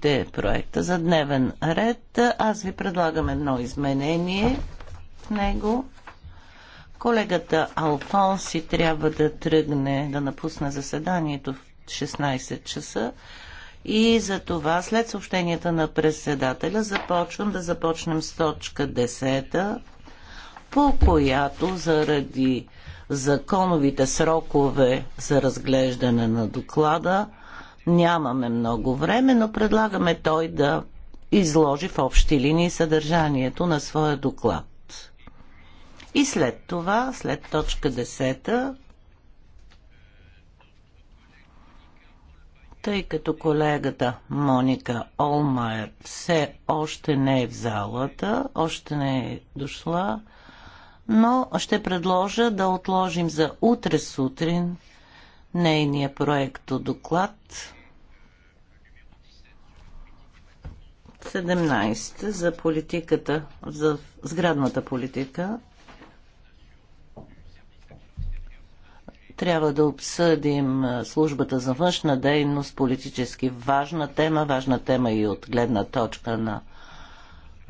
променихте проекта за дневен ред. Аз ви предлагам едно изменение в него. Колегата Алфонси трябва да тръгне, да напусне заседанието в 16 часа. И за това след съобщенията на председателя започвам да започнем с точка 10, по която заради законовите срокове за разглеждане на доклада Нямаме много време, но предлагаме той да изложи в общи линии съдържанието на своя доклад. И след това, след точка 10, тъй като колегата Моника Олмайер все още не е в залата, още не е дошла, но ще предложа да отложим за утре сутрин нейния проекто доклад 17 за политиката, за сградната политика. Трябва да обсъдим службата за външна дейност, политически важна тема, важна тема и от гледна точка на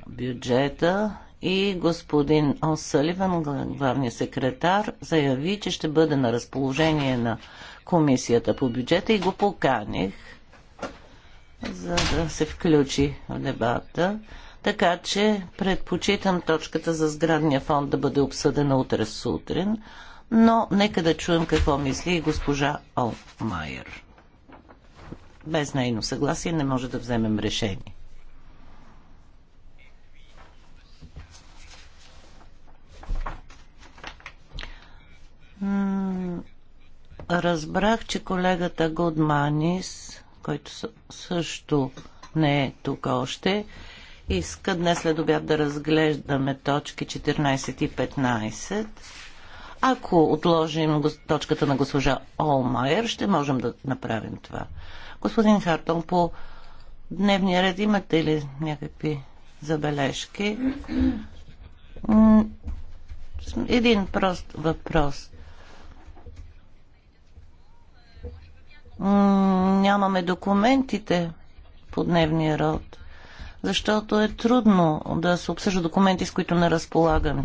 бюджета. И господин Осъливан, главният секретар, заяви, че ще бъде на разположение на комисията по бюджета и го поканих – за да се включи в дебата. Така че предпочитам точката за сградния фонд да бъде обсъдена утре сутрин, но нека да чуем какво мисли и госпожа Олмайер. Без нейно съгласие не може да вземем решение. Разбрах, че колегата Гудманис който също не е тук още, иска днес след обяд да разглеждаме точки 14 и 15. Ако отложим точката на госпожа Олмайер, ще можем да направим това. Господин Хартон, по дневния ред имате ли някакви забележки? Един прост въпрос. нямаме документите по дневния род, защото е трудно да се обсъжда документи, с които не разполагаме.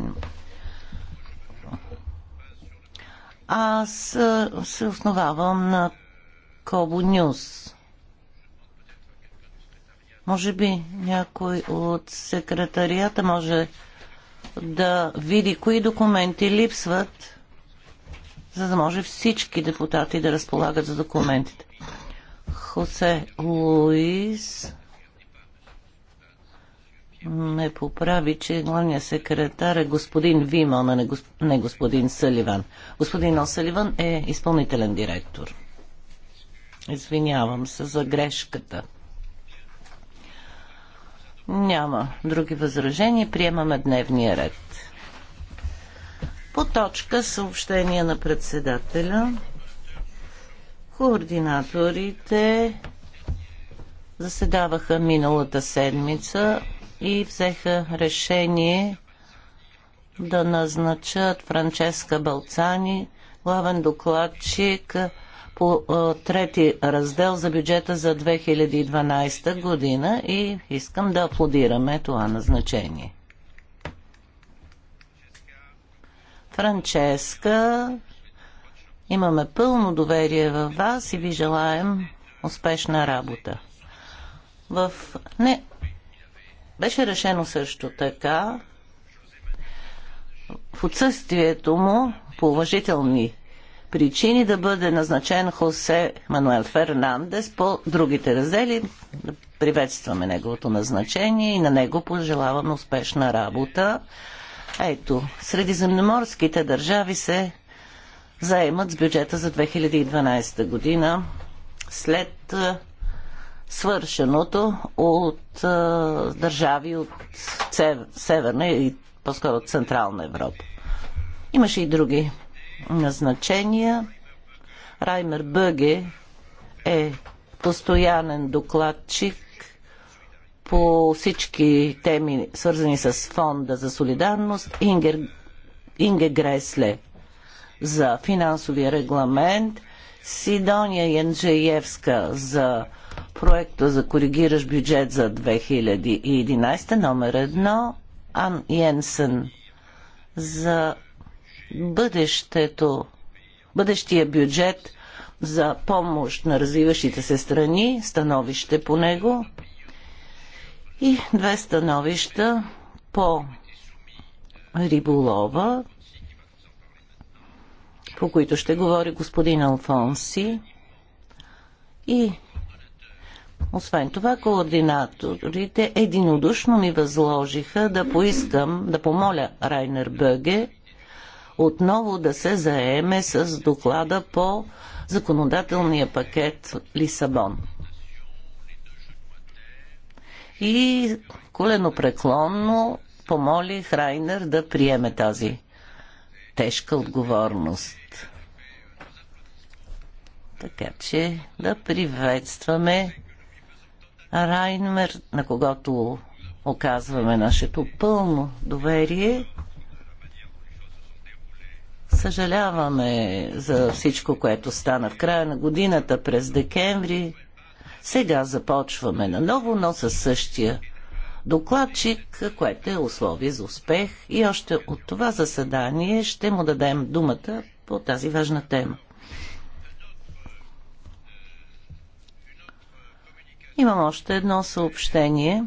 Аз се основавам на Кобо Нюс. Може би някой от секретарията може да види кои документи липсват за да може всички депутати да разполагат за документите. Хосе Луис ме поправи, че главният секретар е господин Виман, а не, не господин Саливан. Господин Осаливан е изпълнителен директор. Извинявам се за грешката. Няма други възражения. Приемаме дневния ред. По точка съобщение на председателя, координаторите заседаваха миналата седмица и взеха решение да назначат Франческа Балцани, главен докладчик по трети раздел за бюджета за 2012 година и искам да аплодираме това назначение. Франческа, имаме пълно доверие в вас и ви желаем успешна работа. В... Не. Беше решено също така в отсъствието му по уважителни причини да бъде назначен Хосе Мануел Фернандес по другите раздели. Приветстваме неговото назначение и на него пожелаваме успешна работа. Ето, средиземноморските държави се заемат с бюджета за 2012 година след свършеното от държави от Северна и по-скоро от Централна Европа. Имаше и други назначения. Раймер Бъге е постоянен докладчик по всички теми, свързани с Фонда за солидарност, Ингер, Инге Гресле за финансовия регламент, Сидония Янджеевска за проекта за коригираш бюджет за 2011, номер 1, Ан Йенсен за бъдещето, бъдещия бюджет за помощ на развиващите се страни, становище по него, и две становища по риболова, по които ще говори господин Алфонси. И освен това, координаторите единодушно ми възложиха да поискам, да помоля Райнер Бъге отново да се заеме с доклада по законодателния пакет Лисабон и коленопреклонно помоли Храйнер да приеме тази тежка отговорност. Така че да приветстваме Райнер, на когото оказваме нашето пълно доверие. Съжаляваме за всичко, което стана в края на годината през декември. Сега започваме наново, но със същия докладчик, което е условие за успех и още от това заседание ще му дадем думата по тази важна тема. Имам още едно съобщение.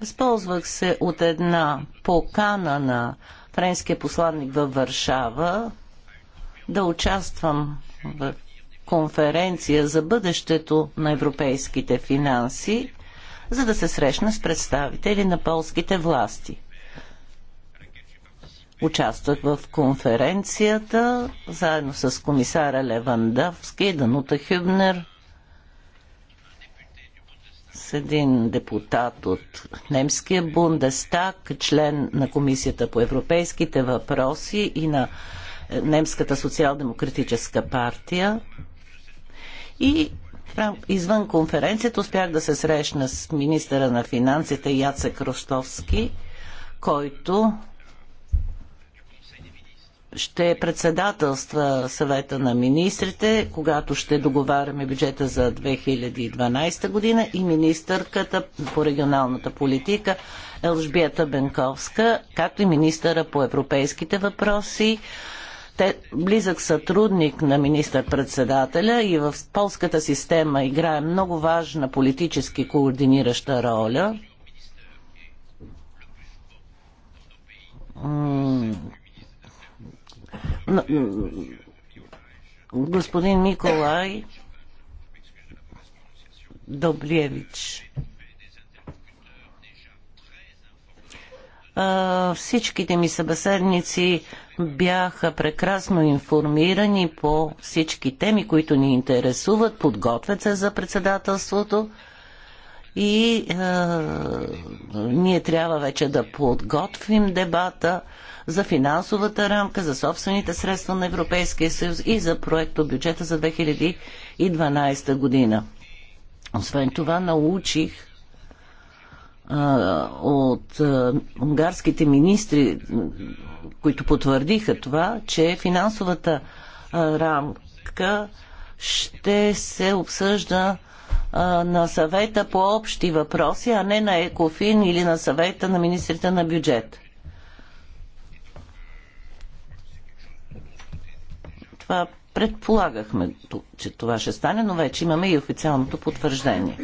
Възползвах се от една покана на френския посланник във Варшава да участвам в конференция за бъдещето на европейските финанси, за да се срещна с представители на полските власти. Участвах в конференцията заедно с комисара Левандавски, Данута Хюбнер, с един депутат от немския Бундестаг, член на Комисията по европейските въпроси и на е, Немската социал-демократическа партия. И извън конференцията успях да се срещна с министъра на финансите Яцек Ростовски, който ще председателства съвета на министрите, когато ще договаряме бюджета за 2012 година и министърката по регионалната политика Елжбиета Бенковска, както и министъра по европейските въпроси. Те близък сътрудник на министър-председателя и в полската система играе много важна политически координираща роля Господин Николай Добриевич. Всичките ми събеседници бяха прекрасно информирани по всички теми, които ни интересуват, подготвят се за председателството и е, ние трябва вече да подготвим дебата за финансовата рамка, за собствените средства на Европейския съюз и за проекто бюджета за 2012 година. Освен това научих а, от а, унгарските министри, които потвърдиха това, че финансовата а, рамка ще се обсъжда на съвета по общи въпроси, а не на ЕКОФИН или на съвета на министрите на бюджет. Това предполагахме, че това ще стане, но вече имаме и официалното потвърждение.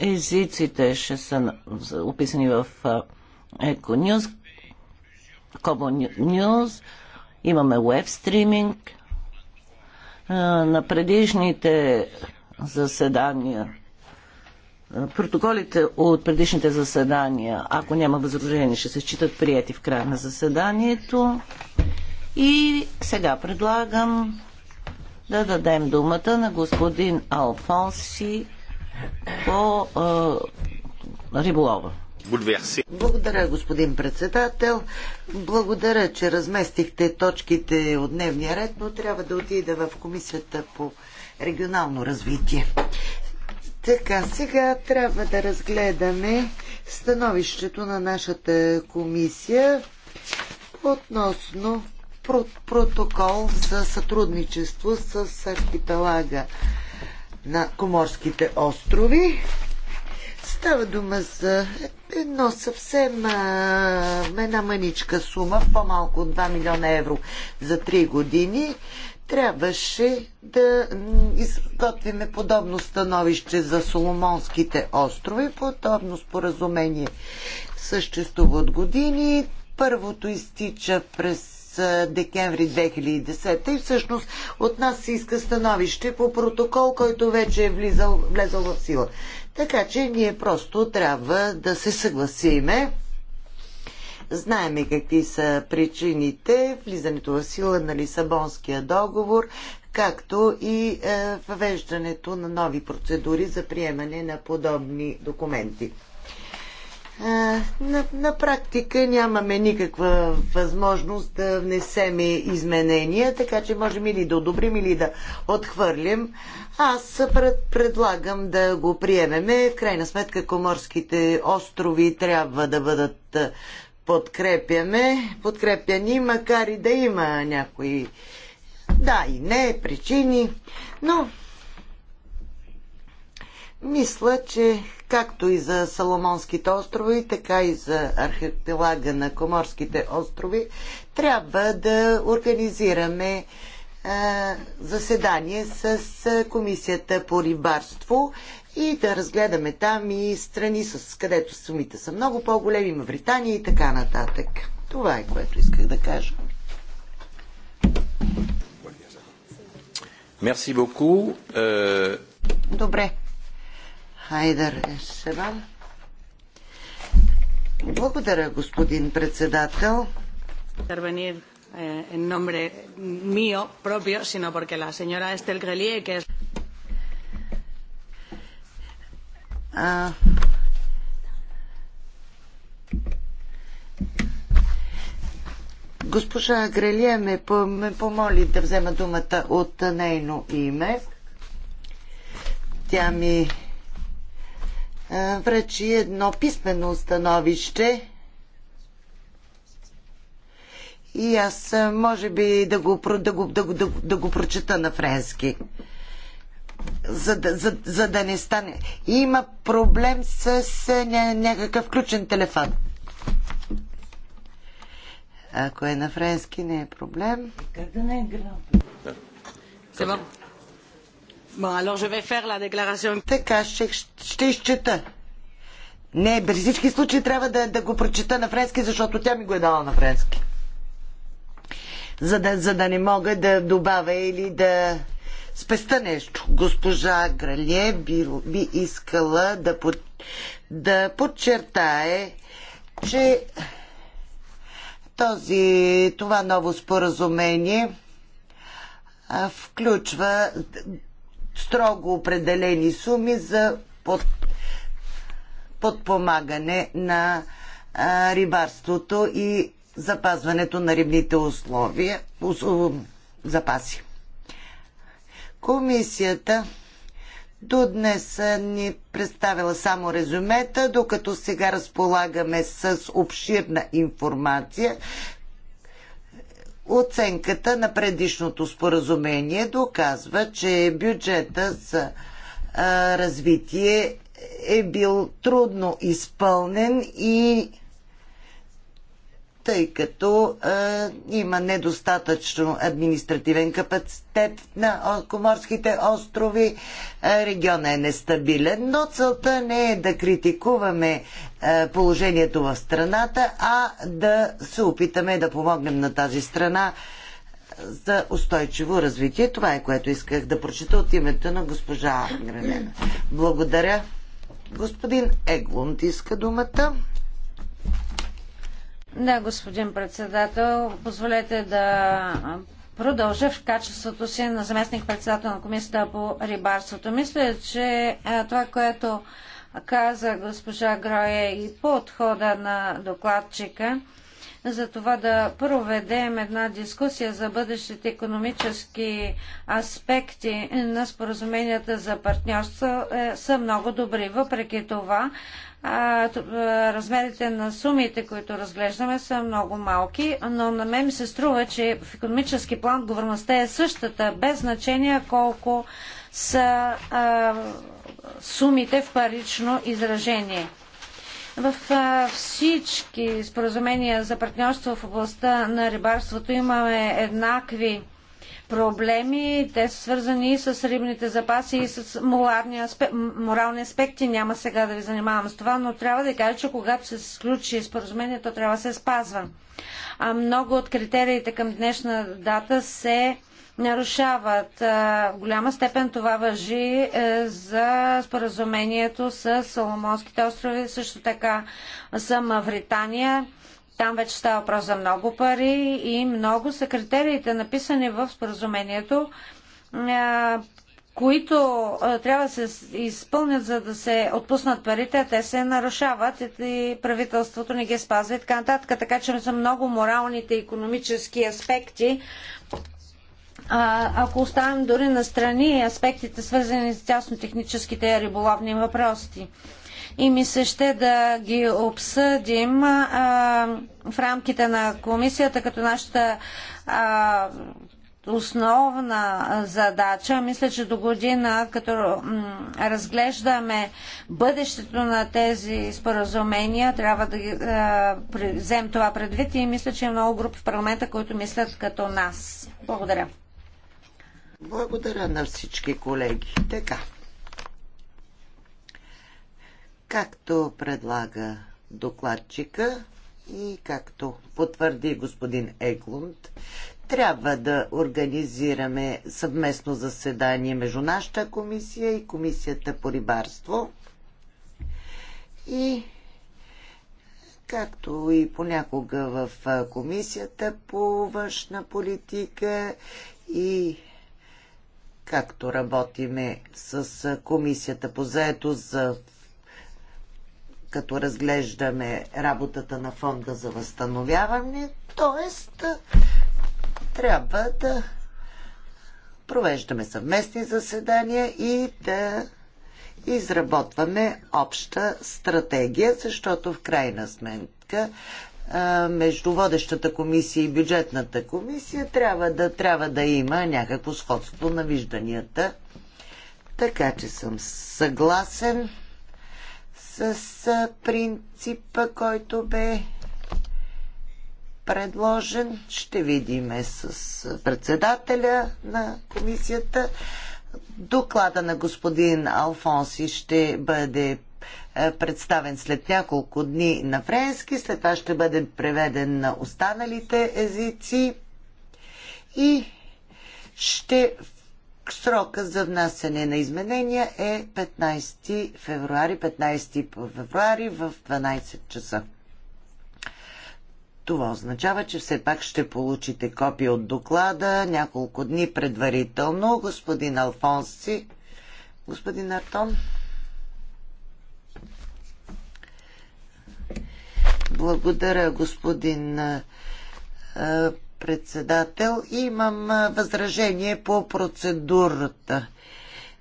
Езиците ще са описани в Eco Kobo News, имаме веб стриминг. На предишните заседания е, протоколите от предишните заседания, ако няма възражение, ще се считат прияти в края на заседанието. И сега предлагам да дадем думата на господин Алфонси по е, риболова. Благодаря, господин председател. Благодаря, че разместихте точките от дневния ред, но трябва да отида в комисията по регионално развитие. Така, сега трябва да разгледаме становището на нашата комисия относно протокол за сътрудничество с архипелага на Коморските острови. Става дума за едно съвсем а, една маничка сума, по-малко от 2 милиона евро за 3 години трябваше да изготвиме подобно становище за Соломонските острови. Подобно споразумение съществува от години. Първото изтича през декември 2010 и всъщност от нас се иска становище по протокол, който вече е влизал, влезал в сила. Така че ние просто трябва да се съгласиме Знаеме какви са причините, влизането в сила на Лисабонския договор, както и е, въвеждането на нови процедури за приемане на подобни документи. Е, на, на практика нямаме никаква възможност да внесем изменения, така че можем или да одобрим, или да отхвърлим. Аз пред, предлагам да го приемеме. В крайна сметка Коморските острови трябва да бъдат е, подкрепяме, ни, макар и да има някои да и не причини, но мисля, че както и за Соломонските острови, така и за архипелага на Коморските острови, трябва да организираме е, заседание с Комисията по рибарство и да разгледаме там и страни, с където сумите са много по-големи, Мавритания и така нататък. Това е което исках да кажа. Мерси боку. Е, Добре. Хайдър Шеван. Благодаря, господин председател. Интервенир en nombre mío propio, sino porque la señora Estel Grelier, que es госпожа Грелия ме, ме помоли да взема думата от нейно име. Тя ми връчи едно писмено установище и аз може би да го, да го, да го, да го, да го прочета на френски за да, за, за да не стане. Има проблем с ня, някакъв включен телефон. Ако е на френски, не е проблем. Как да не е грам? Се така, ще, ще изчета. Не, при всички случаи трябва да, да го прочета на френски, защото тя ми го е дала на френски. За да, за да не мога да добавя или да спеста нещо. Госпожа Грале би, би искала да, под, да подчертае, че този, това ново споразумение а, включва строго определени суми за под, подпомагане на а, рибарството и запазването на рибните условия, запаси. Комисията до днес ни представила само резюмета, докато сега разполагаме с обширна информация. Оценката на предишното споразумение доказва, че бюджета за развитие е бил трудно изпълнен и тъй като а, има недостатъчно административен капацитет на Коморските острови. а, региона е нестабилен, но целта не е да критикуваме а, положението в страната, а да се опитаме да помогнем на тази страна за устойчиво развитие. Това е което исках да прочета от името на госпожа Гранена. Благодаря. Господин Еглунд иска думата. Да, господин председател, позволете да продължа в качеството си на заместник-председател на Комисията по рибарството. Мисля, че това, което каза госпожа Гроя е и по отхода на докладчика, за това да проведем една дискусия за бъдещите економически аспекти на споразуменията за партньорство е, са много добри. Въпреки това, размерите на сумите, които разглеждаме, са много малки, но на мен ми се струва, че в економически план отговорността е същата, без значение колко са а, сумите в парично изражение. В а, всички споразумения за партньорство в областта на рибарството имаме еднакви проблеми. Те са свързани и с рибните запаси и с морални, морални аспекти. Няма сега да ви занимавам с това, но трябва да кажа, че когато се сключи споразумението, трябва да се спазва. А много от критериите към днешна дата се нарушават. В голяма степен това въжи е, за споразумението с Соломонските острови, също така за Мавритания там вече става въпрос за много пари и много са критериите написани в споразумението, които трябва да се изпълнят, за да се отпуснат парите, а те се нарушават и правителството не ги спазва и така нататък. Така че са много моралните и економически аспекти. А, ако оставим дори на страни аспектите, свързани с тясно техническите риболовни въпроси и ми се ще да ги обсъдим а, в рамките на комисията, като нашата а, основна задача. Мисля, че до година, като разглеждаме бъдещето на тези споразумения, трябва да ги вземем това предвид и мисля, че е много групи в парламента, които мислят като нас. Благодаря. Благодаря на всички колеги. Така както предлага докладчика и както потвърди господин Еглунд, трябва да организираме съвместно заседание между нашата комисия и комисията по рибарство. И както и понякога в комисията по външна политика и както работиме с комисията по заето за като разглеждаме работата на фонда за възстановяване, т.е. трябва да провеждаме съвместни заседания и да изработваме обща стратегия, защото в крайна сметка между водещата комисия и бюджетната комисия трябва да, трябва да има някакво сходство на вижданията. Така че съм съгласен с принципа, който бе предложен. Ще видиме с председателя на комисията. Доклада на господин Алфонси ще бъде представен след няколко дни на френски, след това ще бъде преведен на останалите езици и ще Срока за внасяне на изменения е 15 февруари, 15 февруари в 12 часа. Това означава, че все пак ще получите копия от доклада няколко дни предварително. Господин Алфонси, господин Артон. Благодаря, господин председател. Имам възражение по процедурата.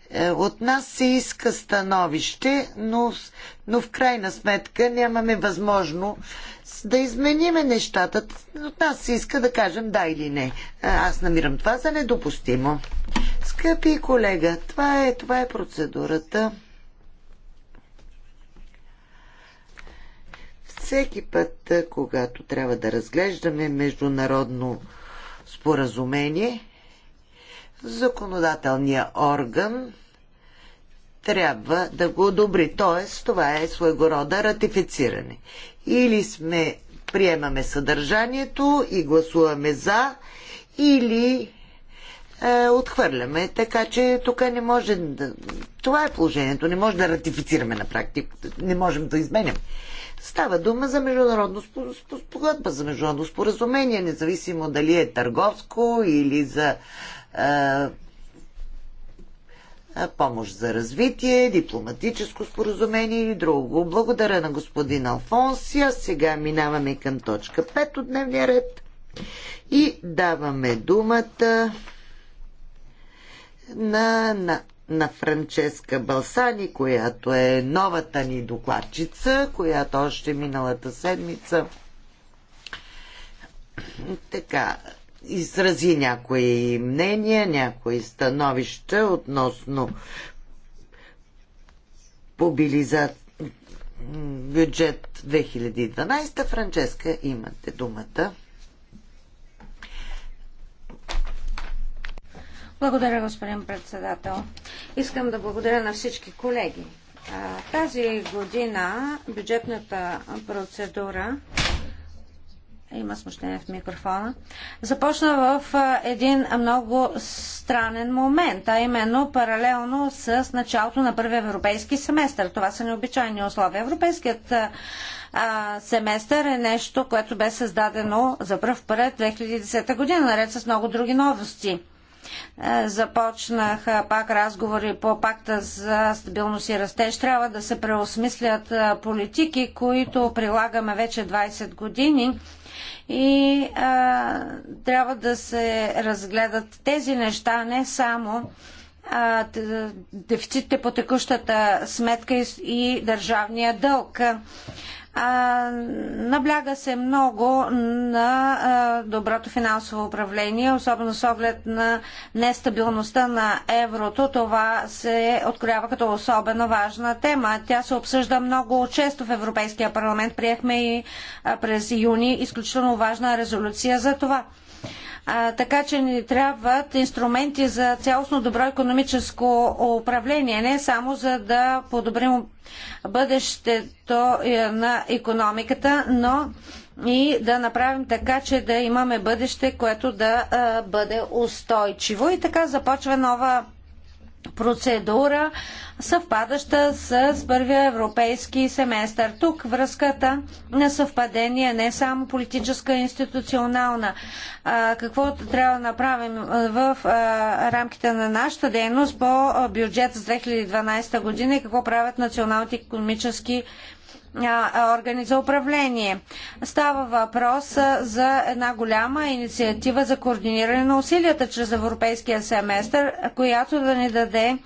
Е, от нас се иска становище, но, но в крайна сметка нямаме възможно да измениме нещата. От нас се иска да кажем да или не. Аз намирам това за недопустимо. Скъпи колега, това е, това е процедурата. Всеки път, когато трябва да разглеждаме международно споразумение, законодателния орган трябва да го одобри. Т.е. това е своего рода ратифициране. Или сме приемаме съдържанието и гласуваме за, или е, отхвърляме. Така че тук не може да... Това е положението. Не може да ратифицираме на практика. Не можем да изменяме. Става дума за международно спогодба, за международно споразумение, независимо дали е търговско или за помощ за развитие, дипломатическо споразумение или друго. Благодаря на господин Алфонсия. А сега минаваме към точка 5 от дневния ред и даваме думата на, на на Франческа Балсани, която е новата ни докладчица, която още миналата седмица така изрази някои мнения, някои становища относно мобилизация бюджет 2012. Франческа, имате думата. Благодаря, господин председател. Искам да благодаря на всички колеги. Тази година бюджетната процедура има смущение в микрофона, започна в един много странен момент, а именно паралелно с началото на първи европейски семестър. Това са необичайни условия. Европейският семестър е нещо, което бе създадено за първ път 2010 година, наред с много други новости. Е, Започнаха е, пак разговори по пакта за стабилност и растеж. Трябва да се преосмислят е, политики, които прилагаме вече 20 години и а, трябва да се разгледат тези неща, не само а, дефицитите по текущата сметка и, и държавния дълг набляга се много на доброто финансово управление, особено с оглед на нестабилността на еврото. Това се откроява като особено важна тема. Тя се обсъжда много често в Европейския парламент. Приехме и през юни изключително важна резолюция за това. А, така че ни трябват инструменти за цялостно добро економическо управление, не само за да подобрим бъдещето е, на економиката, но и да направим така, че да имаме бъдеще, което да а, бъде устойчиво. И така започва нова процедура, съвпадаща с първия европейски семестър. Тук връзката на съвпадение не само политическа, институционална. А, какво трябва да направим в а, рамките на нашата дейност по бюджет за 2012 година и какво правят националните економически органи за управление. Става въпрос за една голяма инициатива за координиране на усилията чрез европейския семестър, която да ни даде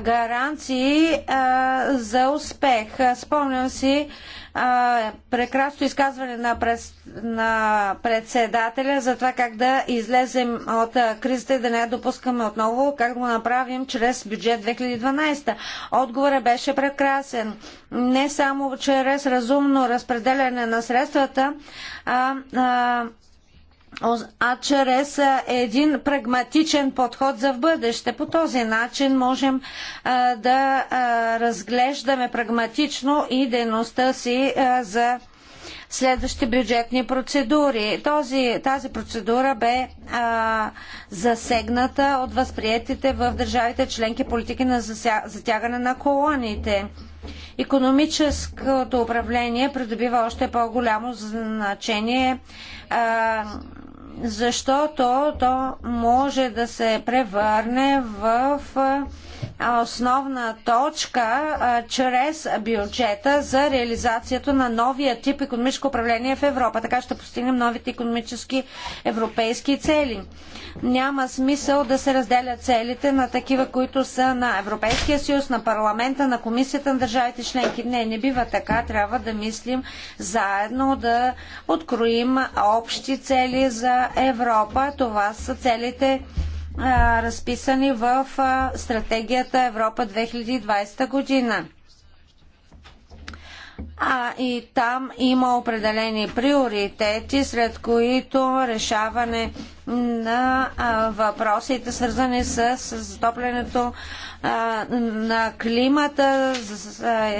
гаранции а, за успех. Спомням си а, прекрасно изказване на, прес, на председателя за това как да излезем от а, кризата и да не я допускаме отново, как да го направим чрез бюджет 2012. Отговорът беше прекрасен. Не само чрез разумно разпределяне на средствата, а, а а чрез един прагматичен подход за в бъдеще. По този начин можем а, да а, разглеждаме прагматично и дейността си а, за следващи бюджетни процедури. Този, тази процедура бе а, засегната от възприетите в държавите членки политики на затягане на колоните. Економическото управление придобива още по-голямо значение а, защото то може да се превърне в основна точка а, чрез бюджета за реализацията на новия тип економическо управление в Европа. Така ще постигнем новите економически европейски цели. Няма смисъл да се разделят целите на такива, които са на Европейския съюз, на парламента, на комисията на държавите членки. Не, не бива така. Трябва да мислим заедно да откроим общи цели за Европа. Това са целите разписани в стратегията Европа 2020 година. А и там има определени приоритети, сред които решаване на въпросите, свързани с затоплянето на климата,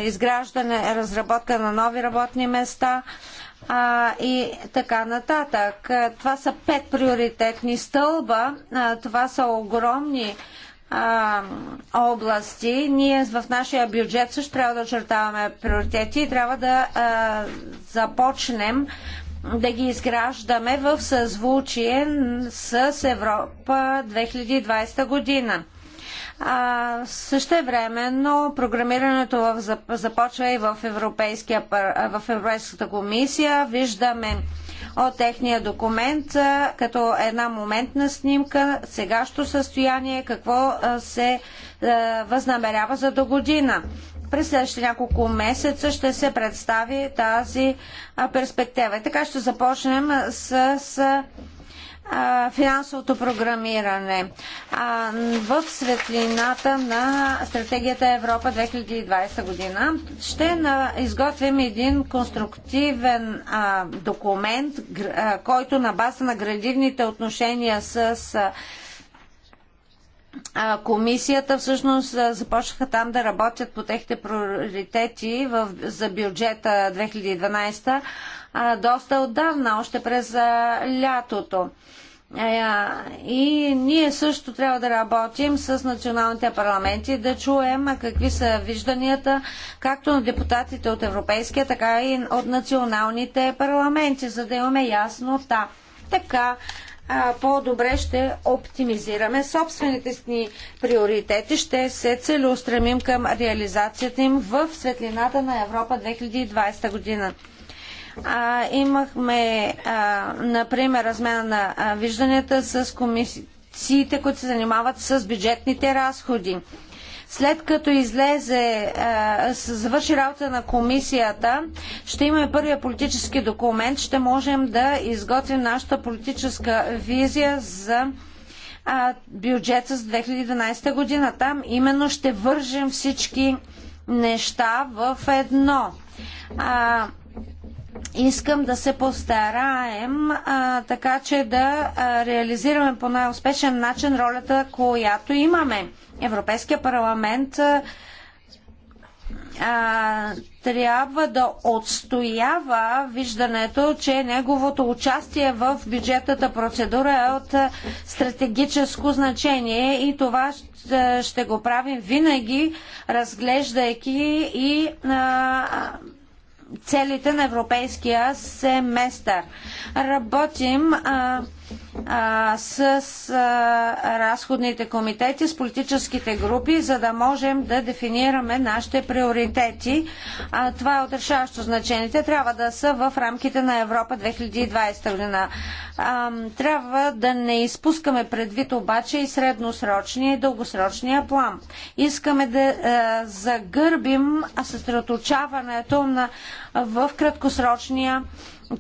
изграждане, разработка на нови работни места, а, и така нататък. Това са пет приоритетни стълба, а, това са огромни а, области. Ние в нашия бюджет също трябва да очертаваме приоритети и трябва да а, започнем да ги изграждаме в съзвучие с Европа 2020 година. А, но програмирането започва и в, в Европейската комисия. Виждаме от техния документ като една моментна снимка, сегащо състояние, какво се възнамерява за до година. През следващите няколко месеца ще се представи тази перспектива. И така ще започнем с финансовото програмиране в светлината на стратегията Европа 2020 година. Ще изготвим един конструктивен документ, който на база на градивните отношения с комисията всъщност започнаха там да работят по техните приоритети в, за бюджета 2012 доста отдавна, още през лятото. И ние също трябва да работим с националните парламенти, да чуем какви са вижданията, както на депутатите от Европейския, така и от националните парламенти, за да имаме яснота. Така по-добре ще оптимизираме собствените си приоритети, ще се целеустремим към реализацията им в светлината на Европа 2020 година. А, имахме, а, например, размена на а, вижданията с комисиите, които се занимават с бюджетните разходи. След като излезе, а, завърши работа на комисията, ще имаме първия политически документ, ще можем да изготвим нашата политическа визия за бюджета с 2012 година. Там именно ще вържем всички неща в едно. А, искам да се постараем а, така, че да а, реализираме по най-успешен начин ролята, която имаме. Европейския парламент а, а, трябва да отстоява виждането, че неговото участие в бюджетната процедура е от стратегическо значение и това ще, ще го правим винаги, разглеждайки и а, целите на европейския семестър. Работим а, с а, разходните комитети, с политическите групи, за да можем да дефинираме нашите приоритети. А, това е отрешаващо значение. Те трябва да са в рамките на Европа 2020 година. А, трябва да не изпускаме предвид обаче и средносрочния и дългосрочния план. Искаме да а, загърбим съсредоточаването на, в краткосрочния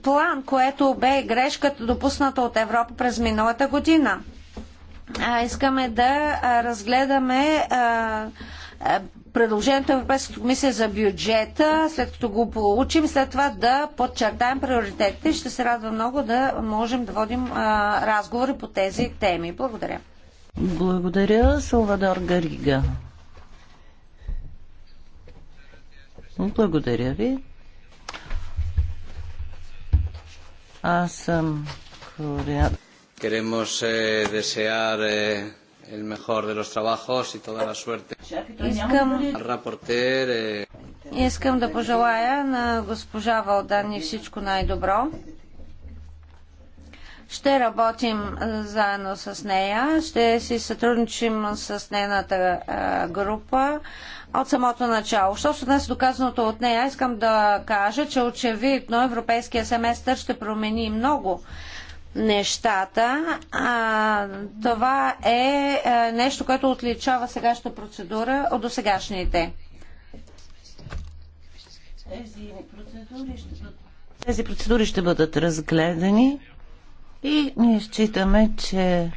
план, което бе грешката допусната от Европа през миналата година. Искаме да разгледаме предложението на Европейската комисия за бюджета, след като го получим, след това да подчертаем приоритетите. Ще се радва много да можем да водим а, разговори по тези теми. Благодаря. Благодаря, Салвадор Гарига. Благодаря ви. Аз съм кореан. Queremos eh, desear eh, el mejor de los trabajos y toda la suerte. Искам... Рапортер, eh... Искам да пожелая на госпожа Валдани всичко най-добро. Ще работим заедно с нея, ще си сътрудничим с нейната група от самото начало. Що се днес доказаното от нея, искам да кажа, че очевидно европейския семестър ще промени много нещата. А, това е, е нещо, което отличава сегашната процедура от досегашните. Тези процедури ще Тези процедури ще бъдат разгледани и ние считаме, че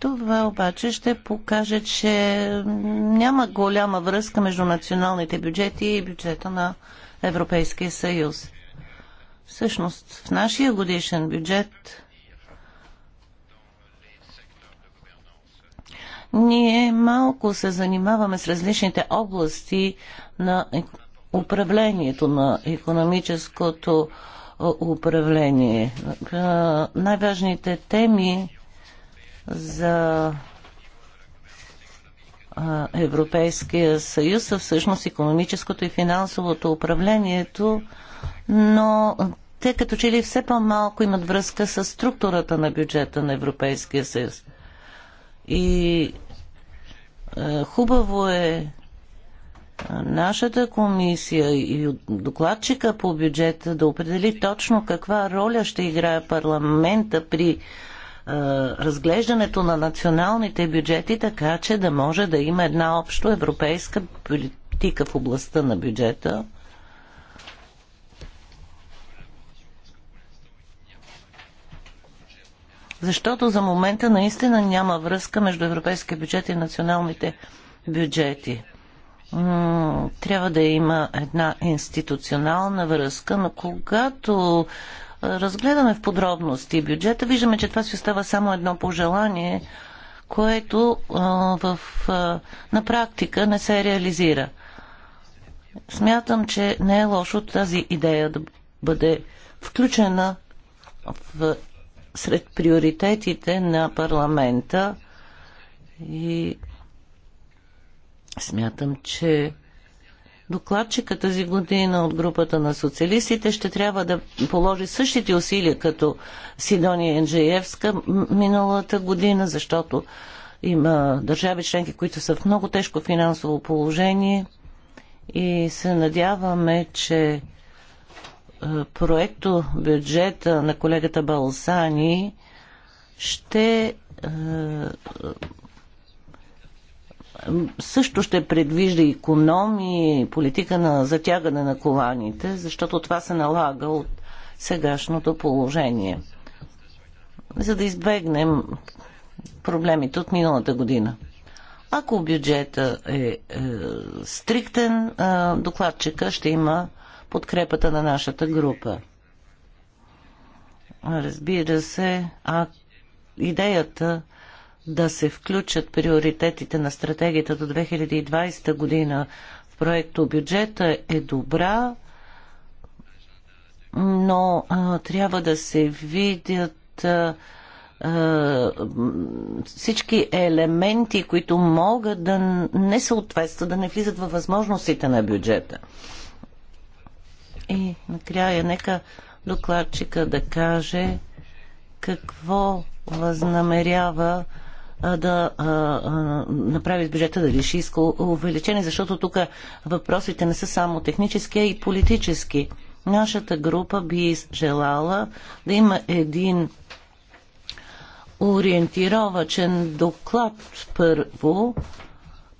това обаче ще покаже, че няма голяма връзка между националните бюджети и бюджета на Европейския съюз. Всъщност, в нашия годишен бюджет ние малко се занимаваме с различните области на управлението, на економическото управление. Най-важните теми за Европейския съюз а всъщност економическото и финансовото управлението, но те като че ли все по-малко имат връзка с структурата на бюджета на Европейския съюз. И е, хубаво е нашата комисия и докладчика по бюджета да определи точно каква роля ще играе парламента при разглеждането на националните бюджети, така че да може да има една общо европейска политика в областта на бюджета. Защото за момента наистина няма връзка между европейския бюджет и националните бюджети. Трябва да има една институционална връзка, но когато разгледаме в подробности бюджета, виждаме, че това си остава само едно пожелание, което в, на практика не се реализира. Смятам, че не е лошо тази идея да бъде включена в, сред приоритетите на парламента и смятам, че докладчика тази година от групата на социалистите ще трябва да положи същите усилия като Сидония Енджеевска миналата година, защото има държави членки, които са в много тежко финансово положение и се надяваме, че е, проекто бюджета на колегата Балсани ще е, също ще предвижда економии, политика на затягане на коланите, защото това се налага от сегашното положение. За да избегнем проблемите от миналата година. Ако бюджета е, е стриктен, е, докладчика ще има подкрепата на нашата група. Разбира се, а идеята да се включат приоритетите на стратегията до 2020 година в проекто бюджета е добра, но а, трябва да се видят а, а, всички елементи, които могат да не съответстват, да не влизат във възможностите на бюджета. И накрая нека докладчика да каже какво възнамерява да направи с бюджета да реши иска увеличение, защото тук въпросите не са само технически, а и политически. Нашата група би желала да има един ориентировачен доклад първо,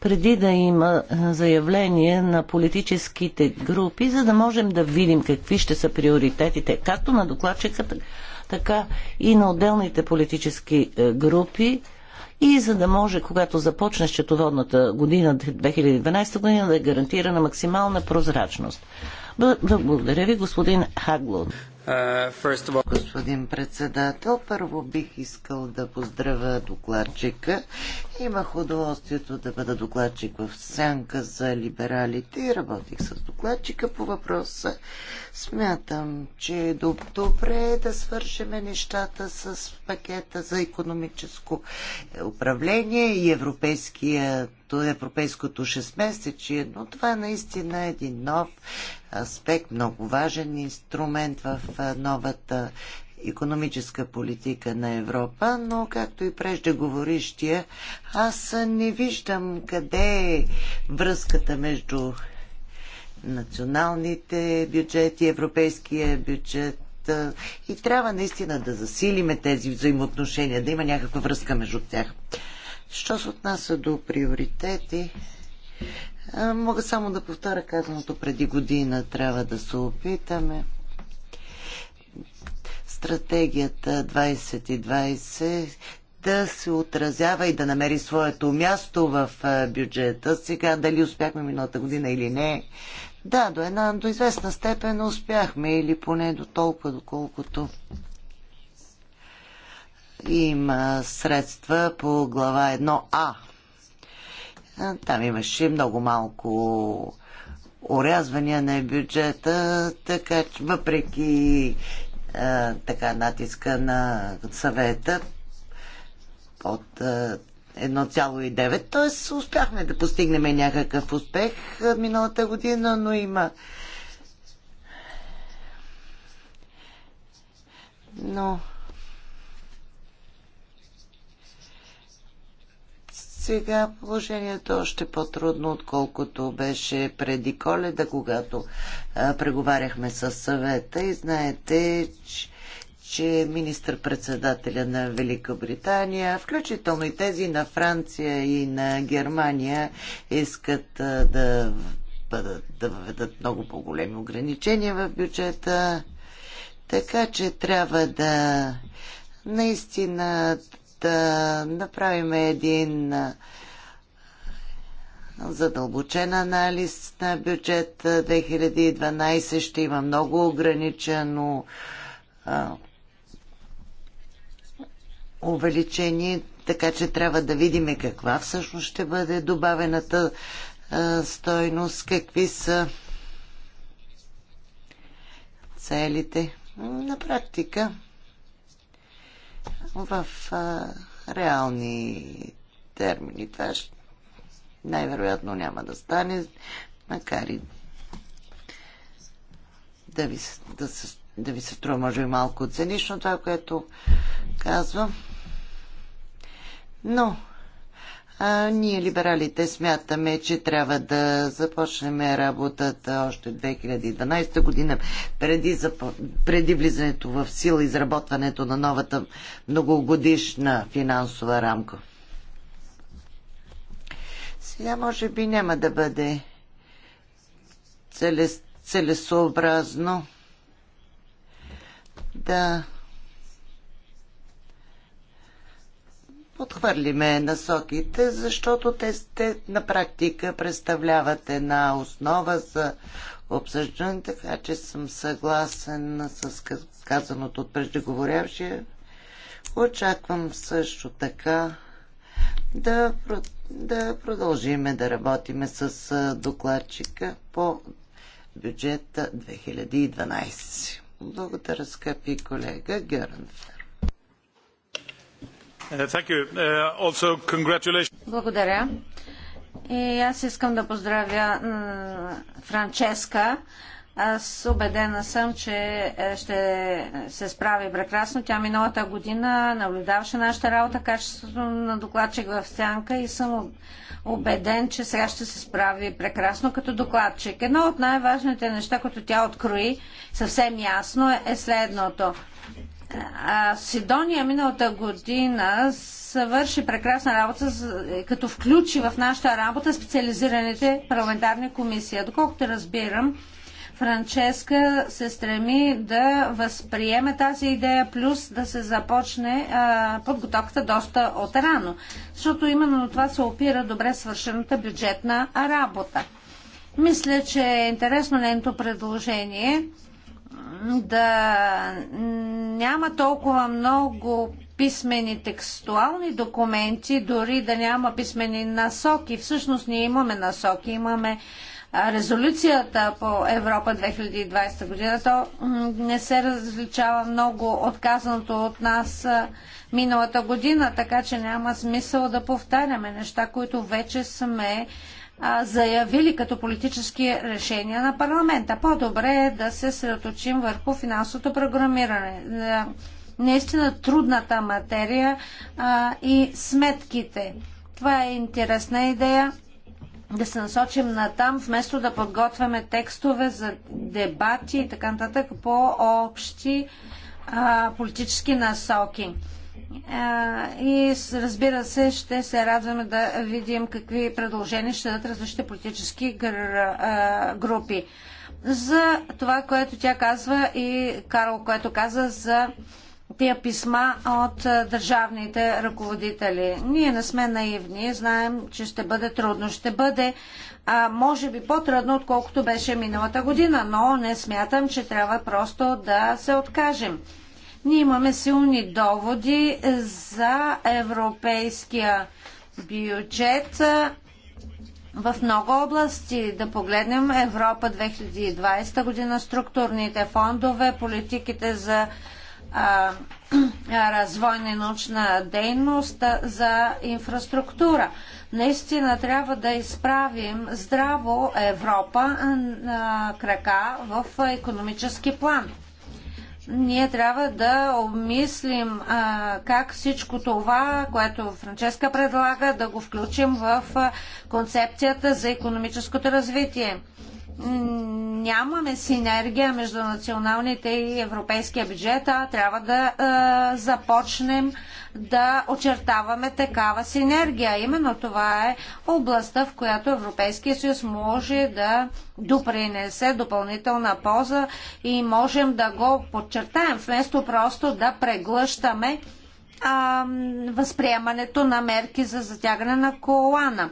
преди да има заявление на политическите групи, за да можем да видим какви ще са приоритетите, както на докладчиката, така и на отделните политически е, групи и за да може, когато започне счетоводната година 2012 година, да е гарантирана максимална прозрачност. Благодаря ви, господин Хаглон. Uh, Господин председател, първо бих искал да поздравя докладчика. Имах удоволствието да бъда докладчик в Сянка за либералите и работих с докладчика по въпроса. Смятам, че е добре да свършим нещата с пакета за економическо управление и европейския като Европейското 6-месечие, но това наистина е един нов аспект, много важен инструмент в новата економическа политика на Европа, но както и преждеговорищия, аз не виждам къде е връзката между националните бюджети, европейския бюджет и трябва наистина да засилиме тези взаимоотношения, да има някаква връзка между тях. Що се отнася до приоритети, мога само да повторя казаното преди година. Трябва да се опитаме. Стратегията 2020 да се отразява и да намери своето място в бюджета. Сега дали успяхме миналата година или не. Да, до една до известна степен успяхме или поне до толкова, доколкото има средства по глава 1А. Там имаше много малко орязвания на бюджета, така че въпреки а, така натиска на съвета от 1,9, т.е. успяхме да постигнем някакъв успех миналата година, но има но Сега положението е още по-трудно, отколкото беше преди коледа, когато а, преговаряхме с съвета и знаете, че че министър-председателя на Великобритания, включително и тези на Франция и на Германия, искат да, бъдат, да въведат много по-големи ограничения в бюджета. Така че трябва да наистина да направим един задълбочен анализ на бюджет 2012. Ще има много ограничено увеличение, така че трябва да видим каква всъщност ще бъде добавената стойност, какви са целите. На практика в а, реални термини. Това най-вероятно няма да стане, макар и да ви, да се, да ви се струва, може би, малко цинично това, което казвам. Но а, ние либералите смятаме, че трябва да започнем работата още 2012 година, преди, зап... преди влизането в сила изработването на новата многогодишна финансова рамка. Сега може би няма да бъде целес... целесообразно да отхвърлиме насоките, защото те, те на практика представляват една основа за обсъждане, така че съм съгласен с казаното от преждеговорящия. Очаквам също така да, да продължиме да работиме с докладчика по бюджета 2012. Благодаря, скъпи колега Гернфер. Uh, uh, Благодаря. И аз искам да поздравя Франческа. Аз убедена съм, че е, ще се справи прекрасно. Тя миналата година наблюдаваше нашата работа, качеството на докладчик в сянка и съм убеден, че сега ще се справи прекрасно като докладчик. Едно от най-важните неща, които тя открои съвсем ясно е следното Сидония миналата година свърши прекрасна работа, като включи в нашата работа специализираните парламентарни комисии. Доколкото разбирам, Франческа се стреми да възприеме тази идея, плюс да се започне а, подготовката доста от рано, защото именно на това се опира добре свършената бюджетна работа. Мисля, че е интересно нейното предложение да няма толкова много писмени текстуални документи, дори да няма писмени насоки. Всъщност ние имаме насоки, имаме резолюцията по Европа 2020 година. То не се различава много от казаното от нас миналата година, така че няма смисъл да повтаряме неща, които вече сме заявили като политически решения на парламента. По-добре е да се средоточим върху финансовото програмиране. Е, наистина трудната материя а, и сметките. Това е интересна идея да се насочим на там, вместо да подготвяме текстове за дебати и така нататък по общи а, политически насоки. И разбира се, ще се радваме да видим какви предложения ще дадат различните политически групи. За това, което тя казва и Карл, което каза за тия писма от държавните ръководители. Ние не сме наивни, знаем, че ще бъде трудно. Ще бъде, а, може би, по-трудно, отколкото беше миналата година, но не смятам, че трябва просто да се откажем. Ние имаме силни доводи за европейския бюджет в много области. Да погледнем Европа 2020 година, структурните фондове, политиките за а, развойна и научна дейност за инфраструктура. Наистина трябва да изправим здраво Европа на крака в економически план ние трябва да обмислим а, как всичко това, което Франческа предлага, да го включим в а, концепцията за економическото развитие. Нямаме синергия между националните и европейския бюджет, а трябва да а, започнем а, да очертаваме такава синергия. Именно това е областта, в която Европейския съюз може да допринесе допълнителна полза и можем да го подчертаем, вместо просто да преглъщаме а, възприемането на мерки за затягане на колана.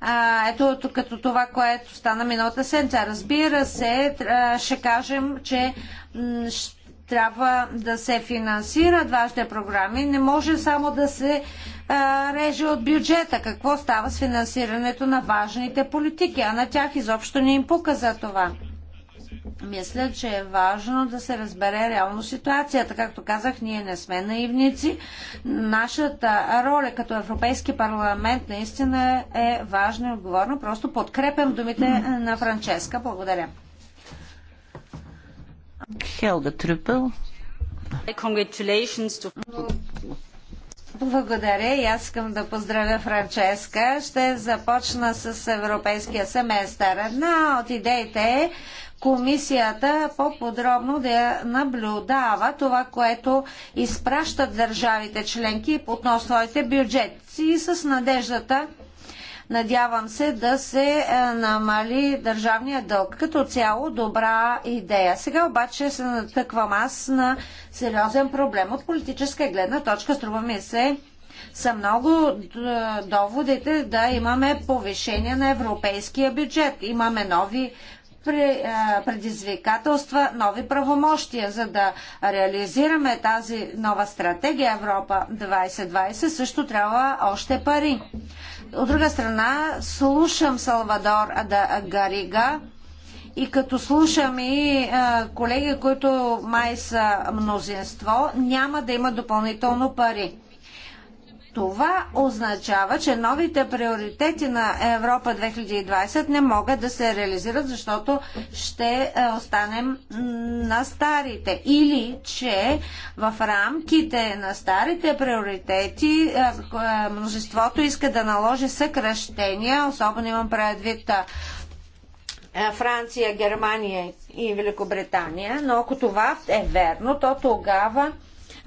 А, ето като това, което стана миналата седмица. Разбира се, ще кажем, че трябва да се финансират вашите програми. Не може само да се а, реже от бюджета. Какво става с финансирането на важните политики? А на тях изобщо не им пука за това. Мисля, че е важно да се разбере реално ситуацията. Както казах, ние не сме наивници. Нашата роля като Европейски парламент наистина е важна и отговорна. Просто подкрепям думите на Франческа. Благодаря. Хелга Трюпел. Благодаря и аз искам да поздравя Франческа. Ще започна с Европейския семестър. Една от идеите е комисията по-подробно да наблюдава това, което изпращат държавите членки относно своите бюджети и с надеждата Надявам се да се е, намали държавния дълг. Като цяло добра идея. Сега обаче се натъквам аз на сериозен проблем. От политическа гледна точка струва ми се са много е, доводите да имаме повишение на европейския бюджет. Имаме нови е, предизвикателства, нови правомощия. За да реализираме тази нова стратегия Европа 2020, също трябва още пари. От друга страна, слушам Салвадор Ада Гарига и като слушам и колеги, които май са мнозинство, няма да има допълнително пари. Това означава, че новите приоритети на Европа 2020 не могат да се реализират, защото ще е, останем на старите. Или, че в рамките на старите приоритети е, е, множеството иска да наложи съкръщения, особено имам предвид Франция, Германия и Великобритания, но ако това е верно, то тогава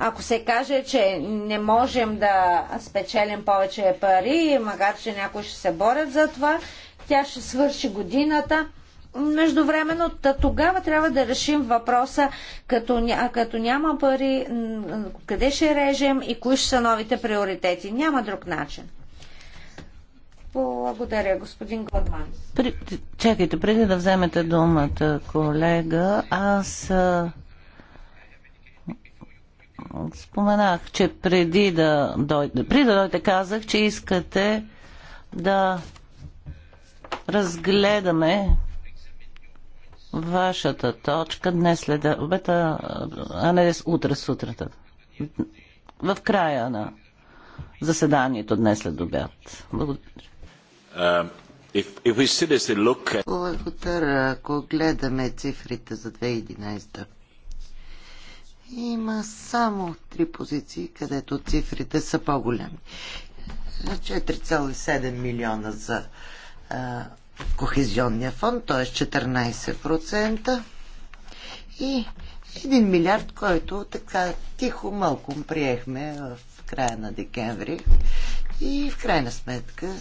ако се каже, че не можем да спечелим повече пари, макар че някои ще се борят за това, тя ще свърши годината. Междувременно, тогава трябва да решим въпроса, като, ня, като няма пари, къде ще режем и кои ще са новите приоритети. Няма друг начин. Благодаря, господин Гладман. При... Чакайте, преди да вземете думата, колега, аз а, Споменах, че преди да дойде, преди да дойде казах, че искате да разгледаме вашата точка днес след обета, а не утре сутрата. В края на заседанието днес след обяд. Благодаря. Um, Благодаря. Ако гледаме цифрите за 2011 има само три позиции, където цифрите са по-големи. 4,7 милиона за а, кохезионния фонд, т.е. 14%. И 1 милиард, който така тихо малко приехме в края на декември. И в крайна сметка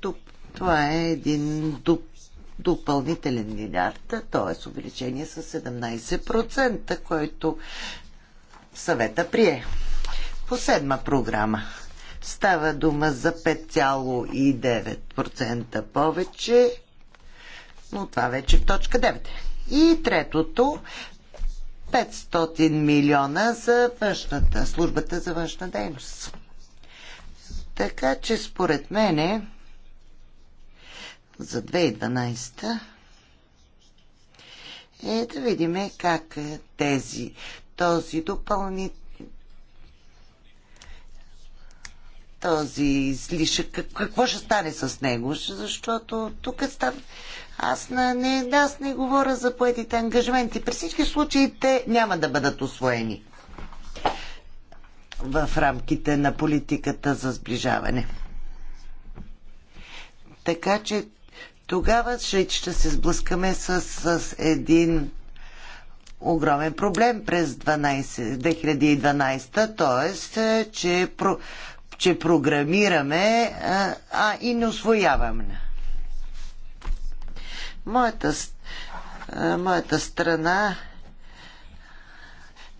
тук това е един дуп допълнителен милиард, т.е. увеличение с 17%, който съвета прие. По седма програма става дума за 5,9% повече, но това вече в точка 9. И третото 500 милиона за външната, службата за външна дейност. Така че според мене за 2012 е да видим как е тези, този допълнит този излишък, какво ще стане с него, защото тук стан... Аз, на, не, аз не говоря за поетите ангажименти. При всички случаи те няма да бъдат освоени в рамките на политиката за сближаване. Така че тогава ще, ще се сблъскаме с, с един огромен проблем през 12, 2012, т.е. Че, про, че програмираме, а, е, а и не освояваме. Моята, а, е, моята страна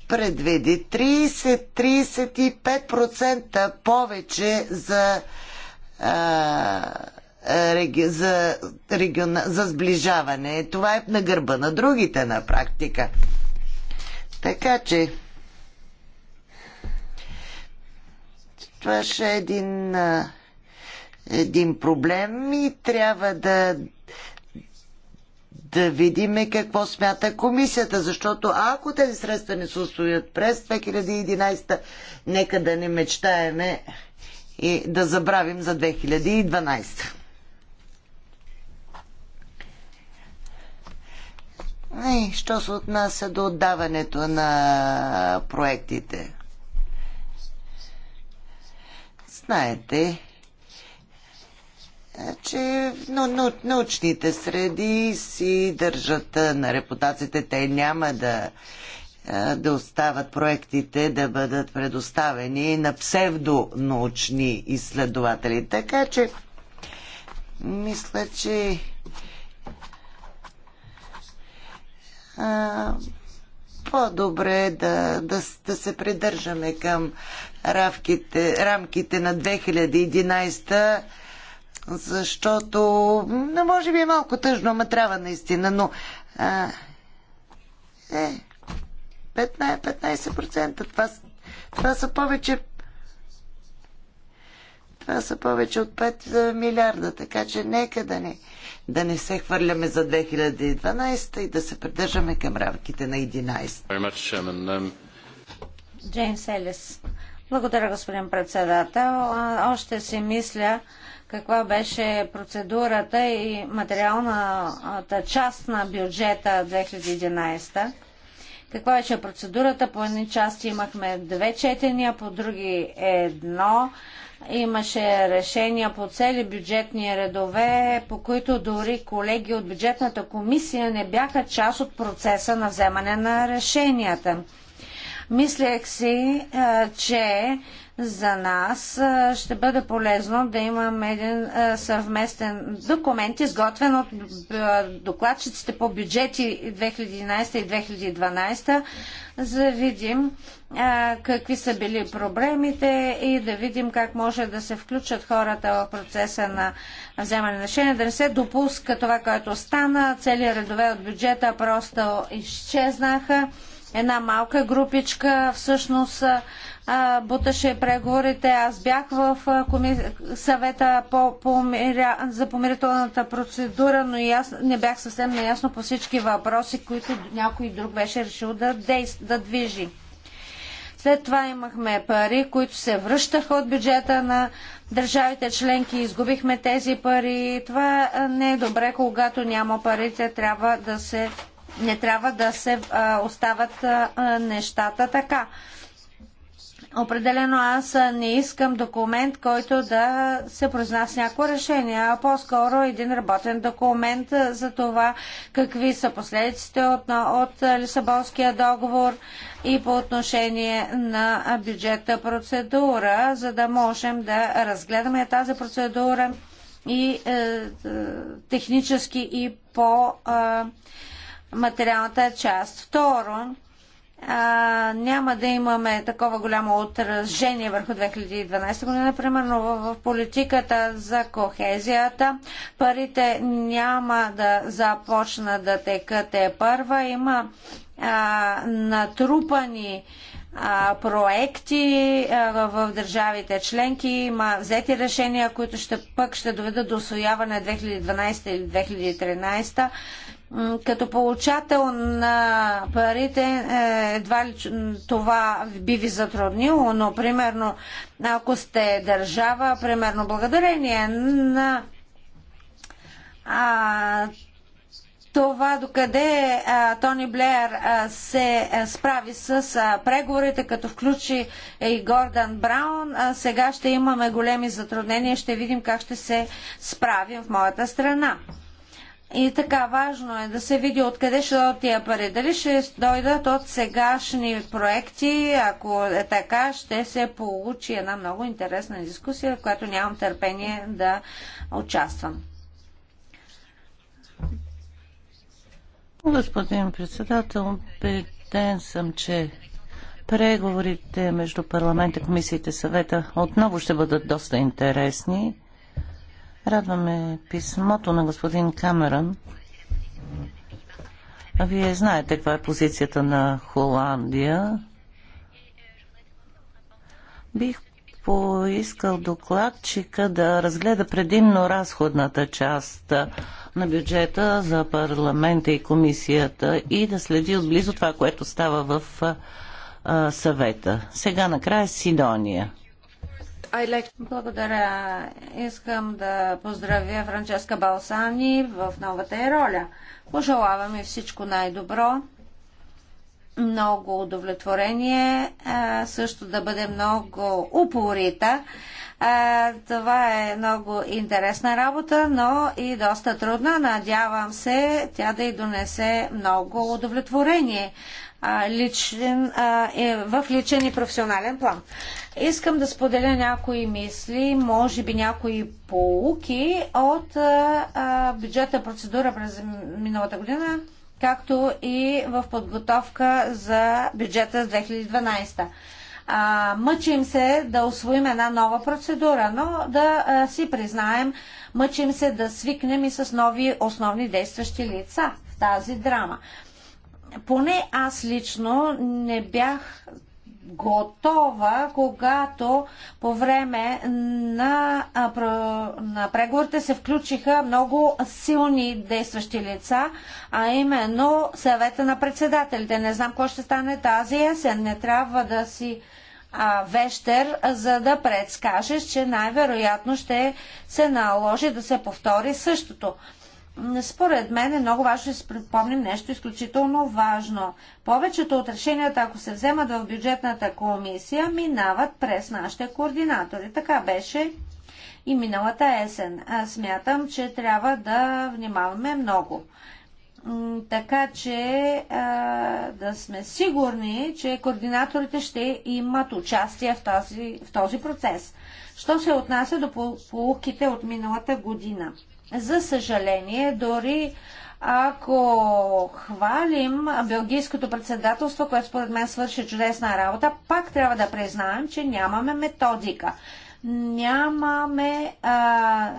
предвиди 30-35% повече за а, е, за, региона, за сближаване. Това е на гърба на другите на практика. Така че това ще е един, един проблем и трябва да да видим какво смята комисията, защото ако тези средства не се устоят през 2011, нека да не мечтаеме и да забравим за 2012. Е, що се отнася до отдаването на проектите? Знаете, е, че но, научните среди си държат е, на репутацията, Те няма да, е, да остават проектите да бъдат предоставени на псевдонаучни изследователи. Така че, мисля, че по-добре е да, да, да се придържаме към рамките, рамките на 2011 защото ну, може би е малко тъжно, ама трябва наистина, но а, е, 15%, 15% това, това са повече това са повече от 5 милиарда, така че нека да не. Ни да не се хвърляме за 2012 и да се придържаме към рамките на 11. Um, Джеймс Елис. Благодаря, господин председател. Още си мисля каква беше процедурата и материалната част на бюджета 2011. Каква беше процедурата? По едни части имахме две четения, по други едно. Имаше решения по цели бюджетни редове, по които дори колеги от бюджетната комисия не бяха част от процеса на вземане на решенията. Мислех си, че за нас ще бъде полезно да имаме един съвместен документ, изготвен от докладчиците по бюджети 2011 и 2012, за да видим какви са били проблемите и да видим как може да се включат хората в процеса на вземане на решение, да не се допуска това, което стана. Цели редове от бюджета просто изчезнаха една малка групичка всъщност буташе преговорите. Аз бях в коми... съвета по, помиря... за помирителната процедура, но и аз не бях съвсем наясно по всички въпроси, които някой друг беше решил да, дейс... да движи. След това имахме пари, които се връщаха от бюджета на държавите членки. Изгубихме тези пари. Това не е добре, когато няма парите. Трябва да се не трябва да се остават нещата така. Определено аз не искам документ, който да се произнася някакво решение, а по-скоро един работен документ за това какви са последиците от, от Лисабонския договор и по отношение на бюджета процедура, за да можем да разгледаме тази процедура и е, е технически и по е, материалната част. Второ, а, няма да имаме такова голямо отражение върху 2012 година, например, но в, политиката за кохезията парите няма да започнат да текат е първа. Има а, натрупани а, проекти а, в държавите членки, има взети решения, които ще, пък ще доведат до освояване 2012 или 2013 като получател на парите е, едва ли това би ви затруднило, но примерно ако сте държава, примерно благодарение на а, това докъде а, Тони Блеер а, се а, справи с а, преговорите, като включи е, и Гордан Браун, а, сега ще имаме големи затруднения, ще видим как ще се справим в моята страна. И така, важно е да се види откъде ще дойдат тия пари. Дали ще дойдат от сегашни проекти, ако е така, ще се получи една много интересна дискусия, в която нямам търпение да участвам. Господин председател, убеден съм, че преговорите между парламента, комисиите, съвета отново ще бъдат доста интересни. Радваме писмото на господин Камерън. А вие знаете каква е позицията на Холандия. Бих поискал докладчика да разгледа предимно разходната част на бюджета за парламента и комисията и да следи отблизо това, което става в съвета. Сега накрая Сидония. Благодаря. Искам да поздравя Франческа Балсани в новата е роля. Пожелавам Пожелаваме всичко най-добро. Много удовлетворение. също да бъде много упорита. това е много интересна работа, но и доста трудна. Надявам се тя да й донесе много удовлетворение личен, е, в личен и професионален план. Искам да споделя някои мисли, може би някои полуки от бюджетна процедура през миналата година, както и в подготовка за бюджета за 2012 а, мъчим се да освоим една нова процедура, но да а, си признаем, мъчим се да свикнем и с нови основни действащи лица в тази драма поне аз лично не бях готова, когато по време на, на преговорите се включиха много силни действащи лица, а именно съвета на председателите. Не знам какво ще стане тази есен. Не трябва да си а, вещер, за да предскажеш, че най-вероятно ще се наложи да се повтори същото. Според мен е много важно да си припомним нещо изключително важно. Повечето от решенията, ако се вземат в бюджетната комисия, минават през нашите координатори. Така беше и миналата есен. Аз смятам, че трябва да внимаваме много. Така че да сме сигурни, че координаторите ще имат участие в този, в този процес. Що се отнася до полуките от миналата година? За съжаление, дори ако хвалим Белгийското председателство, което според мен свърши чудесна работа, пак трябва да признаем, че нямаме методика. Нямаме а,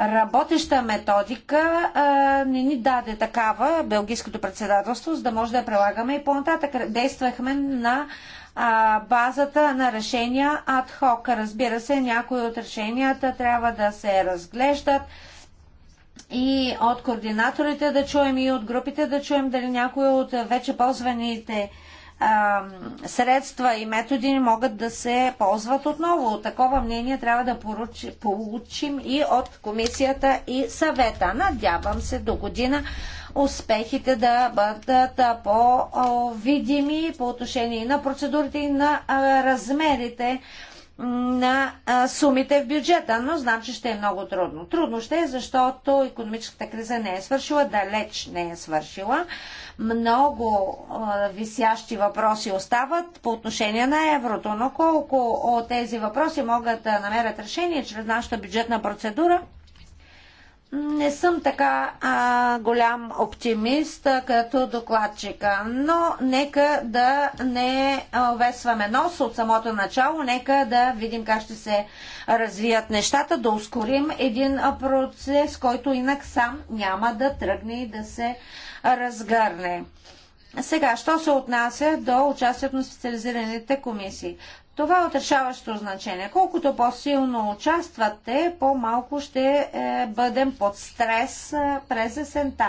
работеща методика, а, не ни даде такава Белгийското председателство, за да може да я прилагаме и по-нататък. Действахме на а, базата на решения Хок. Разбира се, някои от решенията трябва да се разглеждат и от координаторите да чуем и от групите да чуем дали някои от вече ползваните а, средства и методи могат да се ползват отново. Такова мнение трябва да поруч, получим и от комисията и съвета. Надявам се до година успехите да бъдат по-видими по отношение и на процедурите и на размерите на сумите в бюджета, но знам, че ще е много трудно. Трудно ще е, защото економическата криза не е свършила, далеч не е свършила. Много висящи въпроси остават по отношение на еврото, но колко от тези въпроси могат да намерят решение чрез нашата бюджетна процедура, не съм така а, голям оптимист а, като докладчика, но нека да не овесваме нос от самото начало, нека да видим как ще се развият нещата, да ускорим един процес, който инак сам няма да тръгне и да се разгърне. Сега, що се отнася до участието на специализираните комисии? Това е отрешаващо значение. Колкото по-силно участвате, по-малко ще е, бъдем под стрес е, през есента.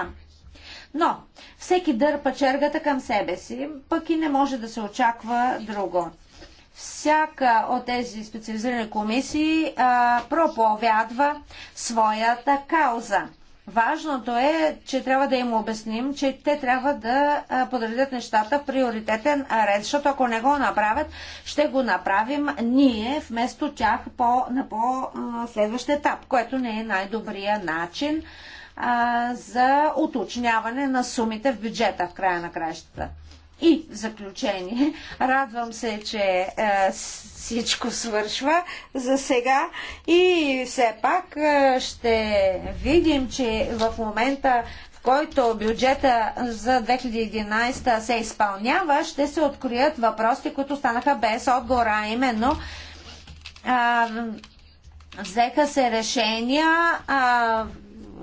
Но всеки дърпа чергата към себе си, пък и не може да се очаква друго. Всяка от тези специализирани комисии е, проповядва своята кауза. Важното е, че трябва да им обясним, че те трябва да подредят нещата в приоритетен ред, защото ако не го направят, ще го направим ние вместо тях по, на по-следващ етап, което не е най-добрия начин а, за уточняване на сумите в бюджета в края на краищата. И в заключение, радвам се, че е, всичко свършва за сега и все пак е, ще видим, че в момента който бюджета за 2011 се изпълнява, ще се откроят въпросите, които станаха без отгора, а именно а, взеха се решения а,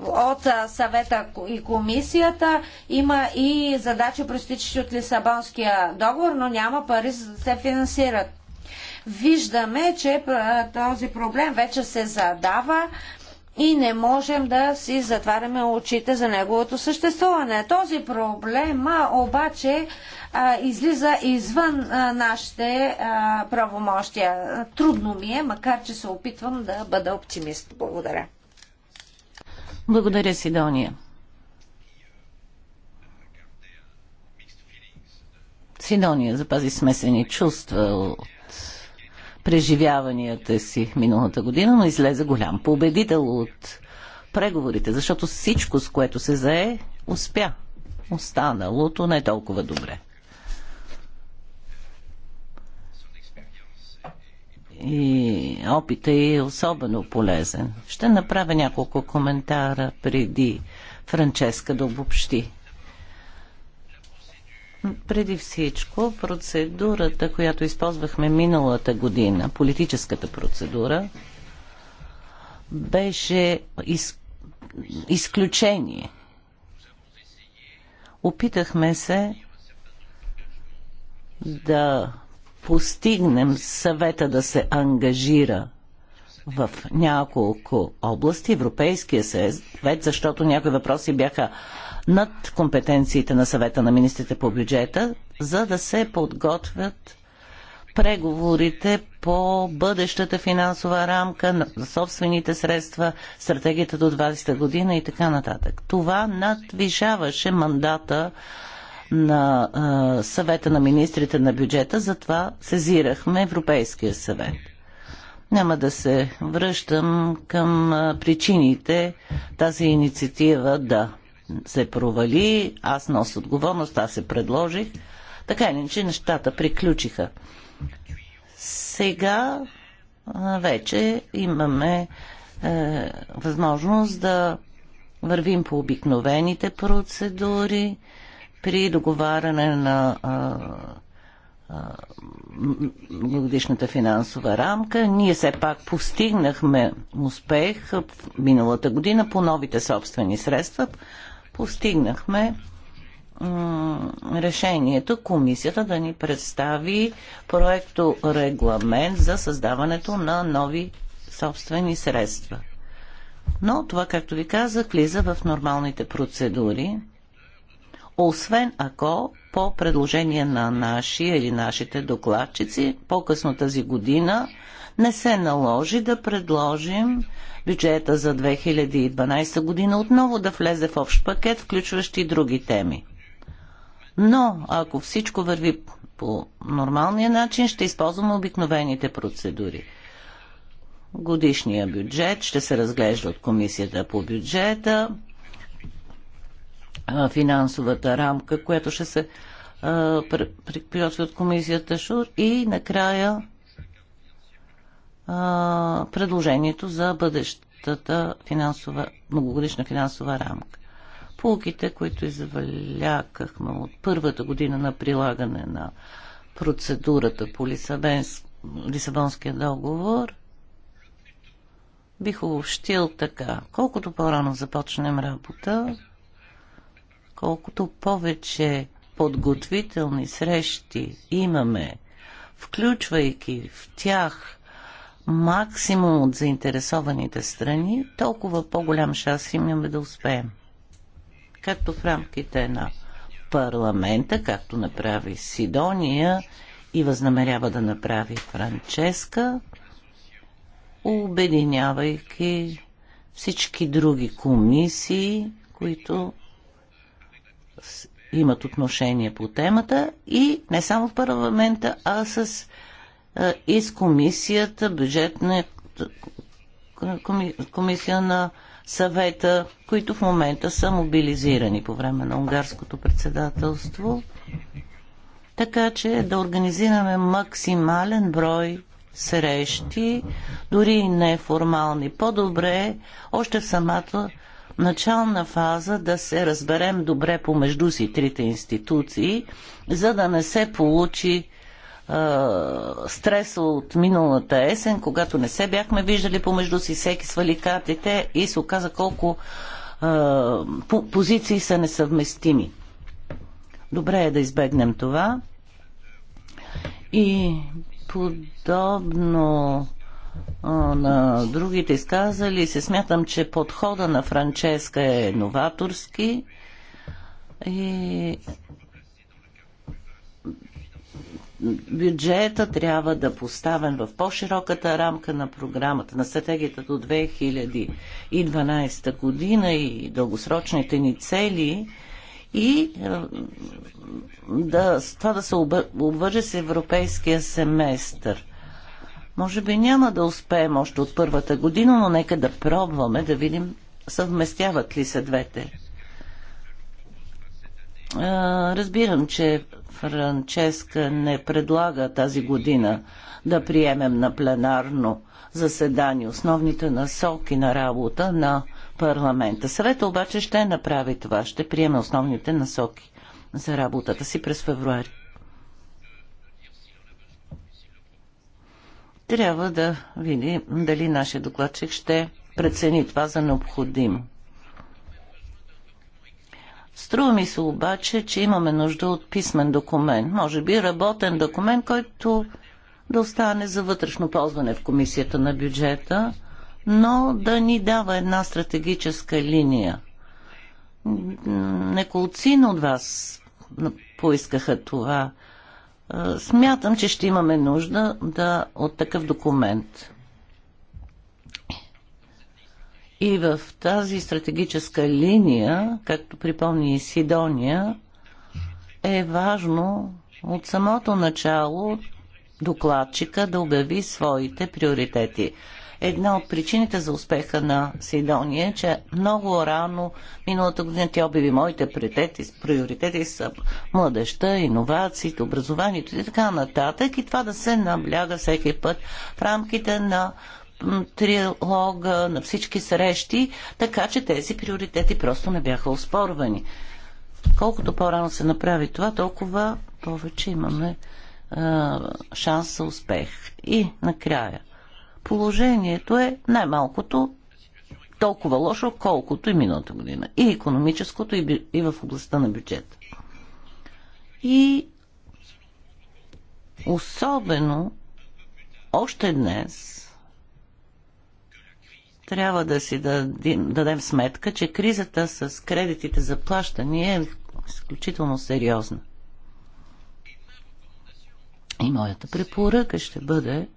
от съвета и комисията. Има и задачи, проистичащи от Лисабонския договор, но няма пари за да се финансират. Виждаме, че този проблем вече се задава и не можем да си затваряме очите за неговото съществуване. Този проблем обаче излиза извън нашите правомощия. Трудно ми е, макар че се опитвам да бъда оптимист. Благодаря. Благодаря, Сидония. Сидония запази смесени чувства от преживяванията си миналата година, но излезе голям победител от преговорите, защото всичко, с което се зае, успя. Останалото не е толкова добре. и опита е особено полезен. Ще направя няколко коментара преди Франческа да обобщи. Преди всичко, процедурата, която използвахме миналата година, политическата процедура, беше из... изключение. Опитахме се да постигнем съвета да се ангажира в няколко области Европейския съвет, защото някои въпроси бяха над компетенциите на съвета на министрите по бюджета, за да се подготвят преговорите по бъдещата финансова рамка, на собствените средства, стратегията до 20-та година и така нататък. Това надвижаваше мандата на а, съвета на министрите на бюджета, затова сезирахме Европейския съвет. Няма да се връщам към причините тази инициатива да се провали. Аз нося отговорност, аз се предложих. Така иначе нещата приключиха. Сега вече имаме е, възможност да вървим по обикновените процедури, при договаряне на годишната финансова рамка. Ние все пак постигнахме успех в миналата година по новите собствени средства. Постигнахме решението комисията да ни представи проекто регламент за създаването на нови собствени средства. Но това, както ви казах, влиза в нормалните процедури освен ако по предложение на нашия или нашите докладчици, по-късно тази година не се наложи да предложим бюджета за 2012 година отново да влезе в общ пакет, включващи други теми. Но ако всичко върви по нормалния начин, ще използваме обикновените процедури. Годишния бюджет ще се разглежда от комисията по бюджета, финансовата рамка, която ще се приключи от комисията ШУР и накрая а, предложението за бъдещата финансова, многогодишна финансова рамка. Полуките, които извалякахме от първата година на прилагане на процедурата по Лисабонския договор, бих обобщил така. Колкото по-рано започнем работа, Колкото повече подготвителни срещи имаме, включвайки в тях максимум от заинтересованите страни, толкова по-голям шанс имаме да успеем. Както в рамките на парламента, както направи Сидония и възнамерява да направи Франческа, обединявайки всички други комисии, които имат отношение по темата и не само в парламента, а с, а, и с комисията, бюджетна коми, комисия на съвета, които в момента са мобилизирани по време на унгарското председателство. Така че да организираме максимален брой срещи, дори неформални. По-добре още в самата начална фаза да се разберем добре помежду си трите институции, за да не се получи стреса от миналата есен, когато не се бяхме виждали помежду си, всеки свали картите и се оказа колко е, по позиции са несъвместими. Добре е да избегнем това. И подобно на другите изказали се. Смятам, че подхода на Франческа е новаторски и бюджета трябва да поставен в по-широката рамка на програмата, на стратегията до 2012 година и дългосрочните ни цели и е, да, това да се обвърже с европейския семестър. Може би няма да успеем още от първата година, но нека да пробваме да видим съвместяват ли се двете. Разбирам, че Франческа не предлага тази година да приемем на пленарно заседание основните насоки на работа на парламента. Съвета обаче ще направи това, ще приеме основните насоки за работата си през февруари. Трябва да видим дали нашия докладчик ще прецени това за необходимо. Струва ми се обаче, че имаме нужда от писмен документ, може би работен документ, който да остане за вътрешно ползване в комисията на бюджета, но да ни дава една стратегическа линия. Неколцин от вас поискаха това смятам, че ще имаме нужда да, от такъв документ. И в тази стратегическа линия, както припомни и Сидония, е важно от самото начало докладчика да обяви своите приоритети. Една от причините за успеха на Сидония е, че много рано миналата година тя обяви моите приоритети, приоритети са младеща, иновациите, образованието и така нататък. И това да се набляга всеки път в рамките на трилога, на всички срещи, така че тези приоритети просто не бяха оспорвани. Колкото по-рано се направи това, толкова повече имаме шанс за успех. И накрая. Положението е най-малкото толкова лошо, колкото и миналата година. И економическото, и, и в областта на бюджета. И особено още днес трябва да си дадим, дадем сметка, че кризата с кредитите за плащане е изключително сериозна. И моята препоръка ще бъде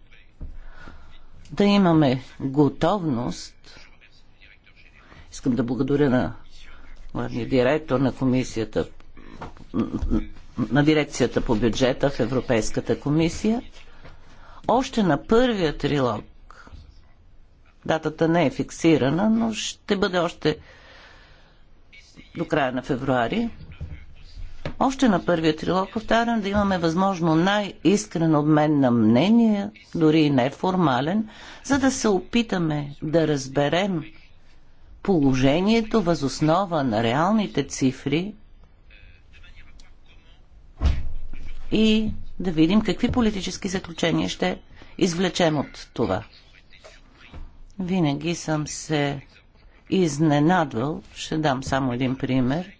да имаме готовност. Искам да благодаря на главния директор на комисията на дирекцията по бюджета в Европейската комисия. Още на първия трилог датата не е фиксирана, но ще бъде още до края на февруари още на първия трилог повтарям да имаме възможно най-искрен обмен на мнения, дори и неформален, за да се опитаме да разберем положението възоснова на реалните цифри и да видим какви политически заключения ще извлечем от това. Винаги съм се изненадвал, ще дам само един пример,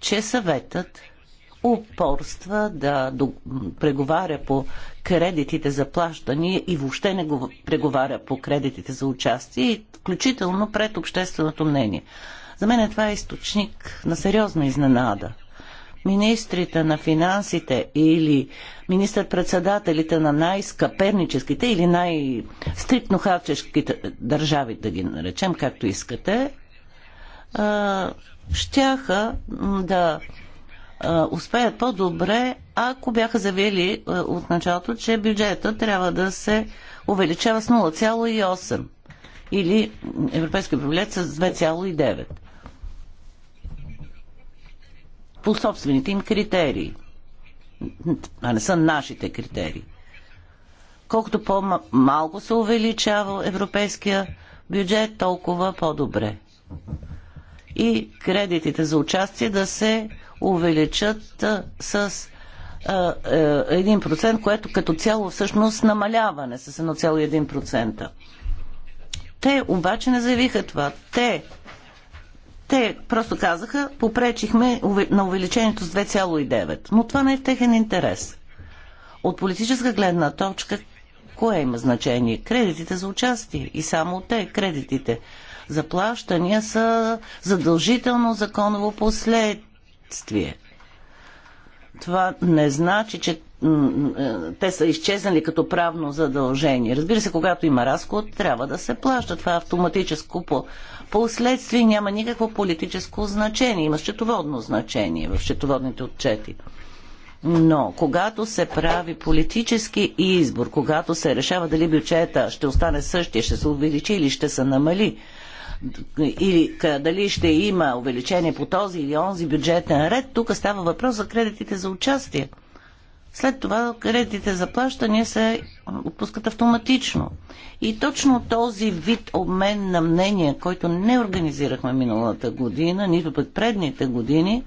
че съветът упорства да преговаря по кредитите за плащания и въобще не го преговаря по кредитите за участие, включително пред общественото мнение. За мен е това е източник на сериозна изненада. Министрите на финансите или министър-председателите на най-скъперническите или най-стриктно харчешките държави, да ги наречем както искате, щяха да успеят по-добре, ако бяха завели от началото, че бюджета трябва да се увеличава с 0,8 или европейска бюджет с 2,9 по собствените им критерии, а не са нашите критерии. Колкото по-малко се увеличава европейския бюджет, толкова по-добре. И кредитите за участие да се увеличат с 1%, е, което като цяло всъщност намаляване с 1,1%. Те обаче не заявиха това. Те, те просто казаха, попречихме на увеличението с 2,9. Но това не е в техен интерес. От политическа гледна точка, кое има значение? Кредитите за участие. И само те, кредитите. Заплащания са задължително законово послед бедствие. Това не значи, че е, те са изчезнали като правно задължение. Разбира се, когато има разход, трябва да се плаща. Това е автоматическо по последствие няма никакво политическо значение. Има счетоводно значение в счетоводните отчети. Но когато се прави политически избор, когато се решава дали бюджета ще остане същия, ще се увеличи или ще се намали, или дали ще има увеличение по този или онзи бюджетен ред, тук става въпрос за кредитите за участие. След това кредитите за плащане се отпускат автоматично. И точно този вид обмен на мнения, който не организирахме миналата година, нито пред предните години,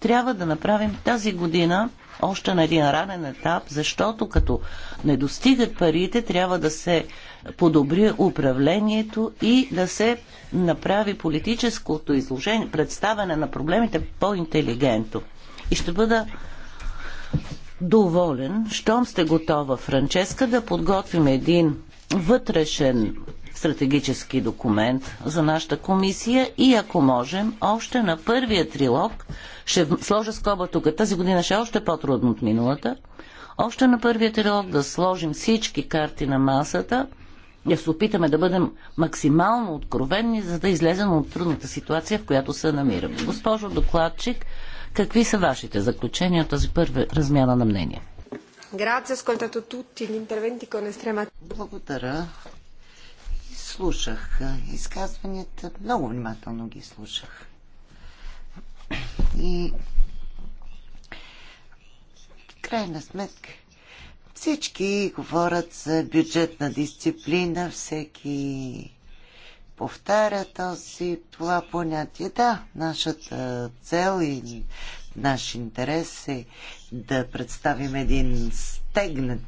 трябва да направим тази година още на един ранен етап, защото като не достигат парите, трябва да се подобри управлението и да се направи политическото изложение, представяне на проблемите по-интелигентно. И ще бъда доволен, щом сте готова, Франческа, да подготвим един вътрешен стратегически документ за нашата комисия и ако можем, още на първия трилог, ще сложа скоба тук, тази година ще е още по-трудно от миналата, още на първия трилог да сложим всички карти на масата – да се опитаме да бъдем максимално откровенни, за да излезем от трудната ситуация, в която се намираме. Госпожо докладчик, какви са вашите заключения от тази първа размяна на мнение? Благодаря. Слушах изказванията, много внимателно ги слушах. И в крайна сметка всички говорят за бюджетна дисциплина, всеки повтаря този, това понятие. Да, нашата цел и наш интерес е да представим един стегнат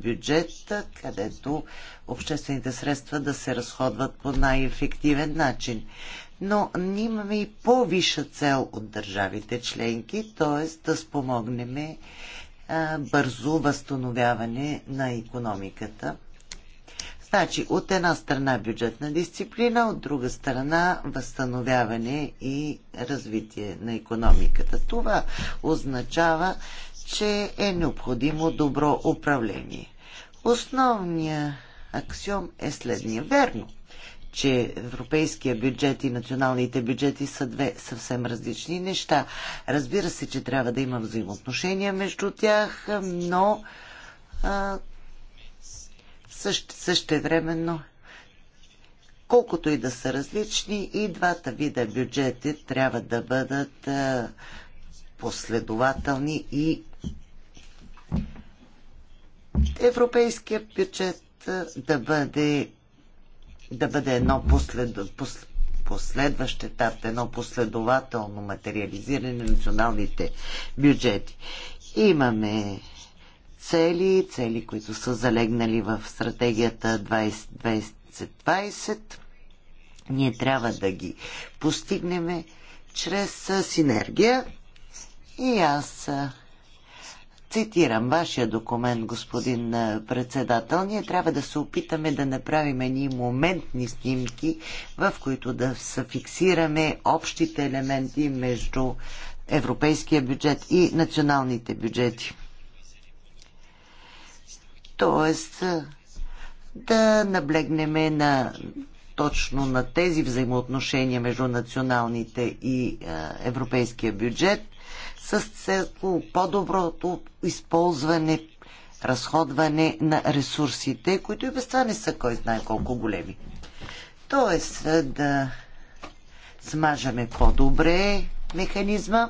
бюджет, където обществените средства да се разходват по най-ефективен начин. Но ние имаме и по-виша цел от държавите членки, т.е. да спомогнем бързо възстановяване на економиката. Значи, от една страна бюджетна дисциплина, от друга страна възстановяване и развитие на економиката. Това означава, че е необходимо добро управление. Основният аксиом е следния. Верно, че европейския бюджет и националните бюджети са две съвсем различни неща. Разбира се, че трябва да има взаимоотношения между тях, но също, същевременно колкото и да са различни, и двата вида бюджети трябва да бъдат последователни и европейският бюджет да бъде да бъде едно послед, пос, последващ етап, едно последователно материализиране на националните бюджети. Имаме цели, цели, които са залегнали в стратегията 2020. 20, 20. Ние трябва да ги постигнем чрез синергия. И аз цитирам вашия документ, господин председател, ние трябва да се опитаме да направим едни моментни снимки, в които да фиксираме общите елементи между европейския бюджет и националните бюджети. Тоест да наблегнеме на точно на тези взаимоотношения между националните и европейския бюджет, с цел по-доброто използване, разходване на ресурсите, които и без това не са кой знае колко големи. Тоест е, да смажаме по-добре механизма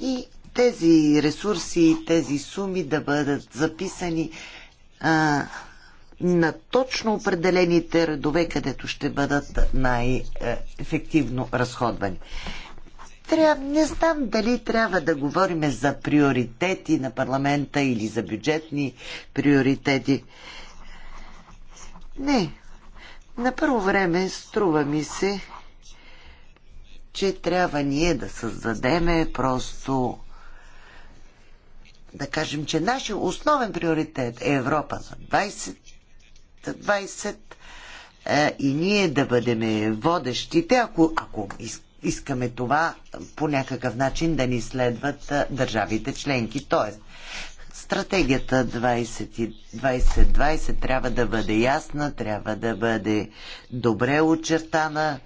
и тези ресурси и тези суми да бъдат записани а, на точно определените редове, където ще бъдат най-ефективно разходвани. Трябва, не знам дали трябва да говорим за приоритети на парламента или за бюджетни приоритети. Не. На първо време струва ми се, че трябва ние да създадеме просто да кажем, че нашия основен приоритет е Европа за 20, 20 е, и ние да бъдем водещите, ако, ако искаме това по някакъв начин да ни следват е, държавите членки. Тоест, стратегията 2020 20, 20 трябва да бъде ясна, трябва да бъде добре очертана.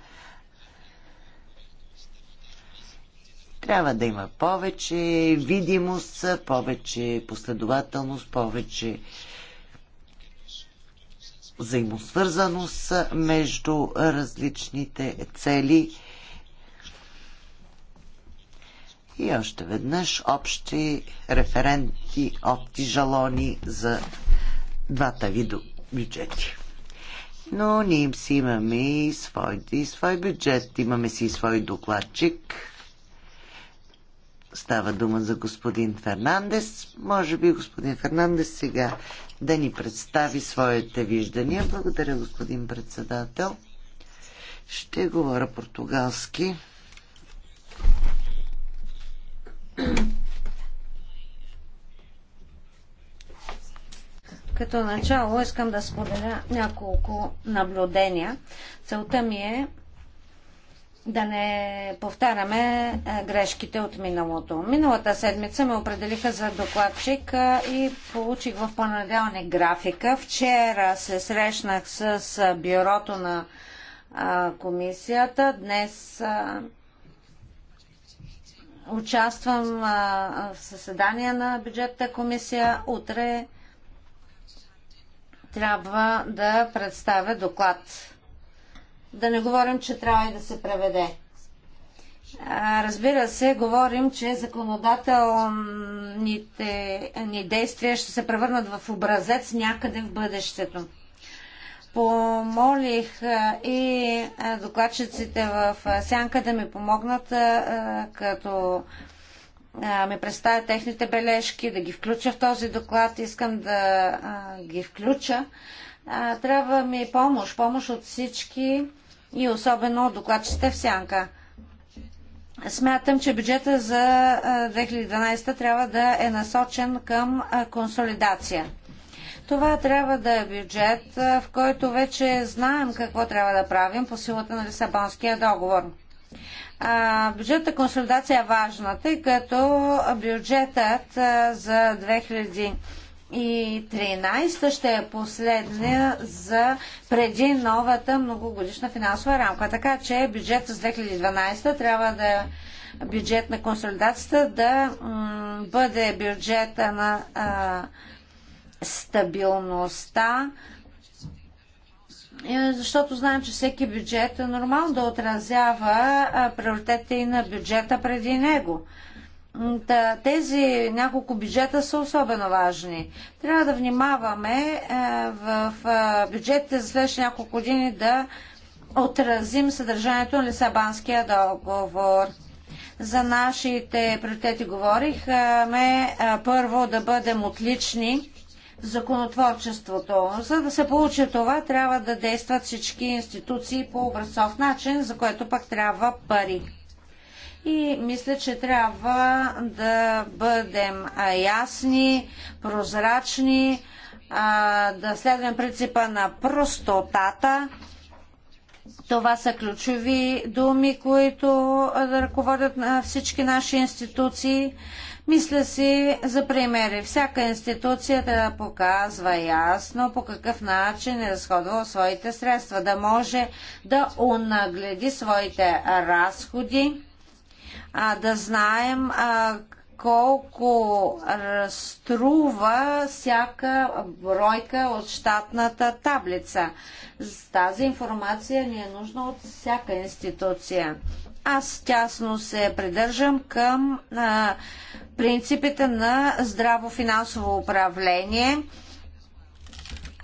Трябва да има повече видимост, повече последователност, повече взаимосвързаност между различните цели и още веднъж общи референти, общи жалони за двата вида бюджети. Но ние си имаме и свой, и свой бюджет, имаме си и свой докладчик – Става дума за господин Фернандес. Може би господин Фернандес сега да ни представи своите виждания. Благодаря, господин председател. Ще говоря португалски. Като начало искам да споделя няколко наблюдения. Целта ми е да не повтаряме е, грешките от миналото. Миналата седмица ме определиха за докладчик е, и получих в понеделник графика. Вчера се срещнах с е, бюрото на комисията. Днес участвам в съседание на бюджетната комисия. Утре трябва да представя доклад да не говорим, че трябва и да се преведе. Разбира се, говорим, че законодателните ни действия ще се превърнат в образец някъде в бъдещето. Помолих и докладчиците в Сянка да ми помогнат, като ми представя техните бележки, да ги включа в този доклад. Искам да ги включа. Трябва ми помощ, помощ от всички и особено от докладчите в сянка. Смятам, че бюджета за 2012 трябва да е насочен към консолидация. Това трябва да е бюджет, в който вече знаем какво трябва да правим по силата на Лисабонския договор. Бюджетът консолидация е важна, тъй като бюджетът за 2000 и 2013 ще е последния за преди новата многогодишна финансова рамка. Така че бюджет с 2012 трябва да бюджет на консолидацията да бъде бюджета на а, стабилността, е, защото знаем, че всеки бюджет е нормално да отразява приоритетите и на бюджета преди него. Та, тези няколко бюджета са особено важни. Трябва да внимаваме е, в е, бюджетите за следващите няколко години да отразим съдържанието на Лисабанския договор. За нашите приоритети говорихме е, първо да бъдем отлични в законотворчеството. За да се получи това, трябва да действат всички институции по образцов начин, за което пък трябва пари и мисля, че трябва да бъдем ясни, прозрачни, да следваме принципа на простотата. Това са ключови думи, които да ръководят на всички наши институции. Мисля си за примери. Всяка институция да показва ясно по какъв начин е разходвала своите средства, да може да унагледи своите разходи а, да знаем а, колко струва всяка бройка от щатната таблица. Тази информация ни е нужна от всяка институция. Аз тясно се придържам към а, принципите на здраво финансово управление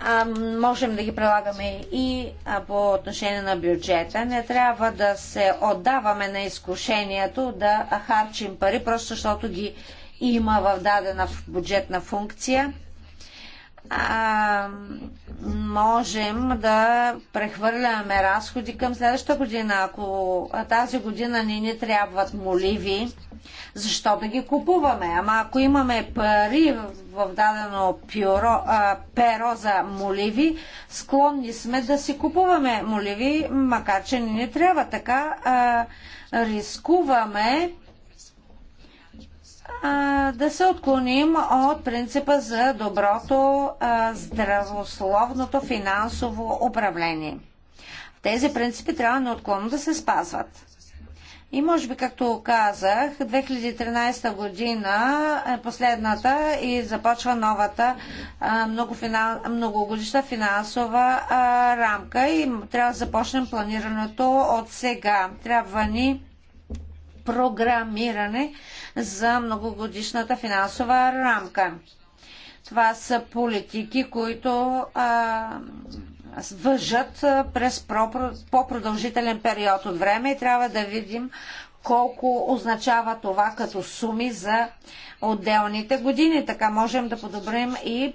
а, можем да ги прилагаме и а, по отношение на бюджета. Не трябва да се отдаваме на изкушението да харчим пари, просто защото ги има в дадена бюджетна функция. А, можем да прехвърляме разходи към следващата година. Ако тази година не ни трябват моливи, защо да ги купуваме? Ама ако имаме пари в, в дадено пюро, а, перо за моливи, склонни сме да си купуваме моливи, макар че не ни трябва. Така а, рискуваме а, да се отклоним от принципа за доброто а, здравословното финансово управление. Тези принципи трябва неотклонно да се спазват. И може би, както казах, 2013 година е последната и започва новата многогодишна финансова рамка и трябва да започнем планирането от сега. Трябва ни програмиране за многогодишната финансова рамка. Това са политики, които а, въжат през по-продължителен период от време и трябва да видим колко означава това като суми за отделните години. Така можем да подобрим и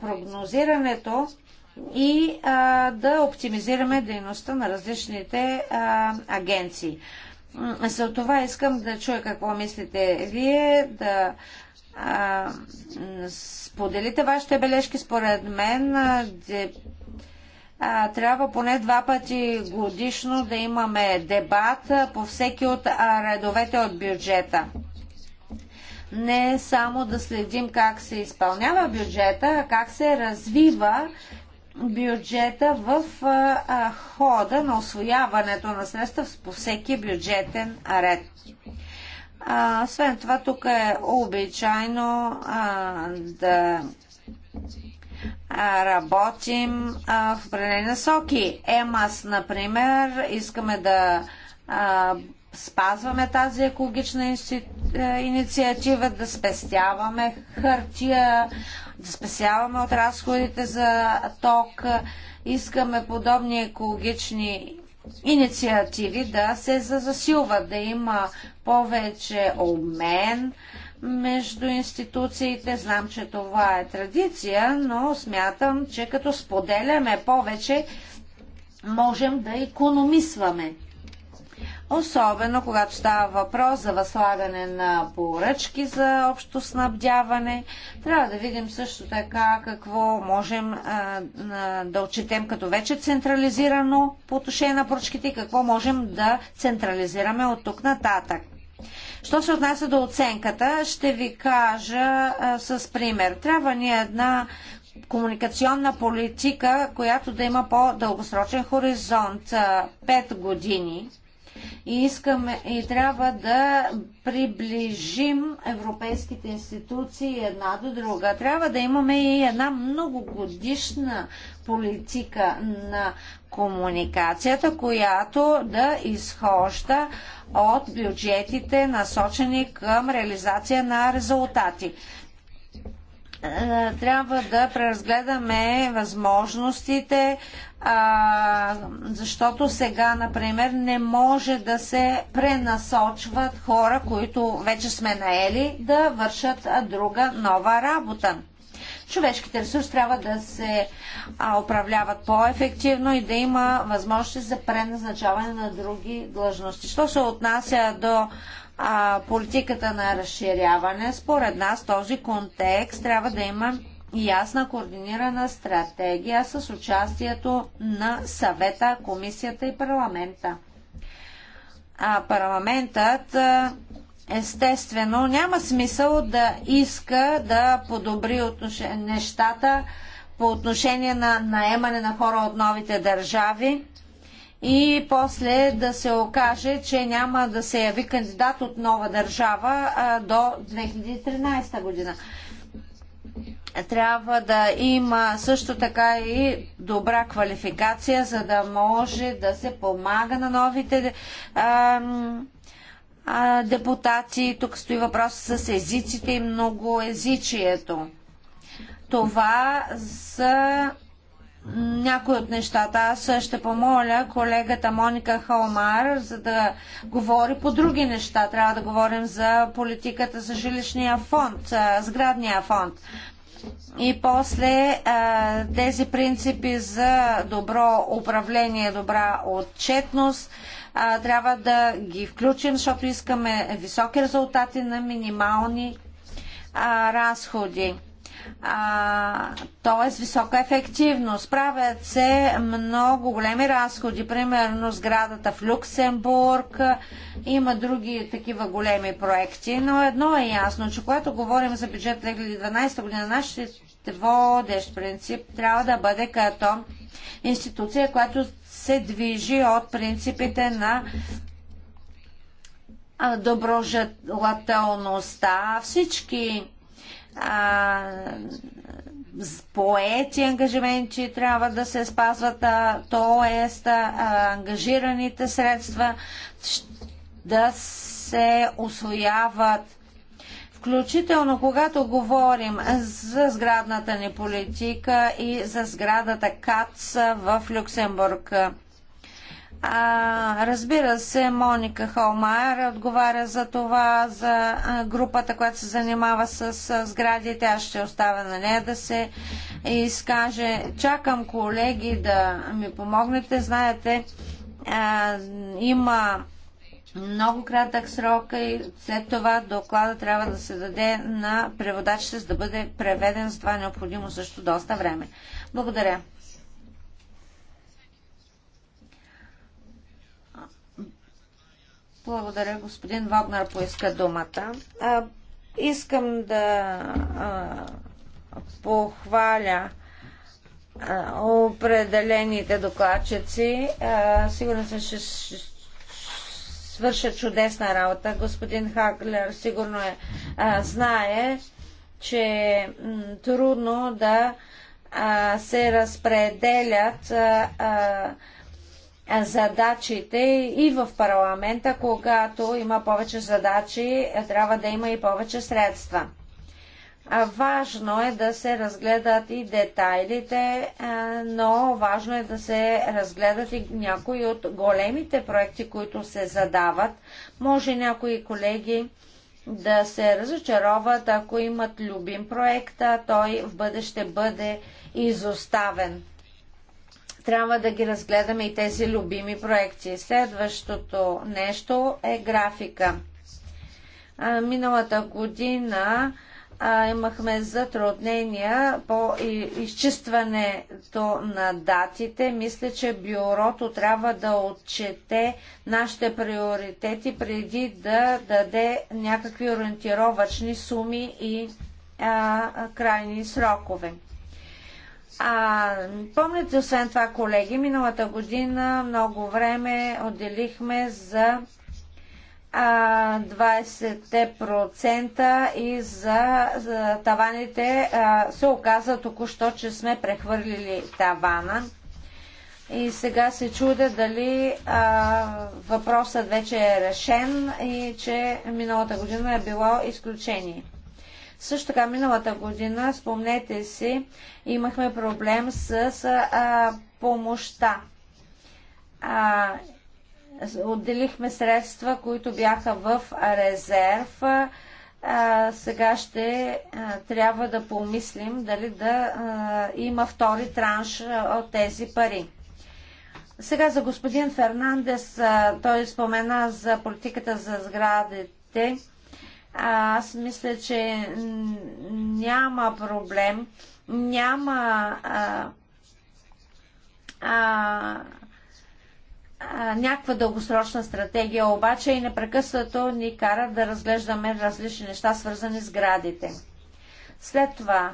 прогнозирането и а, да оптимизираме дейността на различните а, агенции. За това искам да чуя какво мислите вие, да а, споделите вашите бележки. Според мен а, трябва поне два пъти годишно да имаме дебат по всеки от редовете от бюджета. Не само да следим как се изпълнява бюджета, а как се развива бюджета в а, хода на освояването на средства по всеки бюджетен ред. А, освен това, тук е обичайно а, да работим в определени насоки. ЕМАС, например, искаме да спазваме тази екологична е, инициатива, да спестяваме хартия, да спестяваме от разходите за ток. Искаме подобни екологични инициативи да се засилват, да има повече обмен, между институциите. Знам, че това е традиция, но смятам, че като споделяме повече, можем да економисваме. Особено когато става въпрос за възлагане на поръчки за общо снабдяване, трябва да видим също така какво можем а, да отчетем като вече централизирано по отношение на поръчките и какво можем да централизираме от тук нататък. Що се отнася до оценката, ще ви кажа а, с пример. Трябва ни една комуникационна политика, която да има по-дългосрочен хоризонт. Пет години и искаме и трябва да приближим европейските институции една до друга. Трябва да имаме и една многогодишна политика на комуникацията, която да изхожда от бюджетите, насочени към реализация на резултати е, трябва да преразгледаме възможностите а, защото сега, например, не може да се пренасочват хора, които вече сме наели, да вършат друга нова работа. Човешките ресурси трябва да се а, управляват по-ефективно и да има възможности за преназначаване на други длъжности. Що се отнася до а, политиката на разширяване, според нас този контекст трябва да има ясна координирана стратегия с участието на съвета, комисията и парламента. А парламентът естествено няма смисъл да иска да подобри отнош... нещата по отношение на наемане на хора от новите държави и после да се окаже, че няма да се яви кандидат от нова държава а, до 2013 година трябва да има също така и добра квалификация, за да може да се помага на новите а, депутати. Тук стои въпрос с езиците и многоезичието. Това са някои от нещата. Аз ще помоля колегата Моника Халмар, за да говори по други неща. Трябва да говорим за политиката за жилищния фонд, сградния фонд. И после а, тези принципи за добро управление, добра отчетност а, трябва да ги включим, защото искаме високи резултати на минимални а, разходи т.е. висока ефективност. Правят се много големи разходи, примерно сградата в Люксембург, има други такива големи проекти, но едно е ясно, че когато говорим за бюджет 2012 година, нашите водещ принцип трябва да бъде като институция, която се движи от принципите на доброжелателността. Всички поети ангажимент, че трябва да се спазват, т.е. ангажираните средства да се освояват Включително когато говорим за сградната ни политика и за сградата КАЦ в Люксембург. А, разбира се, Моника Холмайер отговаря за това, за групата, която се занимава с, с сградите. Аз ще оставя на нея да се изкаже. Чакам колеги да ми помогнете. Знаете, а, има много кратък срок и след това доклада трябва да се даде на преводачите, за да бъде преведен. За това е необходимо също доста време. Благодаря. Благодаря. Господин Вагнер, поиска думата. А, искам да а, похваля а, определените докладчици. А, сигурно се ще, свърша чудесна работа. Господин Хаклер сигурно е, а, знае, че е трудно да а, се разпределят а, а, задачите и в парламента, когато има повече задачи, трябва да има и повече средства. Важно е да се разгледат и детайлите, е, но важно е да се разгледат и някои от големите проекти, които се задават. Може някои колеги да се разочароват, ако имат любим проект, а той в бъдеще бъде изоставен трябва да ги разгледаме и тези любими проекти. Следващото нещо е графика. А, миналата година а, имахме затруднения по изчистването на датите. Мисля, че бюрото трябва да отчете нашите приоритети преди да даде някакви ориентировачни суми и а, крайни срокове. А, помните, освен това, колеги, миналата година много време отделихме за 20% и за, за таваните а, се оказа току-що, че сме прехвърлили тавана. И сега се чуде дали а, въпросът вече е решен и че миналата година е било изключение. Също така, миналата година, спомнете си, имахме проблем с, а, помощта. А, отделихме средства, които бяха в резерв. А, сега ще а, трябва да помислим дали да а, има втори транш от тези пари. Сега за господин Фернандес, той спомена за политиката за сградите. Аз мисля, че няма проблем, няма а, а, някаква дългосрочна стратегия, обаче и непрекъснато ни кара да разглеждаме различни неща, свързани с градите. След това,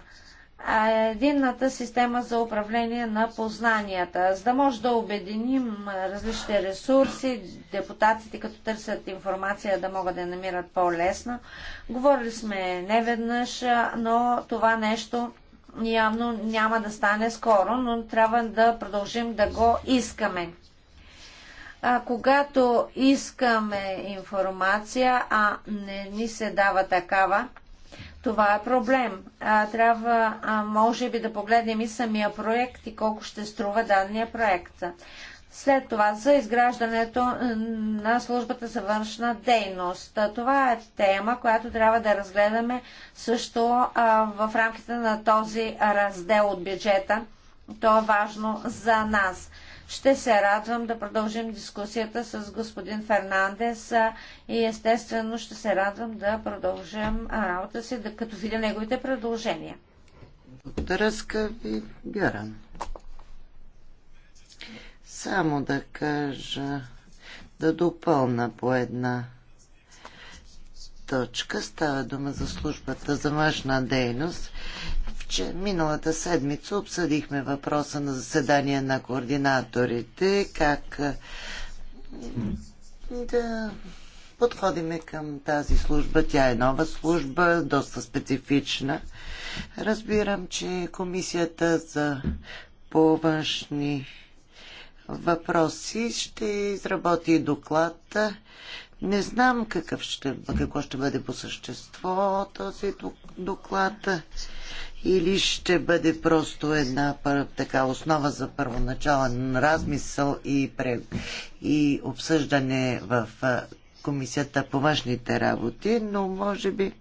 единната система за управление на познанията, за да може да обединим различните ресурси, депутатите като търсят информация да могат да намират по-лесно. Говорили сме не веднъж, но това нещо явно няма да стане скоро, но трябва да продължим да го искаме. А, когато искаме информация, а не ни се дава такава, това е проблем. А, трябва, а, може би, да погледнем и самия проект и колко ще струва дадения проект. След това за изграждането на службата за външна дейност. Това е тема, която трябва да разгледаме също а, в рамките на този раздел от бюджета. То е важно за нас. Ще се радвам да продължим дискусията с господин Фернандес и естествено ще се радвам да продължим работа си, да, като видя неговите предложения. Благодаря, скъпи Бюран. Само да кажа, да допълна по една точка. Става дума за службата за външна дейност че миналата седмица обсъдихме въпроса на заседание на координаторите, как да подходиме към тази служба. Тя е нова служба, доста специфична. Разбирам, че комисията за по външни въпроси ще изработи доклад. Не знам какъв ще, какво ще бъде по същество този доклад или ще бъде просто една така основа за първоначален размисъл и, пре, и обсъждане в Комисията по външните работи, но може би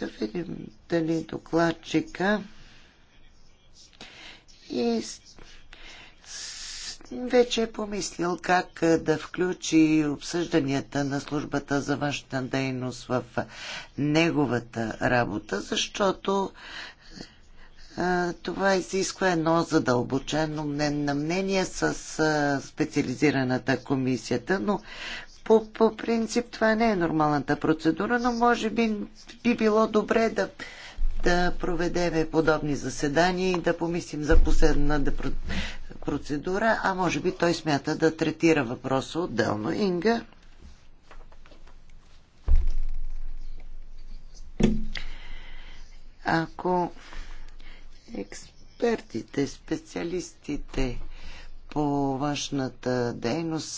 да видим дали докладчика и вече е помислил как да включи обсъжданията на службата за външна дейност в неговата работа, защото това изисква едно задълбочено на мнение с специализираната комисията, но по, по принцип това не е нормалната процедура, но може би би било добре да, да проведеме подобни заседания и да помислим за последна да, процедура, а може би той смята да третира въпроса отделно. Инга? Ако експертите, специалистите по външната дейност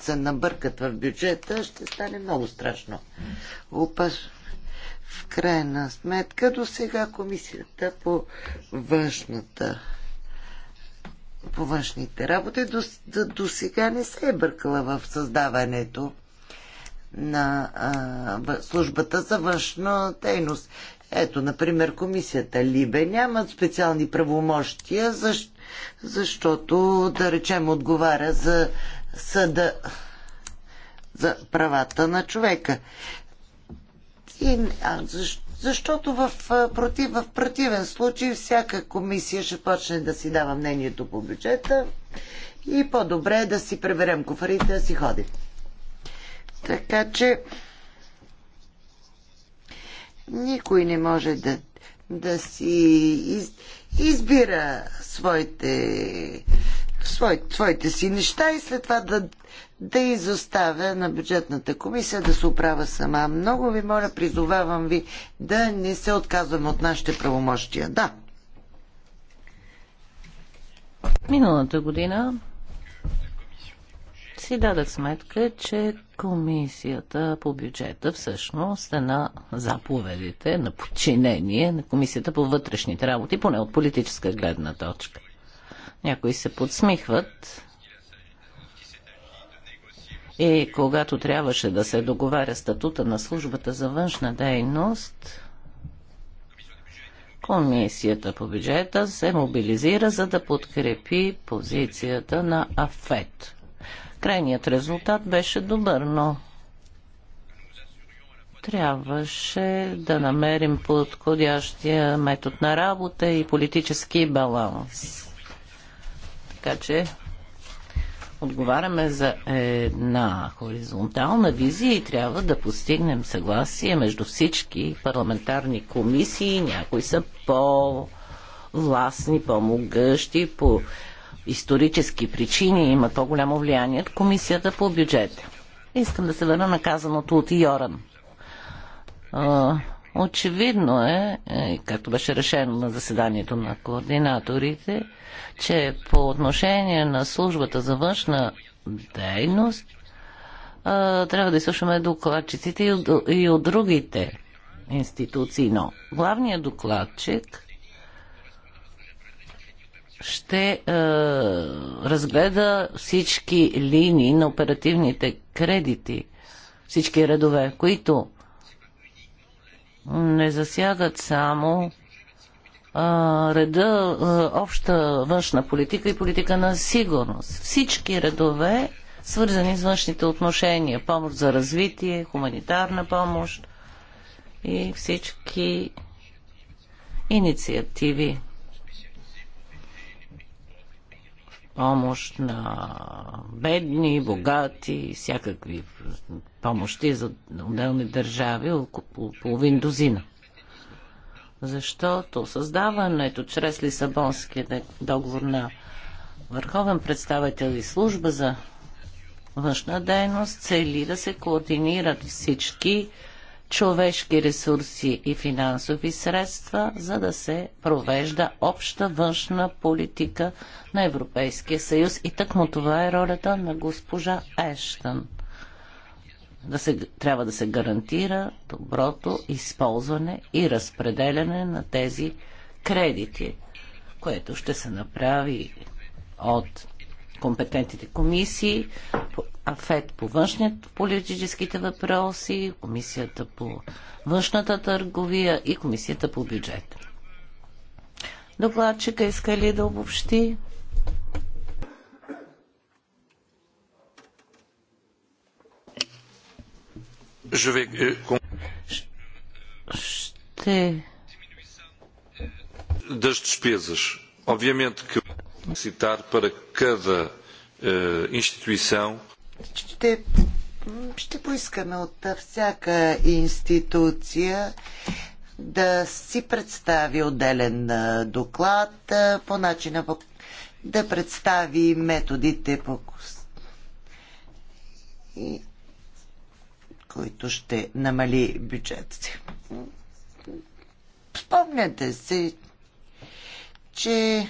се набъркат в бюджета, ще стане много страшно. Опаш, в крайна сметка до сега комисията по външната по външните работи до, до, до сега не се е бъркала в създаването на а, службата за външна дейност. Ето, например, комисията Либе няма специални правомощия, защ, защото, да речем, отговаря за съда за правата на човека. И, а, защ, защото в, против, в противен случай всяка комисия ще почне да си дава мнението по бюджета и по-добре е да си преберем кофарите да си ходим. Така че никой не може да, да си из, избира своите свой, своите си неща и след това да, да изоставя на бюджетната комисия да се оправя сама. Много ви моля, призовавам ви да не се отказваме от нашите правомощия. Да. Миналата година си дадах сметка, че комисията по бюджета всъщност е на заповедите на подчинение на комисията по вътрешните работи, поне от политическа гледна точка. Някои се подсмихват. И когато трябваше да се договаря статута на службата за външна дейност, Комисията по бюджета се мобилизира, за да подкрепи позицията на АФЕТ. Крайният резултат беше добър, но трябваше да намерим подходящия метод на работа и политически баланс. Така че отговаряме за една хоризонтална визия и трябва да постигнем съгласие между всички парламентарни комисии. Някои са по-властни, по-могъщи, по исторически причини има по-голямо влияние от комисията по бюджет. Искам да се върна на казаното от Йоран. Очевидно е, е както беше решено на заседанието на координаторите, че по отношение на службата за външна дейност трябва да изслушаме докладчиците и от, другите институции. Но главният докладчик ще е, разгледа всички линии на оперативните кредити, всички редове, които не засягат само а, реда а, обща външна политика и политика на сигурност. Всички редове, свързани с външните отношения, помощ за развитие, хуманитарна помощ и всички инициативи. помощ на бедни, богати, всякакви помощи за отделни държави, около половин дозина. Защото създаването чрез Лисабонския договор на върховен представител и служба за външна дейност цели да се координират всички човешки ресурси и финансови средства, за да се провежда обща външна политика на Европейския съюз. И тъкмо това е ролята на госпожа Ештън. Да се, трябва да се гарантира доброто използване и разпределяне на тези кредити, което ще се направи от компетентните комисии АФЕД по външният политическите въпроси, Комисията по външната търговия и Комисията по бюджет. Докладчика иска ли да обобщи? Euh, Ще... Das despesas. Obviamente que citar para cada uh, instituição ще, ще поискаме от всяка институция да си представи отделен доклад по начина по, да представи методите по и, които ще намали бюджет си. Спомняте се, че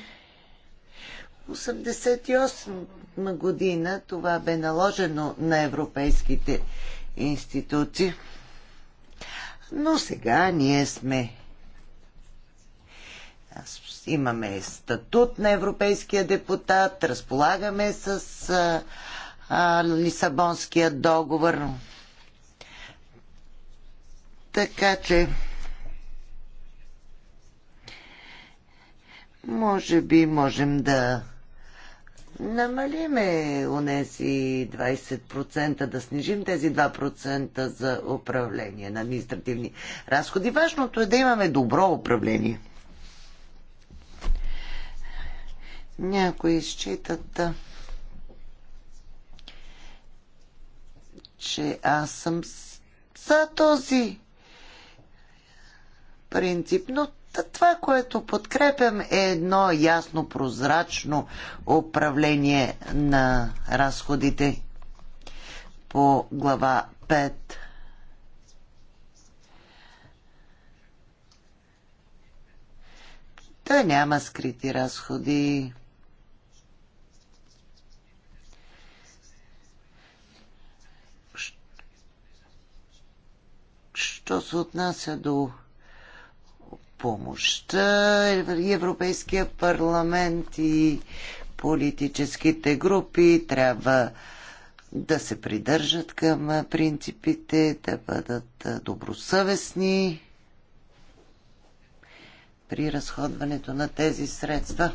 88 година това бе наложено на европейските институции. Но сега ние сме. Имаме статут на европейския депутат, разполагаме с а, а, Лисабонския договор. Така че. Може би можем да намалиме унеси 20%, да снижим тези 2% за управление на административни разходи. Важното е да имаме добро управление. Някои считат, че аз съм за този принцип, но това, което подкрепям е едно ясно, прозрачно управление на разходите по глава 5. Да няма скрити разходи. Що се отнася до помощта, Европейския парламент и политическите групи трябва да се придържат към принципите, да бъдат добросъвестни при разходването на тези средства.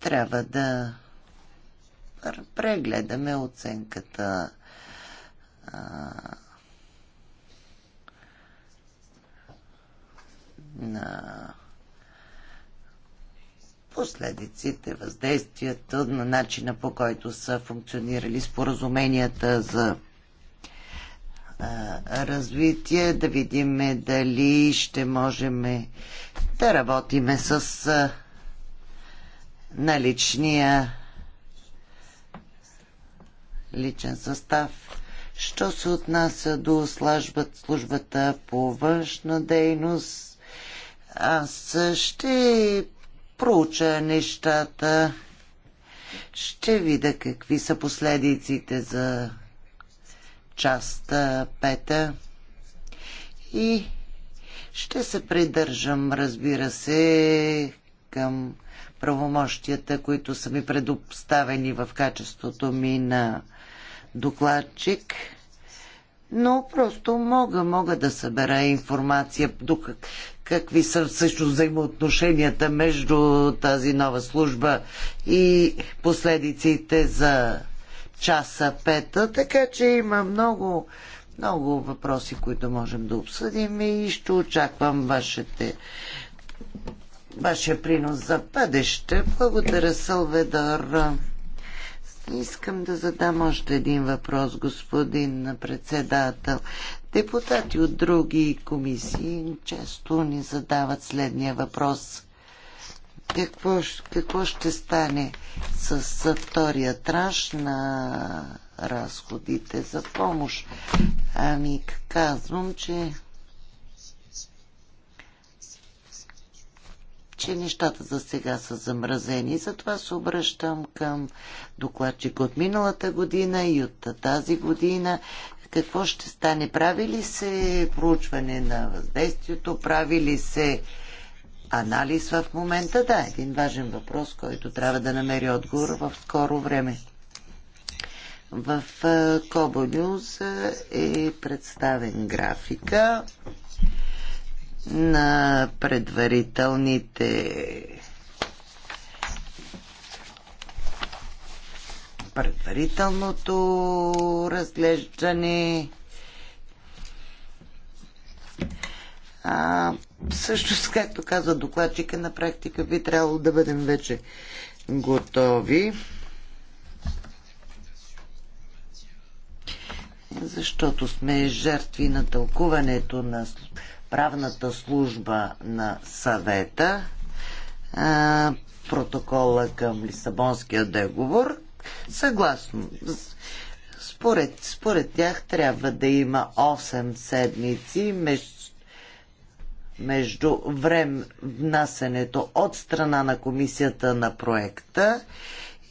Трябва да прегледаме оценката на последиците, въздействията на начина по който са функционирали споразуменията за развитие, да видим дали ще можем да работиме с наличния личен състав. Що се отнася до службата по външна дейност, аз ще проуча нещата. Ще видя какви са последиците за част пета. И ще се придържам, разбира се, към правомощията, които са ми предоставени в качеството ми на докладчик. Но просто мога, мога да събера информация до, какви са всъщност взаимоотношенията между тази нова служба и последиците за часа пета. Така че има много, много въпроси, които можем да обсъдим и ще очаквам вашите вашия принос за бъдеще. Благодаря, Салведор. Искам да задам още един въпрос, господин председател. Депутати от други комисии често ни задават следния въпрос. Какво, какво ще стане с втория транш на разходите за помощ? Ами казвам, че че нещата за сега са замразени. Затова се обръщам към докладчик от миналата година и от тази година какво ще стане? Прави ли се проучване на въздействието? Прави ли се анализ в момента? Да, един важен въпрос, който трябва да намери отговор в скоро време. В Кобо е, Нюз е представен графика на предварителните предварителното разглеждане. А, също, както казва докладчика, на практика би трябвало да бъдем вече готови. Защото сме жертви на тълкуването на правната служба на съвета, а, протокола към Лисабонския договор Съгласно. Според, според тях трябва да има 8 седмици между между време внасенето от страна на комисията на проекта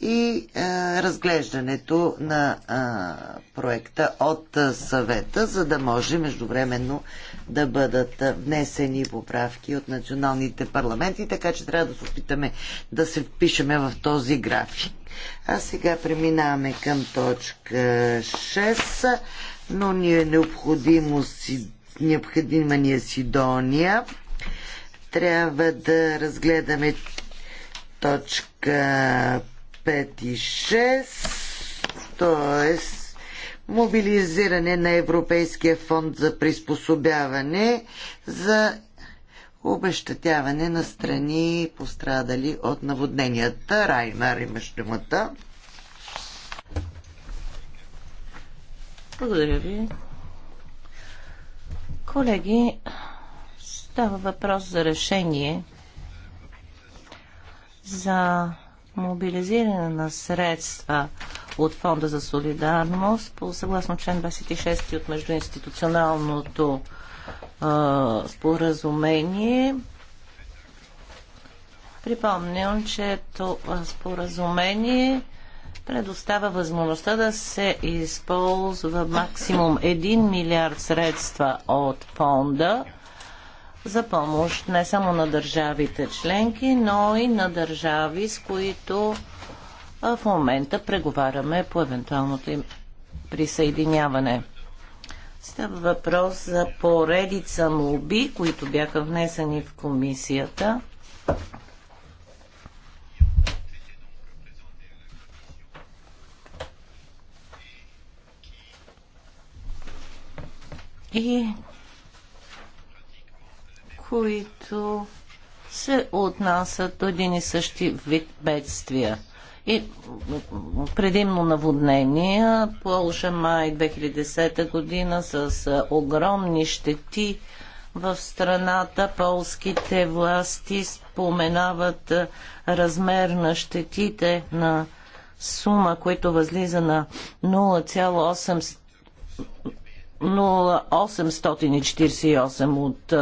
и е, разглеждането на е, проекта от е, съвета, за да може междувременно да бъдат внесени поправки от националните парламенти, така че трябва да се опитаме да се впишеме в този график. А сега преминаваме към точка 6, но ни е необходимо си, необходима ни е Сидония. Трябва да разгледаме точка 5 и 6, т.е. мобилизиране на Европейския фонд за приспособяване за обещатяване на страни пострадали от наводненията. Райнар имаш думата. Благодаря ви. Колеги, става въпрос за решение за мобилизиране на средства от Фонда за солидарност по съгласно член 26 от междуинституционалното а, споразумение. Припомням, че това споразумение предоставя възможността да се използва максимум 1 милиард средства от фонда за помощ не само на държавите членки, но и на държави, с които в момента преговаряме по евентуалното им присъединяване. Става въпрос за поредица молби, които бяха внесени в комисията. И които се отнасят до един и същи вид бедствия. И предимно наводнения, Полша май 2010 година с огромни щети в страната. Полските власти споменават размер на щетите на сума, които възлиза на 0,8 0848 от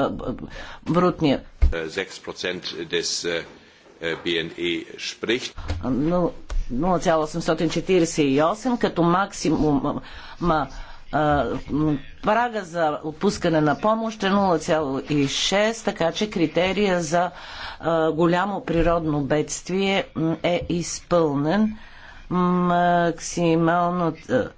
брутния. 0,848 e като максимум ма, прага за отпускане на помощ е 0,6, така че критерия за голямо природно бедствие е изпълнен Максималната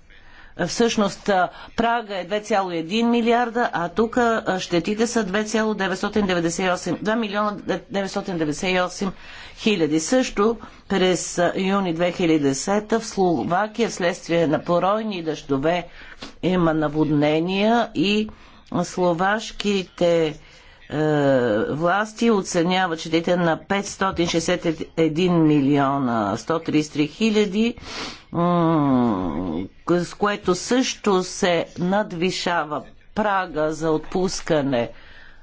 Всъщност прага е 2,1 милиарда, а тук щетите са 2,998, 2 милиона 998 хиляди. Също през юни 2010 в Словакия вследствие на поройни дъждове има наводнения и словашките е, власти оценява дете на 561 милиона 133 хиляди, с което също се надвишава прага за отпускане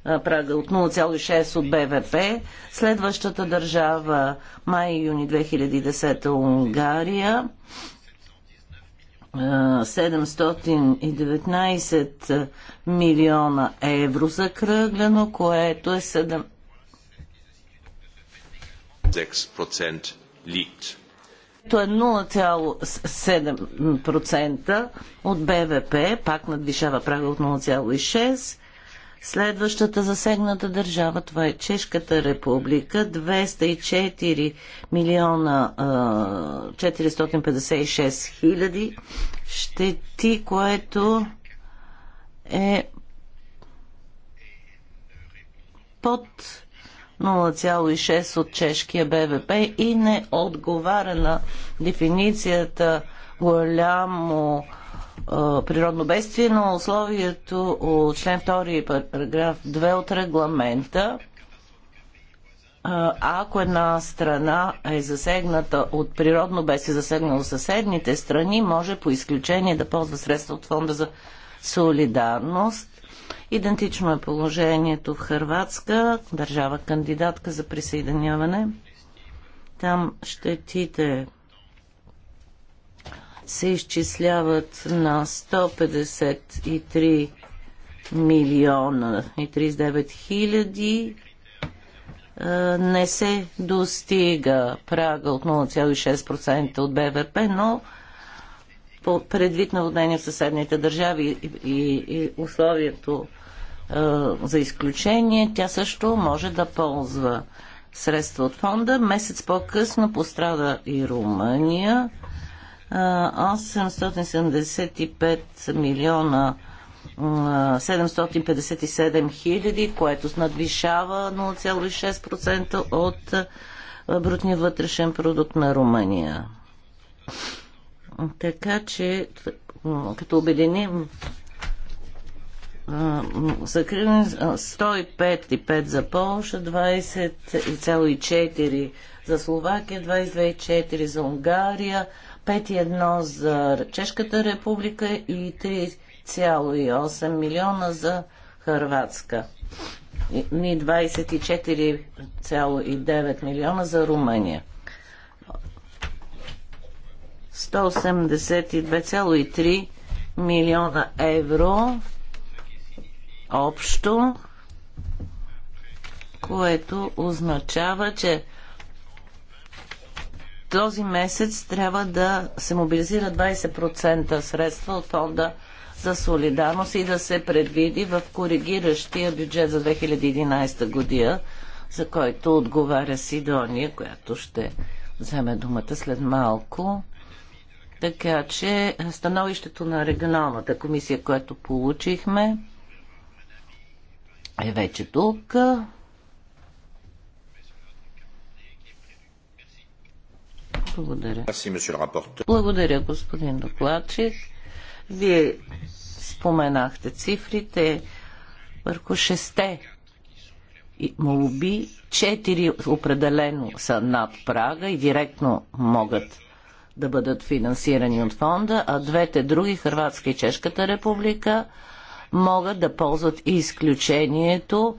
е, прага от 0,6 от БВП. Следващата държава май и юни 2010 Унгария. 719 милиона евро закръглено, което е 7... лит. То е 0,7% от БВП, пак надвишава прага от 0,6%. Следващата засегната държава, това е Чешката република, 204 милиона 456 хиляди щети, което е под 0,6 от чешкия БВП и не отговаря на дефиницията голямо природно бедствие, но условието от член 2 параграф 2 от регламента ако една страна е засегната от природно бедствие, засегнало съседните страни, може по изключение да ползва средства от фонда за солидарност. Идентично е положението в Хрватска, държава кандидатка за присъединяване. Там щетите се изчисляват на 153 милиона и 39 хиляди не се достига прага от 0,6% от БВП, но предвид на в съседните държави и, и, и условието е, за изключение, тя също може да ползва средства от фонда. Месец по-късно пострада и Румъния 875 милиона 757 хиляди, което надвишава 0,6% от брутния вътрешен продукт на Румъния. Така че, като обединим закриване 105,5 за Полша, 20,4 за Словакия, 22,4 за Унгария, 5,1 за Чешката република и 3,8 милиона за Харватска. Ни 24,9 милиона за Румъния. 182,3 милиона евро общо, което означава, че този месец трябва да се мобилизира 20% средства от фонда за солидарност и да се предвиди в коригиращия бюджет за 2011 година, за който отговаря Сидония, която ще вземе думата след малко. Така че становището на регионалната комисия, което получихме, е вече тук. Благодаря. Благодаря, господин докладчик. Вие споменахте цифрите върху шесте молби. Четири определено са над прага и директно могат да бъдат финансирани от фонда, а двете други, Хрватска и Чешката република, могат да ползват и изключението,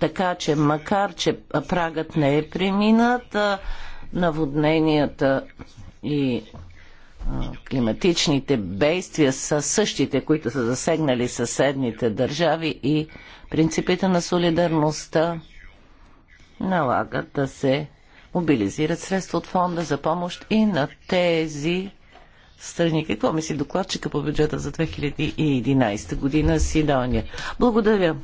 така че макар, че прагът не е преминат, наводненията и климатичните бействия са същите, които са засегнали съседните държави и принципите на солидарността налагат да се мобилизират средства от фонда за помощ и на тези страни. Какво мисли докладчика по бюджета за 2011 година Сидония? Благодаря.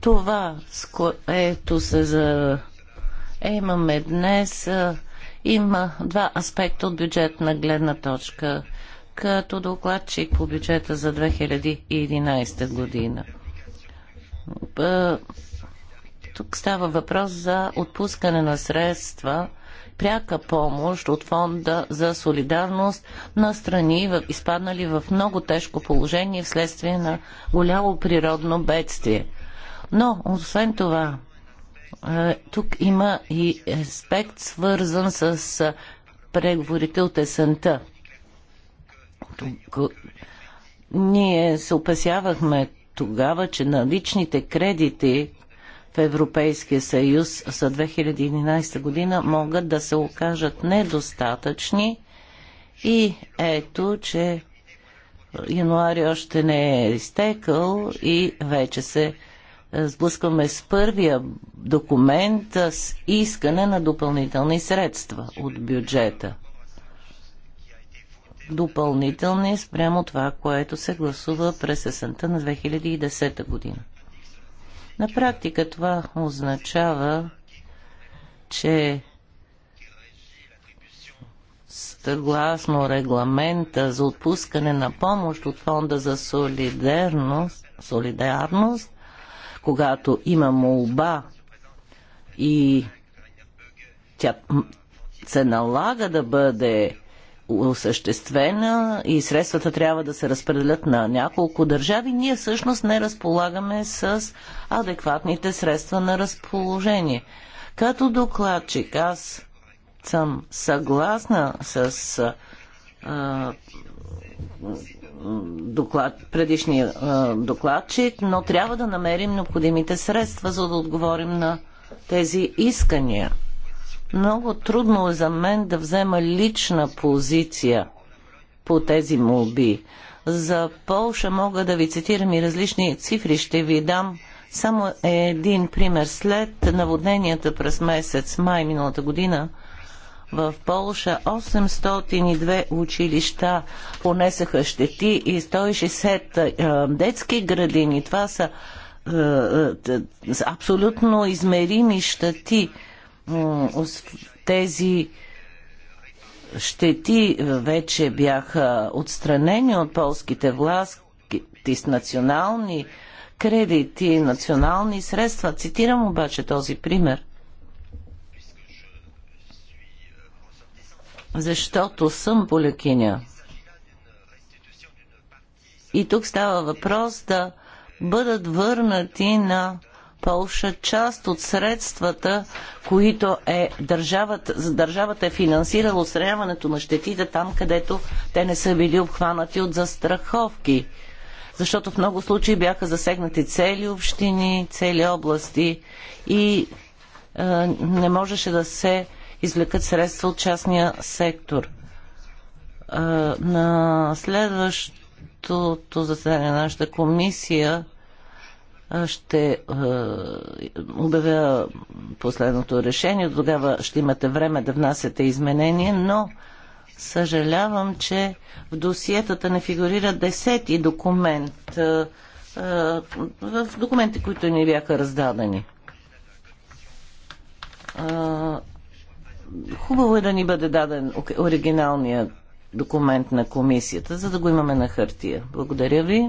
Това, с което се за имаме днес, има два аспекта от бюджетна гледна точка, като докладчик по бюджета за 2011 година. Тук става въпрос за отпускане на средства, пряка помощ от фонда за солидарност на страни, изпаднали в много тежко положение вследствие на голямо природно бедствие. Но, освен това, тук има и аспект свързан с преговорите от есента. Тук, ние се опасявахме тогава, че наличните кредити в Европейския съюз за 2011 година могат да се окажат недостатъчни и ето, че януари още не е изтекал и вече се сблъскваме с първия документ с искане на допълнителни средства от бюджета. Допълнителни спрямо това, което се гласува през есента на 2010 година. На практика това означава, че съгласно регламента за отпускане на помощ от Фонда за солидарност, солидарност когато има молба и тя се налага да бъде осъществена и средствата трябва да се разпределят на няколко държави, ние всъщност не разполагаме с адекватните средства на разположение. Като докладчик аз съм съгласна с а, доклад, предишния а, е, докладчик, но трябва да намерим необходимите средства, за да отговорим на тези искания. Много трудно е за мен да взема лична позиция по тези молби. За Полша мога да ви цитирам и различни цифри. Ще ви дам само един пример. След наводненията през месец май миналата година, в Полша 802 училища понесаха щети и 160 е, детски градини. Това са е, е, абсолютно измерими щети. Тези щети вече бяха отстранени от полските власти с национални кредити, национални средства. Цитирам обаче този пример – защото съм полекиня. И тук става въпрос да бъдат върнати на Полша част от средствата, които е държавата, държавата е финансирала отстраняването на щетите там, където те не са били обхванати от застраховки. Защото в много случаи бяха засегнати цели общини, цели области и е, не можеше да се извлекат средства от частния сектор. На следващото заседание на нашата комисия ще обявя последното решение. До тогава ще имате време да внасяте изменения, но съжалявам, че в досиетата не фигурира десети документ в документи, които ни бяха раздадени хубаво е да ни бъде даден оригиналният документ на комисията, за да го имаме на хартия. Благодаря ви.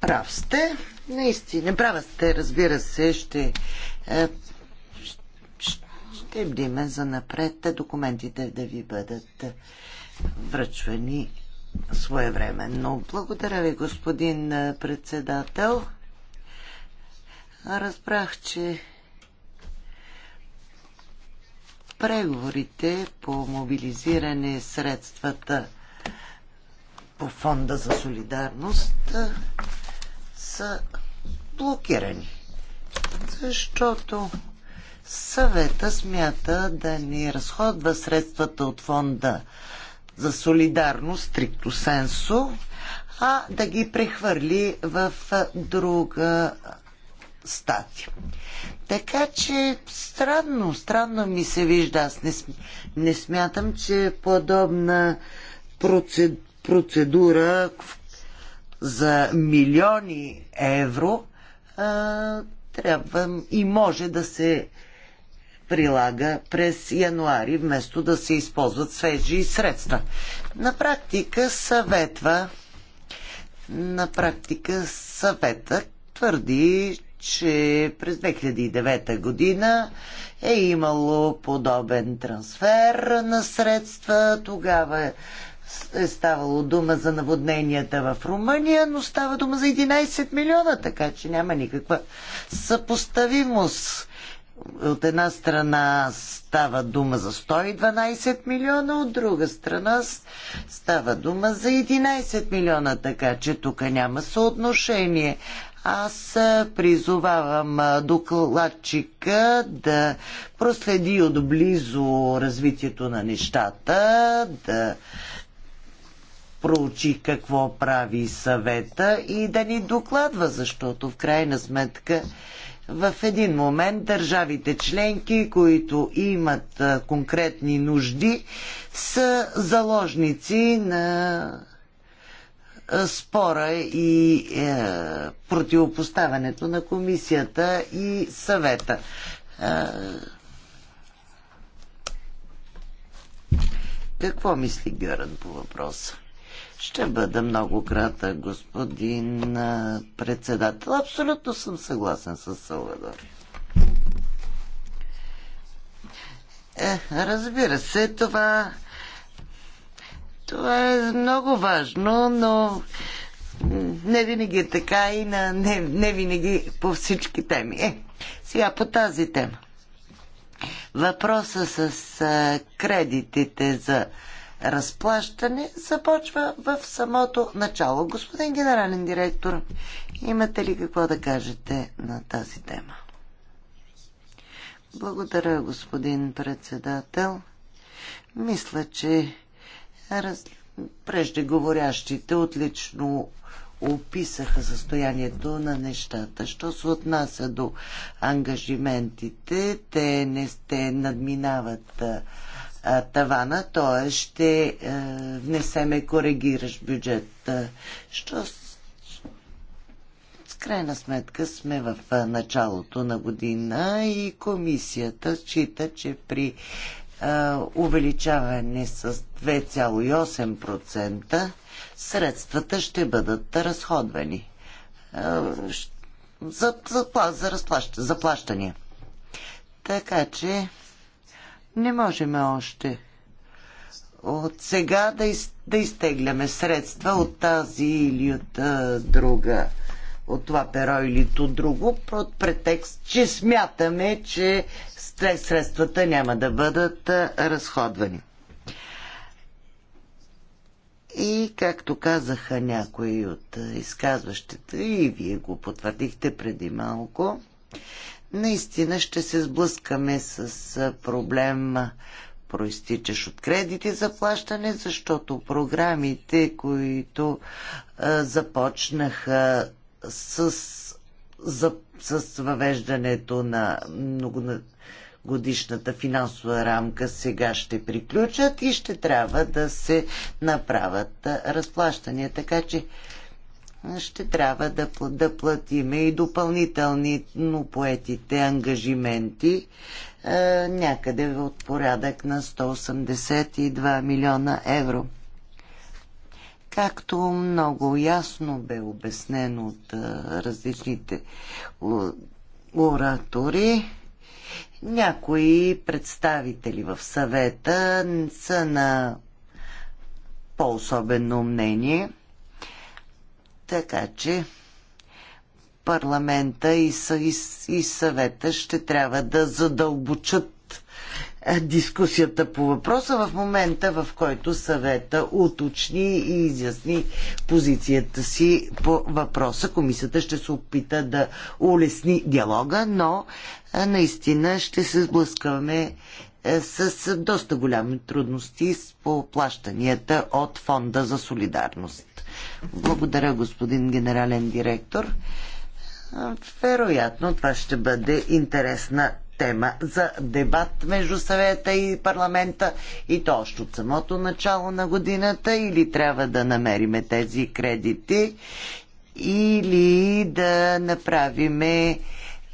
Прав сте. Наистина, права сте, разбира се, ще, е, ще бдиме за напред документите да ви бъдат връчвани своевременно. Благодаря ви, господин е, председател. Разбрах, че преговорите по мобилизиране средствата по Фонда за солидарност са блокирани. Защото съвета смята да ни разходва средствата от Фонда за солидарност, стрикто сенсо, а да ги прехвърли в друга статия. Така че странно, странно ми се вижда. Аз не, не смятам, че подобна процедура за милиони евро а, трябва и може да се прилага през януари, вместо да се използват свежи средства. На практика съветва на практика съвета твърди, че през 2009 година е имало подобен трансфер на средства. Тогава е ставало дума за наводненията в Румъния, но става дума за 11 милиона, така че няма никаква съпоставимост. От една страна става дума за 112 милиона, от друга страна става дума за 11 милиона, така че тук няма съотношение. Аз призовавам докладчика да проследи отблизо развитието на нещата, да проучи какво прави съвета и да ни докладва, защото в крайна сметка в един момент държавите членки, които имат конкретни нужди, са заложници на е, спора и е, противопоставянето на комисията и съвета. Е, какво мисли Геран по въпроса? Ще бъда много крата, господин е, председател. Абсолютно съм съгласен с Салвадор. Е, разбира се, това това е много важно, но не винаги е така и на, не, не винаги по всички теми. Е, сега по тази тема. Въпроса с а, кредитите за разплащане започва в самото начало. Господин генерален директор, имате ли какво да кажете на тази тема? Благодаря, господин председател. Мисля, че Раз... Преждеговорящите отлично описаха състоянието на нещата. Що се отнася до ангажиментите, те не сте надминават а, тавана, т.е. ще е, а, внесеме коригираш бюджет. Що с... с крайна сметка сме в началото на година и комисията счита, че при увеличаване с 2,8%, средствата ще бъдат разходвани за, за, за, разплаща, за плащания. Така че не можем още от сега да, из, да изтегляме средства от тази или от а, друга, от това перо или от друго, под претекст, че смятаме, че средствата няма да бъдат разходвани. И както казаха някои от изказващите, и вие го потвърдихте преди малко, наистина ще се сблъскаме с проблем, проистичаш от кредити за плащане, защото програмите, които а, започнаха с, за, с въвеждането на много годишната финансова рамка сега ще приключат и ще трябва да се направят разплащания. Така че ще трябва да, да платиме и допълнителни но поетите ангажименти е, някъде от порядък на 182 милиона евро. Както много ясно бе обяснено от е, различните оратори, някои представители в съвета са на по-особено мнение, така че парламента и, съвета ще трябва да задълбочат е, дискусията по въпроса в момента, в който съвета уточни и изясни позицията си по въпроса. Комисията ще се опита да улесни диалога, но е, наистина ще се сблъскаваме е, с доста голями трудности по плащанията от Фонда за солидарност. Благодаря, господин генерален директор. Вероятно, това ще бъде интересна тема за дебат между съвета и парламента и то още от самото начало на годината или трябва да намериме тези кредити или да направиме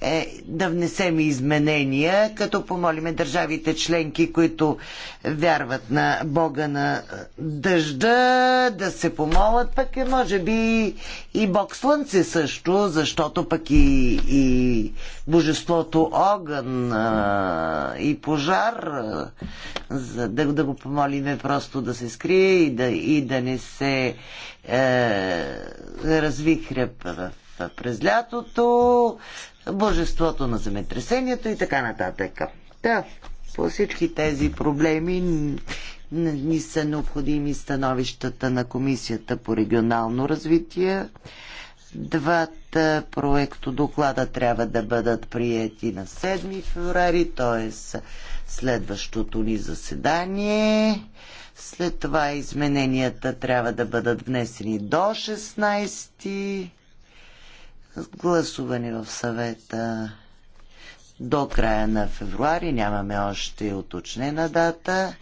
е да внесем изменения, като помолиме държавите членки, които вярват на Бога на дъжда, да се помолят, пък е, може би и Бог Слънце също, защото пък и, и Божеството огън а, и пожар, а, за да, да го помолиме просто да се скрие и да, и да не се е, развихря в през лятото, божеството на земетресението и така нататък. Да, по всички тези проблеми ни са необходими становищата на Комисията по регионално развитие. Двата проекто доклада трябва да бъдат приети на 7 феврари, т.е. следващото ни заседание. След това измененията трябва да бъдат внесени до 16 гласуване в съвета до края на февруари. Нямаме още уточнена дата.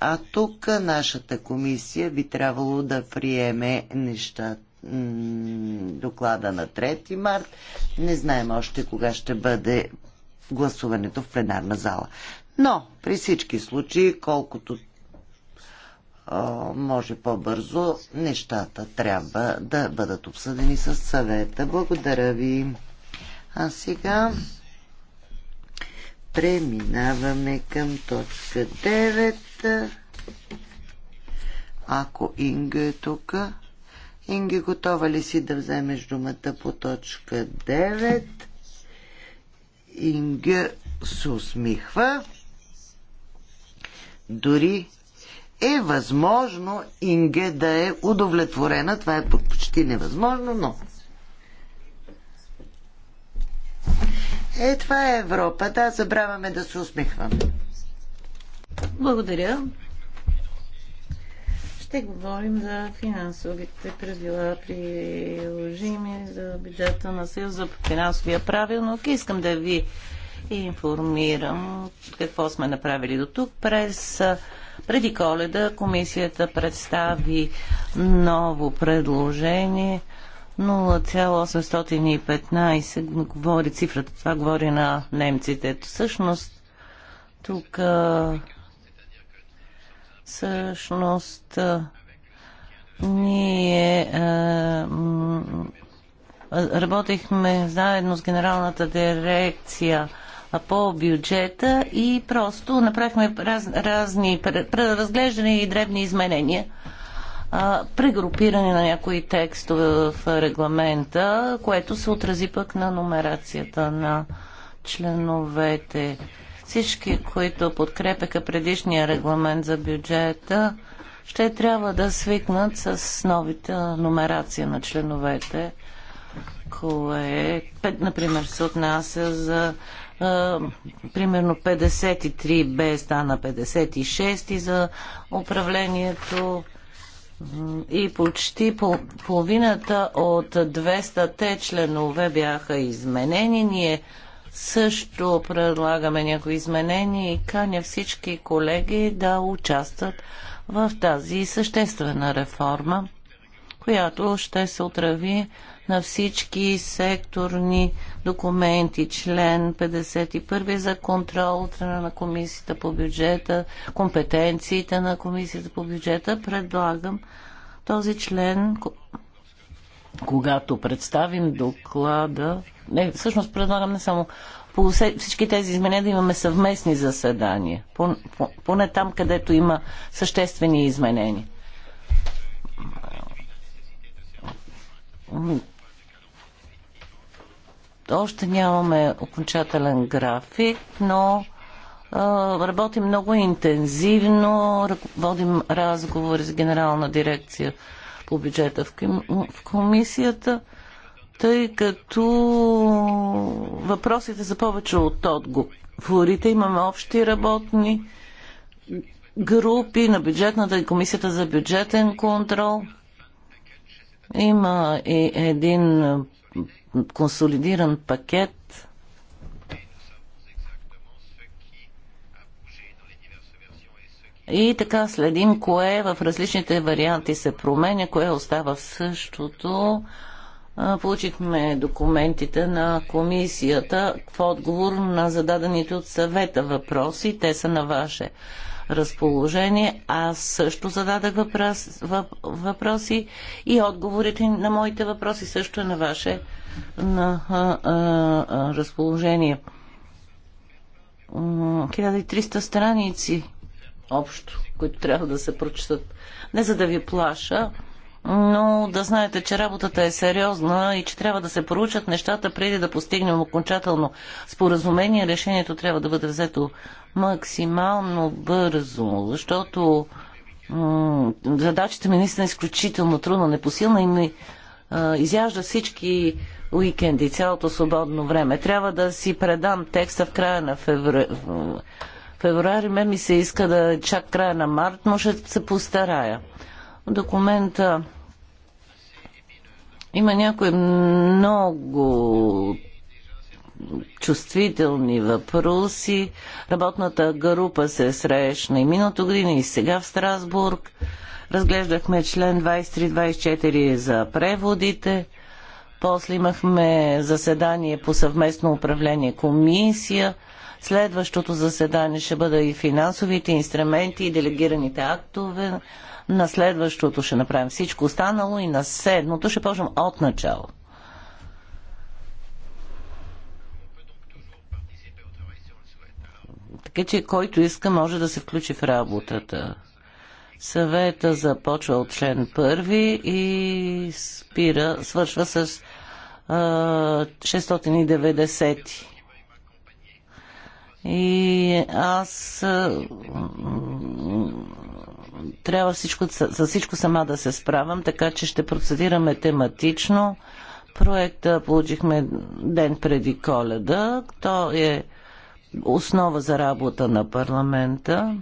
А тук нашата комисия би трябвало да приеме неща доклада на 3 март. Не знаем още кога ще бъде гласуването в пленарна зала. Но при всички случаи, колкото може по-бързо, нещата трябва да бъдат обсъдени с съвета. Благодаря ви. А сега преминаваме към точка 9. Ако Инга е тук, Инги, готова ли си да вземеш думата по точка 9? Инга се усмихва. Дори е възможно Инге да е удовлетворена. Това е почти невъзможно, но... Е, това е Европа. Да, забравяме да се усмихваме. Благодаря. Ще говорим за финансовите правила, приложими за бюджета на Съюз за финансовия правилник. Искам да ви информирам какво сме направили до тук през преди коледа комисията представи ново предложение 0,815 говори цифрата, това говори на немците. Всъщност, тук всъщност ние работихме заедно с генералната дирекция по бюджета и просто направихме раз, разни преразглеждания и дребни изменения. прегрупиране на някои текстове в регламента, което се отрази пък на номерацията на членовете. Всички, които подкрепяха предишния регламент за бюджета, ще трябва да свикнат с новите номерация на членовете, кое, например, се отнася за примерно 53Б стана 56 за управлението и почти половината от 200-те членове бяха изменени. Ние също предлагаме някои изменения и каня всички колеги да участват в тази съществена реформа, която ще се отрави на всички секторни документи. Член 51 за контрол от страна на комисията по бюджета, компетенциите на комисията по бюджета. Предлагам този член, когато представим доклада, не, всъщност предлагам не само по всички тези изменения да имаме съвместни заседания, поне там, където има съществени изменения още нямаме окончателен график, но работим много интензивно, водим разговори с генерална дирекция по бюджета в комисията, тъй като въпросите са повече от отговорите. Имаме общи работни групи на бюджетната и комисията за бюджетен контрол. Има и един консолидиран пакет И така следим кое в различните варианти се променя, кое остава в същото. Получихме документите на комисията в отговор на зададените от съвета въпроси. Те са на ваше разположение. Аз също зададах въпрос, въпроси и отговорите на моите въпроси също е на ваше на, а, а, разположение. 1300 страници общо, които трябва да се прочитат. Не за да ви плаша, но да знаете, че работата е сериозна и че трябва да се поручат нещата преди да постигнем окончателно споразумение. Решението трябва да бъде взето максимално бързо, защото задачата ми е наистина е изключително трудна, непосилна и ми а, изяжда всички уикенди, цялото свободно време. Трябва да си предам текста в края на февруари. Февруари ме ми се иска да чак края на март, но ще се постарая. Документа има някои много чувствителни въпроси. Работната група се срещна и миналото година и сега в Страсбург. Разглеждахме член 23-24 за преводите. После имахме заседание по съвместно управление комисия. Следващото заседание ще бъде и финансовите инструменти и делегираните актове. На следващото ще направим всичко останало и на седмото ще почнем от начало. Така че който иска може да се включи в работата. Съвета започва от член първи и спира, свършва с а, 690. И аз а, трябва всичко, за всичко сама да се справям, така че ще процедираме тематично. Проекта получихме ден преди коледа. То е основа за работа на парламента,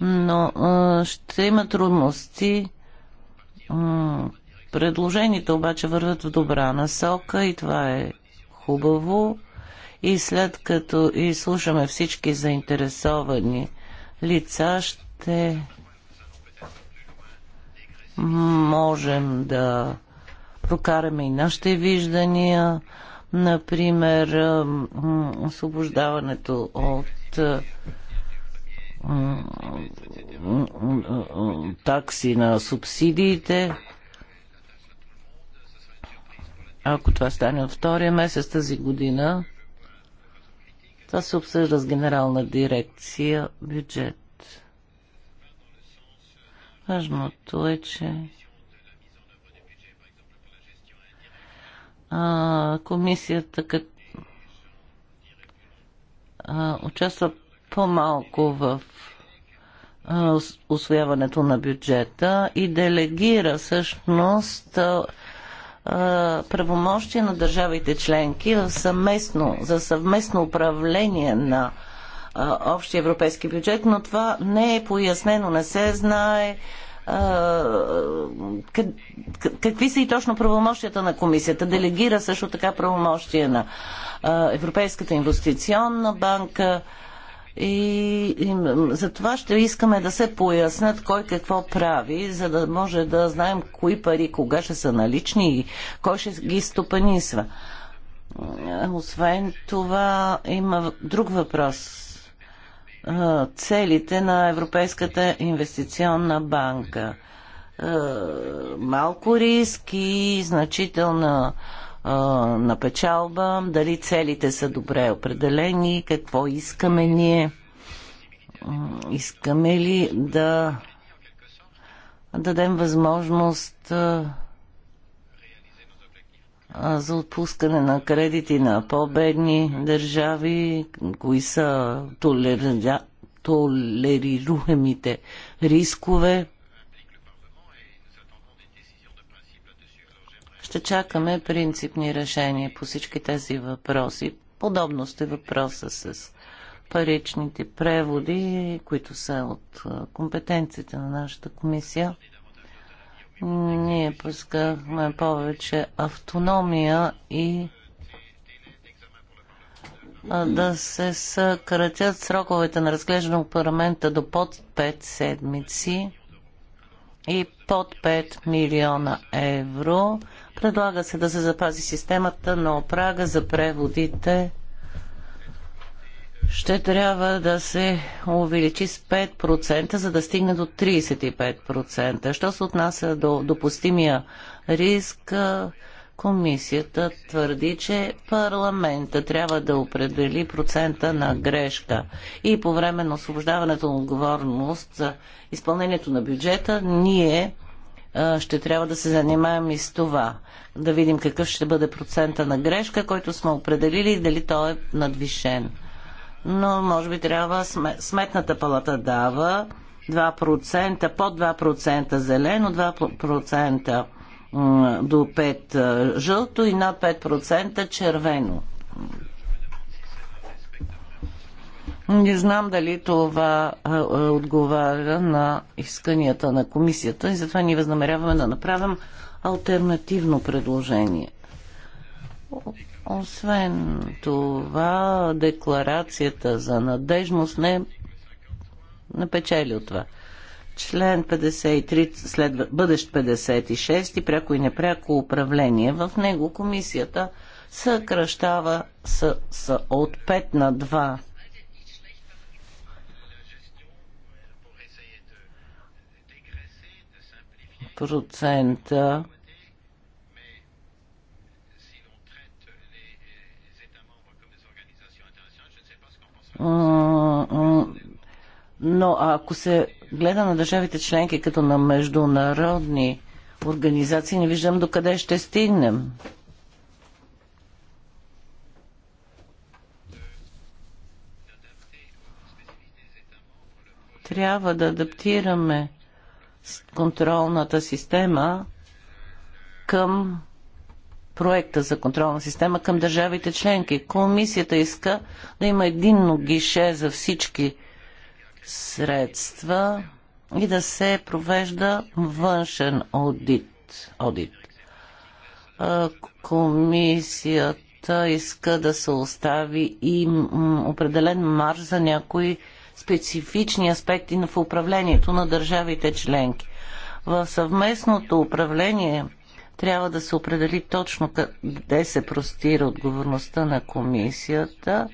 но ще има трудности. Предложените обаче върват в добра насока и това е хубаво. И след като изслушаме всички заинтересовани лица, ще можем да прокараме и нашите виждания, Например, освобождаването от такси на субсидиите. Ако това стане от втория месец тази година, това се обсъжда с генерална дирекция бюджет. Важното е, че а, комисията кът, а, участва по-малко в а, освояването на бюджета и делегира всъщност а, правомощия на държавите членки в съвместно, за съвместно управление на а, общия европейски бюджет, но това не е пояснено, не се знае какви са и точно правомощията на комисията. Делегира също така правомощия на Европейската инвестиционна банка. И, и за това ще искаме да се пояснят кой какво прави, за да може да знаем кои пари кога ще са налични и кой ще ги стопанисва. Освен това има друг въпрос целите на Европейската инвестиционна банка. Малко риск и значителна напечалба. дали целите са добре определени, какво искаме ние, искаме ли да дадем възможност за отпускане на кредити на по-бедни държави, кои са толер... толерируемите рискове. Ще чакаме принципни решения по всички тези въпроси. Подобно сте въпроса с паричните преводи, които са от компетенциите на нашата комисия. Ние поискахме повече автономия и да се съкратят сроковете на разглеждане от парламента до под 5 седмици и под 5 милиона евро. Предлага се да се запази системата на опрага за преводите ще трябва да се увеличи с 5%, за да стигне до 35%. Що се отнася до допустимия риск, комисията твърди, че парламента трябва да определи процента на грешка и по време на освобождаването на отговорност за изпълнението на бюджета ние ще трябва да се занимаем и с това. Да видим какъв ще бъде процента на грешка, който сме определили и дали той е надвишен но може би трябва сметната палата дава 2%, под 2% зелено, 2% до 5% жълто и над 5% червено. Не знам дали това отговаря на исканията на комисията и затова ние възнамеряваме да направим альтернативно предложение. Освен това, декларацията за надежност не, напечели печели от това. Член 53 след бъдещ 56 и пряко и непряко управление. В него комисията съкръщава с, с от 5 на 2 процента Но ако се гледа на държавите членки като на международни организации, не виждам докъде ще стигнем. Трябва да адаптираме контролната система към проекта за контролна система към държавите членки. Комисията иска да има единно гише за всички средства и да се провежда външен аудит. аудит. Комисията иска да се остави и определен марш за някои специфични аспекти в управлението на държавите членки. В съвместното управление трябва да се определи точно къде се простира отговорността на комисията,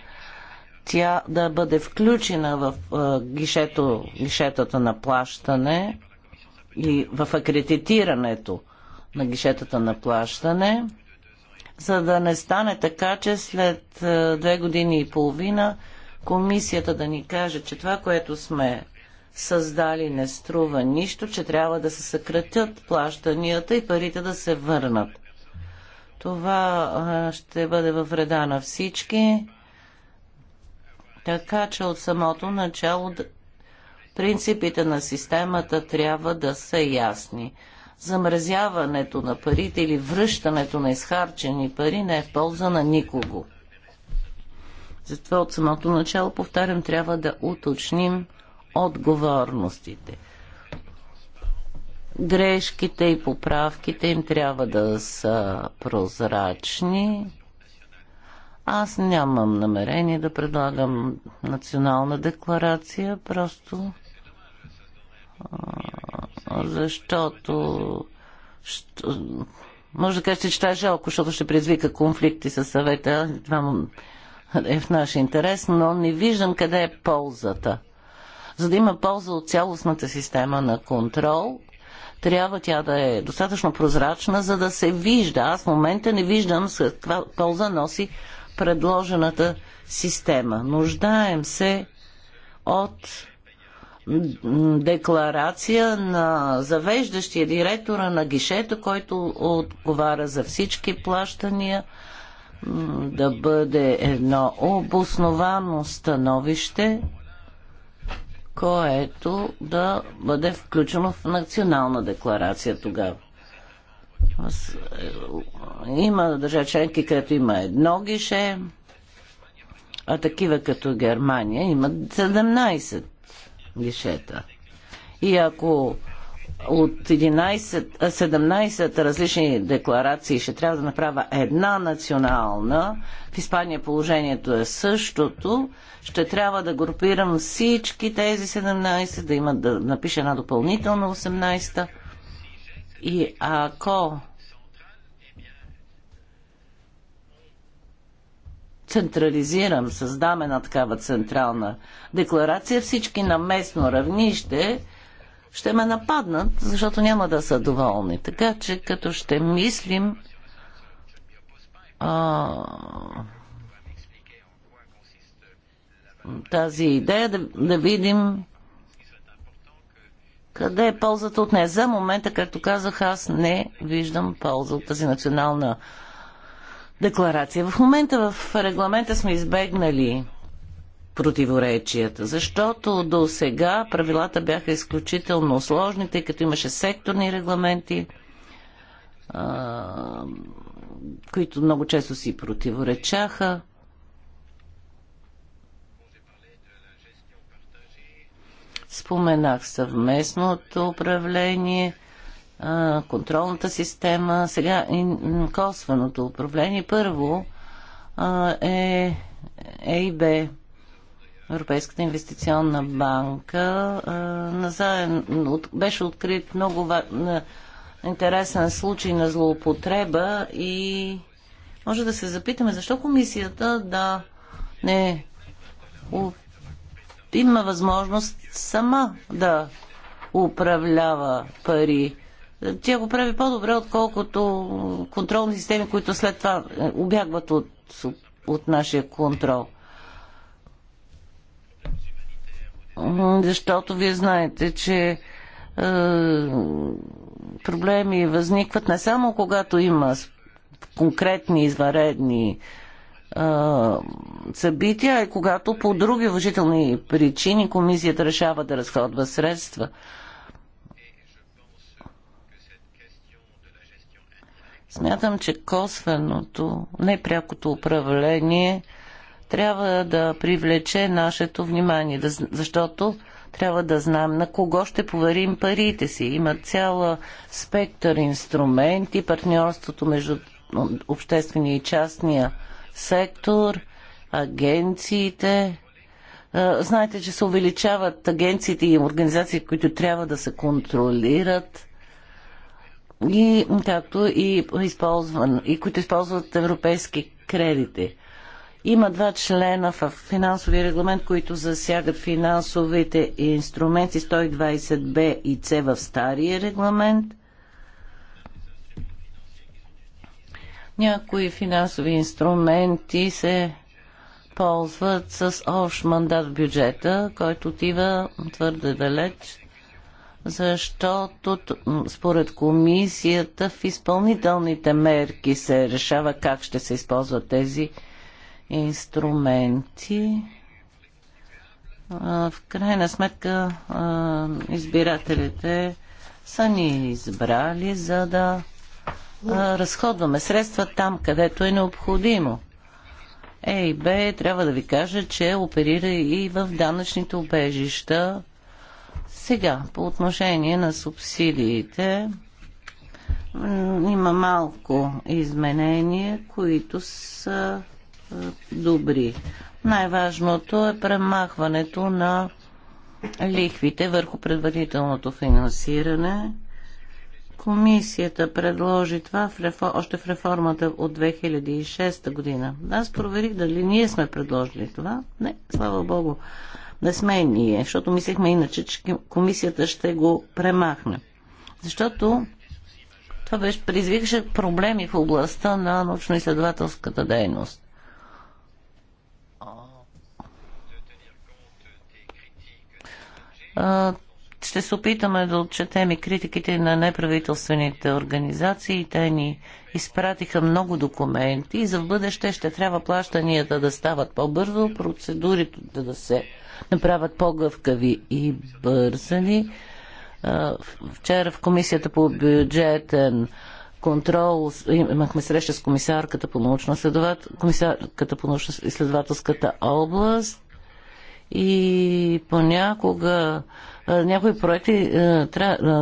тя да бъде включена в гишето, гишетата на плащане и в акредитирането на гишетата на плащане, за да не стане така, че след две години и половина комисията да ни каже, че това, което сме създали не струва нищо, че трябва да се съкратят плащанията и парите да се върнат. Това ще бъде във вреда на всички. Така че от самото начало принципите на системата трябва да са ясни. Замразяването на парите или връщането на изхарчени пари не е в полза на никого. Затова от самото начало, повтарям, трябва да уточним отговорностите. Грешките и поправките им трябва да са прозрачни. Аз нямам намерение да предлагам национална декларация, просто защото може да кажете, че това е жалко, защото ще предизвика конфликти със съвета. Това е в наш интерес, но не виждам къде е ползата. За да има полза от цялостната система на контрол, трябва тя да е достатъчно прозрачна, за да се вижда. Аз в момента не виждам с каква полза носи предложената система. Нуждаем се от декларация на завеждащия директора на гишето, който отговаря за всички плащания, да бъде едно обосновано становище което да бъде включено в национална декларация тогава. Аз, е, има държави членки, където има едно гише, а такива като Германия имат 17 гишета. И ако от 11, 17 различни декларации ще трябва да направя една национална. В Испания положението е същото. Ще трябва да групирам всички тези 17, да има да напиша една допълнителна 18. И ако централизирам, създаме една такава централна декларация, всички на местно равнище, ще ме нападнат, защото няма да са доволни. Така че като ще мислим а, тази идея, да, да видим къде е ползата от нея. За момента, както казах, аз не виждам полза от тази национална декларация. В момента в регламента сме избегнали противоречията, защото до сега правилата бяха изключително сложни, тъй като имаше секторни регламенти, а, които много често си противоречаха. Споменах съвместното управление, контролната система, сега и косвеното управление. Първо е ЕИБ Европейската инвестиционна банка. Назаем, беше открит много интересен случай на злоупотреба и може да се запитаме защо комисията да не има възможност сама да управлява пари. Тя го прави по-добре, отколкото контролни системи, които след това обягват е, от, от нашия контрол. защото вие знаете, че е, проблеми възникват не само когато има конкретни изваредни е, събития, а и когато по други уважителни причини комисията решава да разходва средства. Смятам, че косвеното, непрякото управление – трябва да привлече нашето внимание, защото трябва да знам на кого ще поверим парите си. Има цяла спектър инструменти, партньорството между обществения и частния сектор, агенциите. Знаете, че се увеличават агенциите и организации, които трябва да се контролират и както и, използван, и които използват европейски кредити. Има два члена в финансовия регламент, които засягат финансовите инструменти 120Б и С в стария регламент. Някои финансови инструменти се ползват с общ мандат в бюджета, който отива твърде далеч, защото според комисията в изпълнителните мерки се решава как ще се използват тези инструменти. В крайна сметка избирателите са ни избрали, за да разходваме средства там, където е необходимо. Е Б, трябва да ви кажа, че оперира и в данъчните обежища. Сега, по отношение на субсидиите, има малко изменения, които са добри. Най-важното е премахването на лихвите върху предварителното финансиране. Комисията предложи това в рефор... още в реформата от 2006 година. Аз проверих дали ние сме предложили това. Не, слава Богу, не сме ние, защото мислехме иначе, че комисията ще го премахне. Защото това беше, предизвикаше проблеми в областта на научно-изследователската дейност. ще се опитаме да отчетем и критиките на неправителствените организации. Те ни изпратиха много документи и за в бъдеще ще трябва плащанията да стават по-бързо, процедурите да, да се направят по-гъвкави и бързани. Вчера в комисията по бюджетен контрол имахме среща с комисарката по научно комисарката по научно-изследователската област и понякога някои проекти,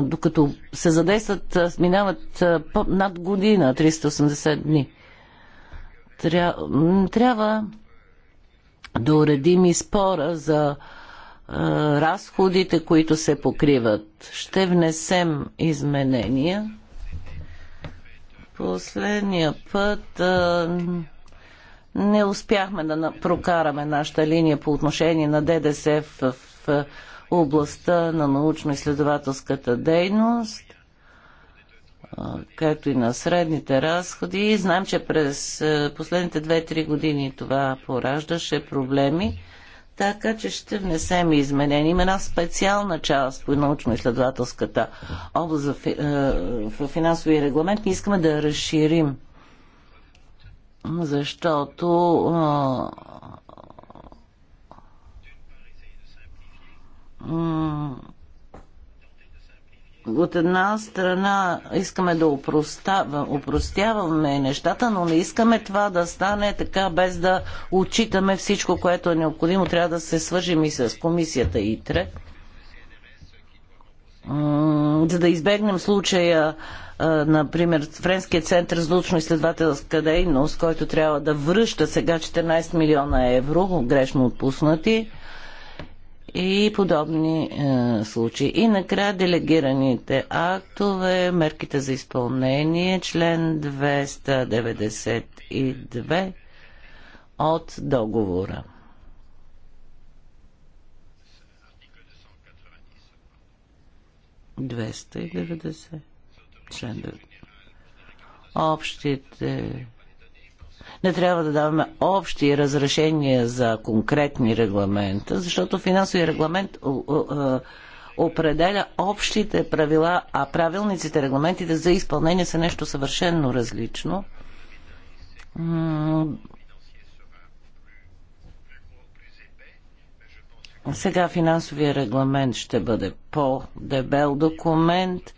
докато се задействат, минават над година, 380 дни. Трябва да уредим и спора за разходите, които се покриват. Ще внесем изменения. Последния път не успяхме да прокараме нашата линия по отношение на ДДС в, в областта на научно-изследователската дейност, както и на средните разходи. И знаем, че през последните 2-3 години това пораждаше проблеми, така че ще внесем изменения. Има една специална част по научно-изследователската област в финансови регламент. Ние искаме да разширим защото от една страна искаме да упростяваме нещата, но не искаме това да стане така без да отчитаме всичко, което е необходимо. Трябва да се свържим и с комисията ИТРЕ, за да избегнем случая например, Френския център за научно-изследователска дейност, който трябва да връща сега 14 милиона евро, грешно отпуснати, и подобни е, случаи. И накрая делегираните актове, мерките за изпълнение, член 292 от договора. Двеста и деветдесет членове. Общите. Не трябва да даваме общи разрешения за конкретни регламента, защото финансовия регламент е, определя общите правила, а правилниците, регламентите за изпълнение са нещо съвършенно различно. Сега финансовия регламент ще бъде по-дебел документ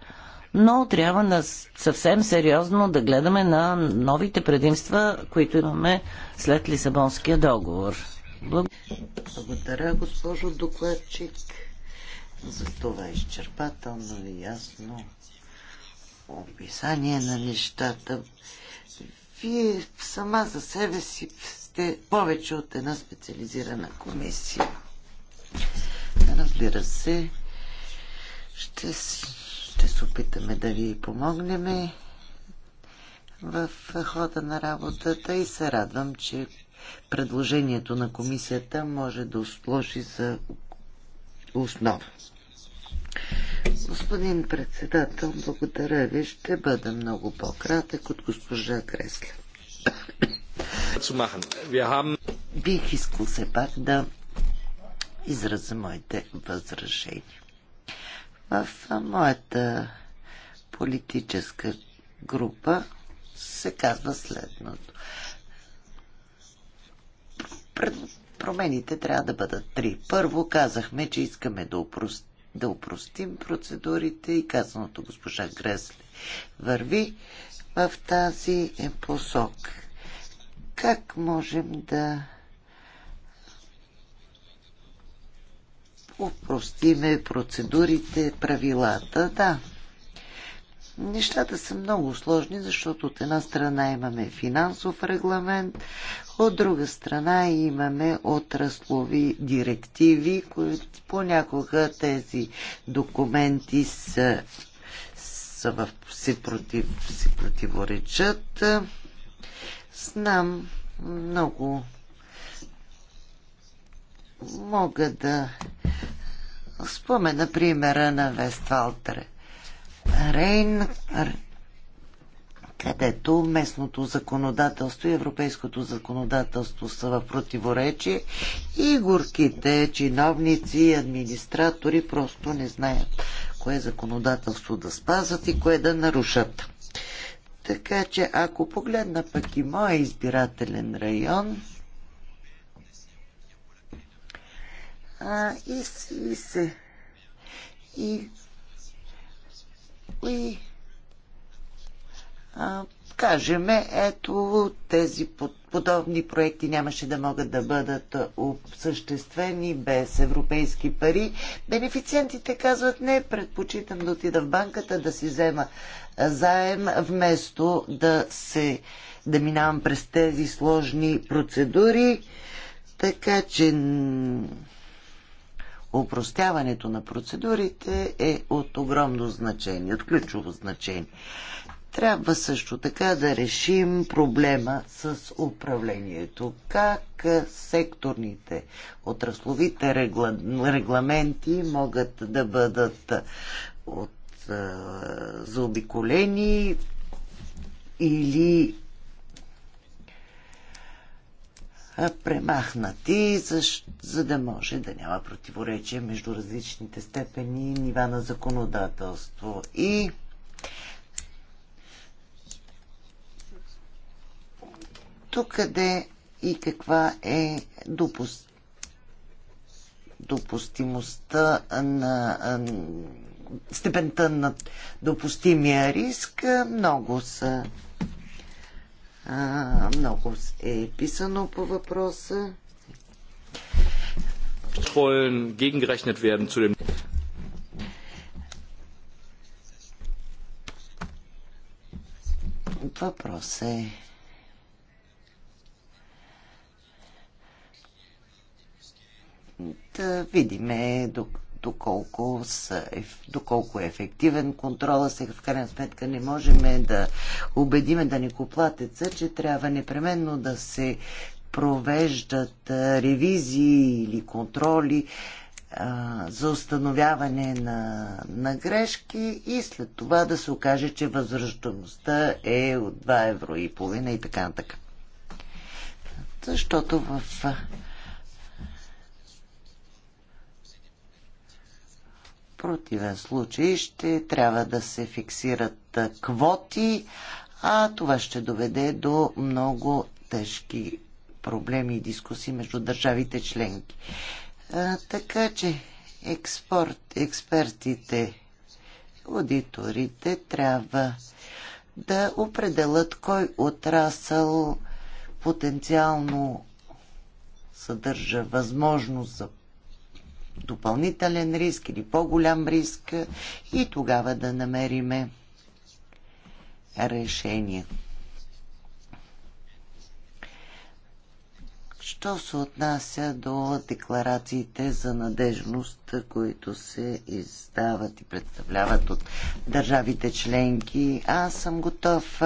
но трябва на съвсем сериозно да гледаме на новите предимства, които имаме след Лисабонския договор. Благодаря, госпожо докладчик, за това изчерпателно и ясно описание на нещата. Вие сама за себе си сте повече от една специализирана комисия. Разбира се, ще си ще се опитаме да ви помогнем в хода на работата и се радвам, че предложението на комисията може да сложи за основа. Господин председател, благодаря ви. Ще бъда много по-кратък от госпожа Кресле. Бих искал се пак да изразя моите възражения. В моята политическа група се казва следното. Промените трябва да бъдат три. Първо казахме, че искаме да, упрост... да упростим процедурите и казаното госпожа Гресли върви в тази посок. Как можем да упростиме процедурите, правилата. Да, Нещата са много сложни, защото от една страна имаме финансов регламент, от друга страна имаме отраслови директиви, които понякога тези документи са, са в, си, против, си противоречат. Знам много мога да спомена примера на Вествалтере. Рейн, където местното законодателство и европейското законодателство са в противоречие и горките чиновници и администратори просто не знаят кое е законодателство да спазват и кое да нарушат. Така че ако погледна пък и моя избирателен район, а, и, и се и, и а, кажеме, ето тези подобни проекти нямаше да могат да бъдат осъществени без европейски пари. Бенефициентите казват не, предпочитам да отида в банката да си взема заем, вместо да се да минавам през тези сложни процедури. Така че упростяването на процедурите е от огромно значение, от ключово значение. Трябва също така да решим проблема с управлението. Как секторните отрасловите регламенти могат да бъдат от, заобиколени или премахнати, за, за да може да няма противоречие между различните степени и нива на законодателство. И тук къде и каква е допуст... допустимостта на степента на допустимия риск. Много са а, много е писано по въпроса. Kontrollen gegengerechnet werden zu dem Въпрос е да видиме докато доколко, са, доколко е ефективен контрола. Сега в крайна сметка не можем да убедиме да ни коплатеца, че трябва непременно да се провеждат ревизии или контроли за установяване на, на грешки и след това да се окаже, че възвръщаността е от 2 евро и половина и така нататък. Защото в противен случай ще трябва да се фиксират квоти, а това ще доведе до много тежки проблеми и дискусии между държавите членки. А, така че експорт, експертите, аудиторите трябва да определят кой отрасъл потенциално съдържа възможност за допълнителен риск или по-голям риск и тогава да намериме решение. Що се отнася до декларациите за надежност, които се издават и представляват от държавите членки, аз съм готов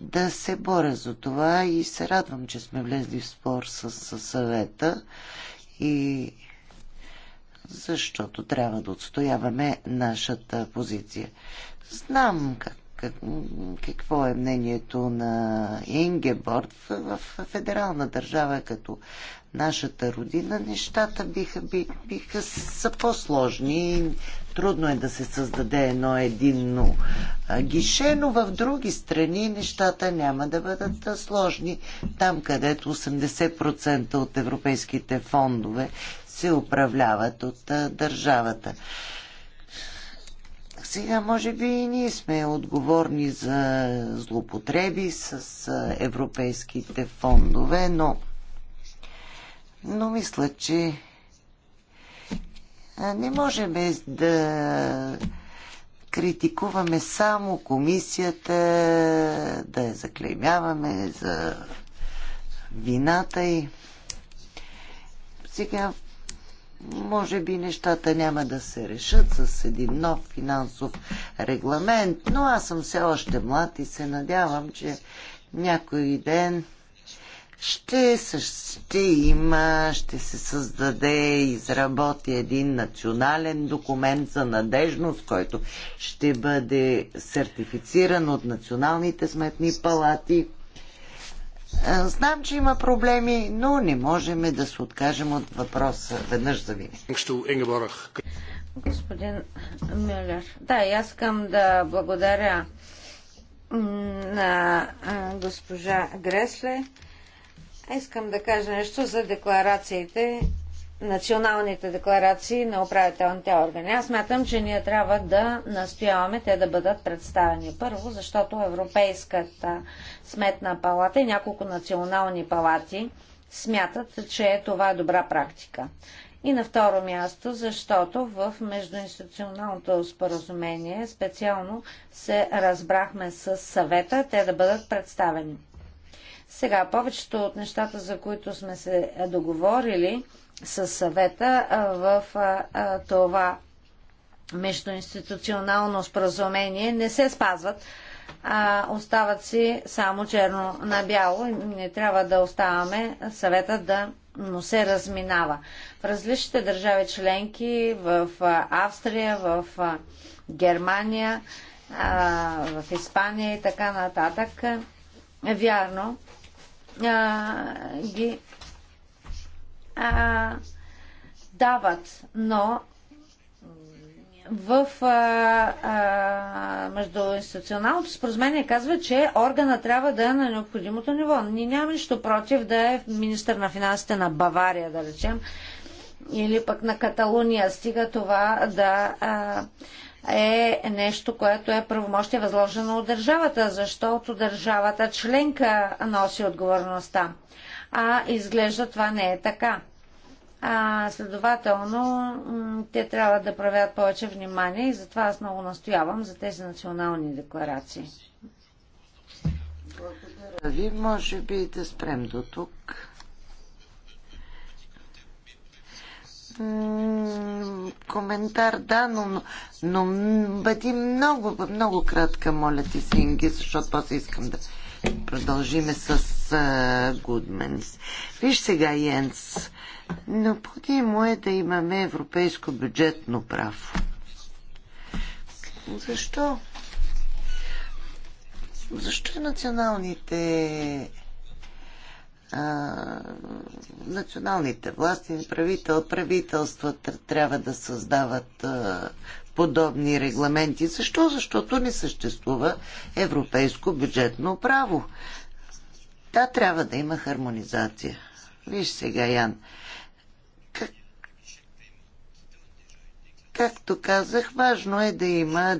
да се боря за това и се радвам, че сме влезли в спор с, с съвета и защото трябва да отстояваме нашата позиция. Знам как, как, какво е мнението на Ингеборд в, в федерална държава като нашата родина. Нещата биха, биха, биха са по-сложни. Трудно е да се създаде едно единно гише, но в други страни нещата няма да бъдат сложни. Там, където 80% от европейските фондове се управляват от а, държавата. Сега, може би и ние сме отговорни за злопотреби с а, европейските фондове, но, но мисля, че не можем да критикуваме само комисията, да я заклеймяваме за вината и сега може би нещата няма да се решат с един нов финансов регламент, но аз съм все още млад и се надявам, че някой ден ще, ще има, ще се създаде, и изработи един национален документ за надежност, който ще бъде сертифициран от националните сметни палати е, знам, че има проблеми, но не можем да се откажем от въпроса веднъж за винаги. Господин Мюллер, да, и аз искам да благодаря на госпожа Гресле. Искам да кажа нещо за декларациите националните декларации на управителните органи. Аз смятам, че ние трябва да настояваме те да бъдат представени. Първо, защото Европейската сметна палата и няколко национални палати смятат, че това е добра практика. И на второ място, защото в междуинституционалното споразумение специално се разбрахме с съвета те да бъдат представени. Сега, повечето от нещата, за които сме се договорили с съвета в това междуинституционално споразумение, не се спазват. А, остават си само черно на бяло и не трябва да оставаме съвета да но се разминава. В различните държави членки, в Австрия, в Германия, в Испания и така нататък, Вярно, а, ги а, дават, но в а, а, междуинституционалното споразумение казва, че органа трябва да е на необходимото ниво. Ние нямаме нищо против да е министър на финансите на Бавария, да речем, или пък на Каталуния. Стига това да а, е нещо, което е правомощие възложено от държавата, защото държавата членка носи отговорността. А изглежда това не е така. А, следователно, те трябва да правят повече внимание и затова аз много настоявам за тези национални декларации. Благодаря ви. Може би да спрем до тук. коментар, да, но, но бъди много, много кратка, моля ти се, Инги, защото после искам да продължиме с а, Гудманис. Виж сега, Йенс, необходимо е да имаме европейско бюджетно право. Защо? Защо националните а, националните власти, правител, правителствата трябва да създават а, подобни регламенти. Защо? Защото не съществува европейско бюджетно право. Та трябва да има хармонизация. Виж сега, Ян. Как... Както казах, важно е да има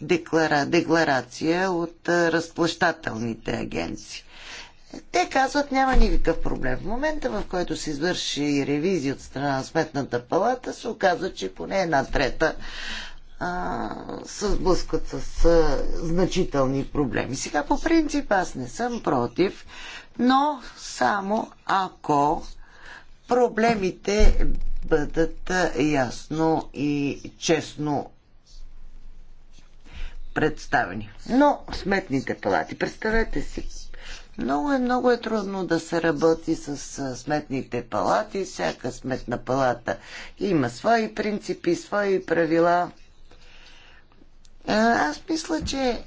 декларация от разплащателните агенции. Те казват, няма никакъв проблем. В момента, в който се извърши ревизия от страна на Сметната палата, се оказва, че поне една трета а, се сблъскват с а, значителни проблеми. Сега, по принцип, аз не съм против, но само ако проблемите бъдат ясно и честно представени. Но сметните палати, представете си много е, много е трудно да се работи с сметните палати. Всяка сметна палата има свои принципи, свои правила. Аз мисля, че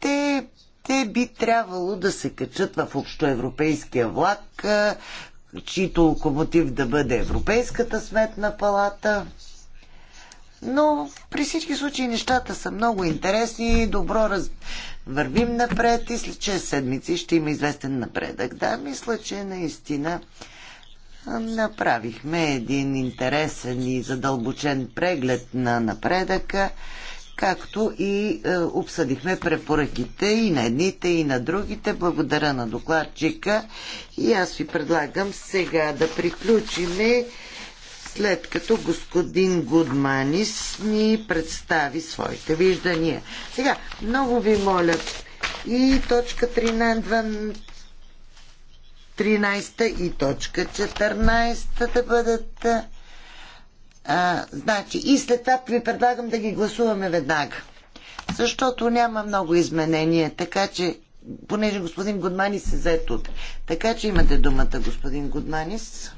те, те би трябвало да се качат в общоевропейския влак, чийто локомотив да бъде Европейската сметна палата – но при всички случаи нещата са много интересни, добро раз... вървим напред и след 6 седмици ще има известен напредък. Да, мисля, че наистина направихме един интересен и задълбочен преглед на напредъка, както и е, обсъдихме препоръките и на едните, и на другите. Благодаря на докладчика и аз ви предлагам сега да приключиме след като господин Гудманис ни представи своите виждания. Сега, много ви моля и точка 13, 13 и точка 14 да бъдат а, значи, и след това ви предлагам да ги гласуваме веднага. Защото няма много изменения, така че, понеже господин Гудманис се зае тут. Така че имате думата, господин Гудманис.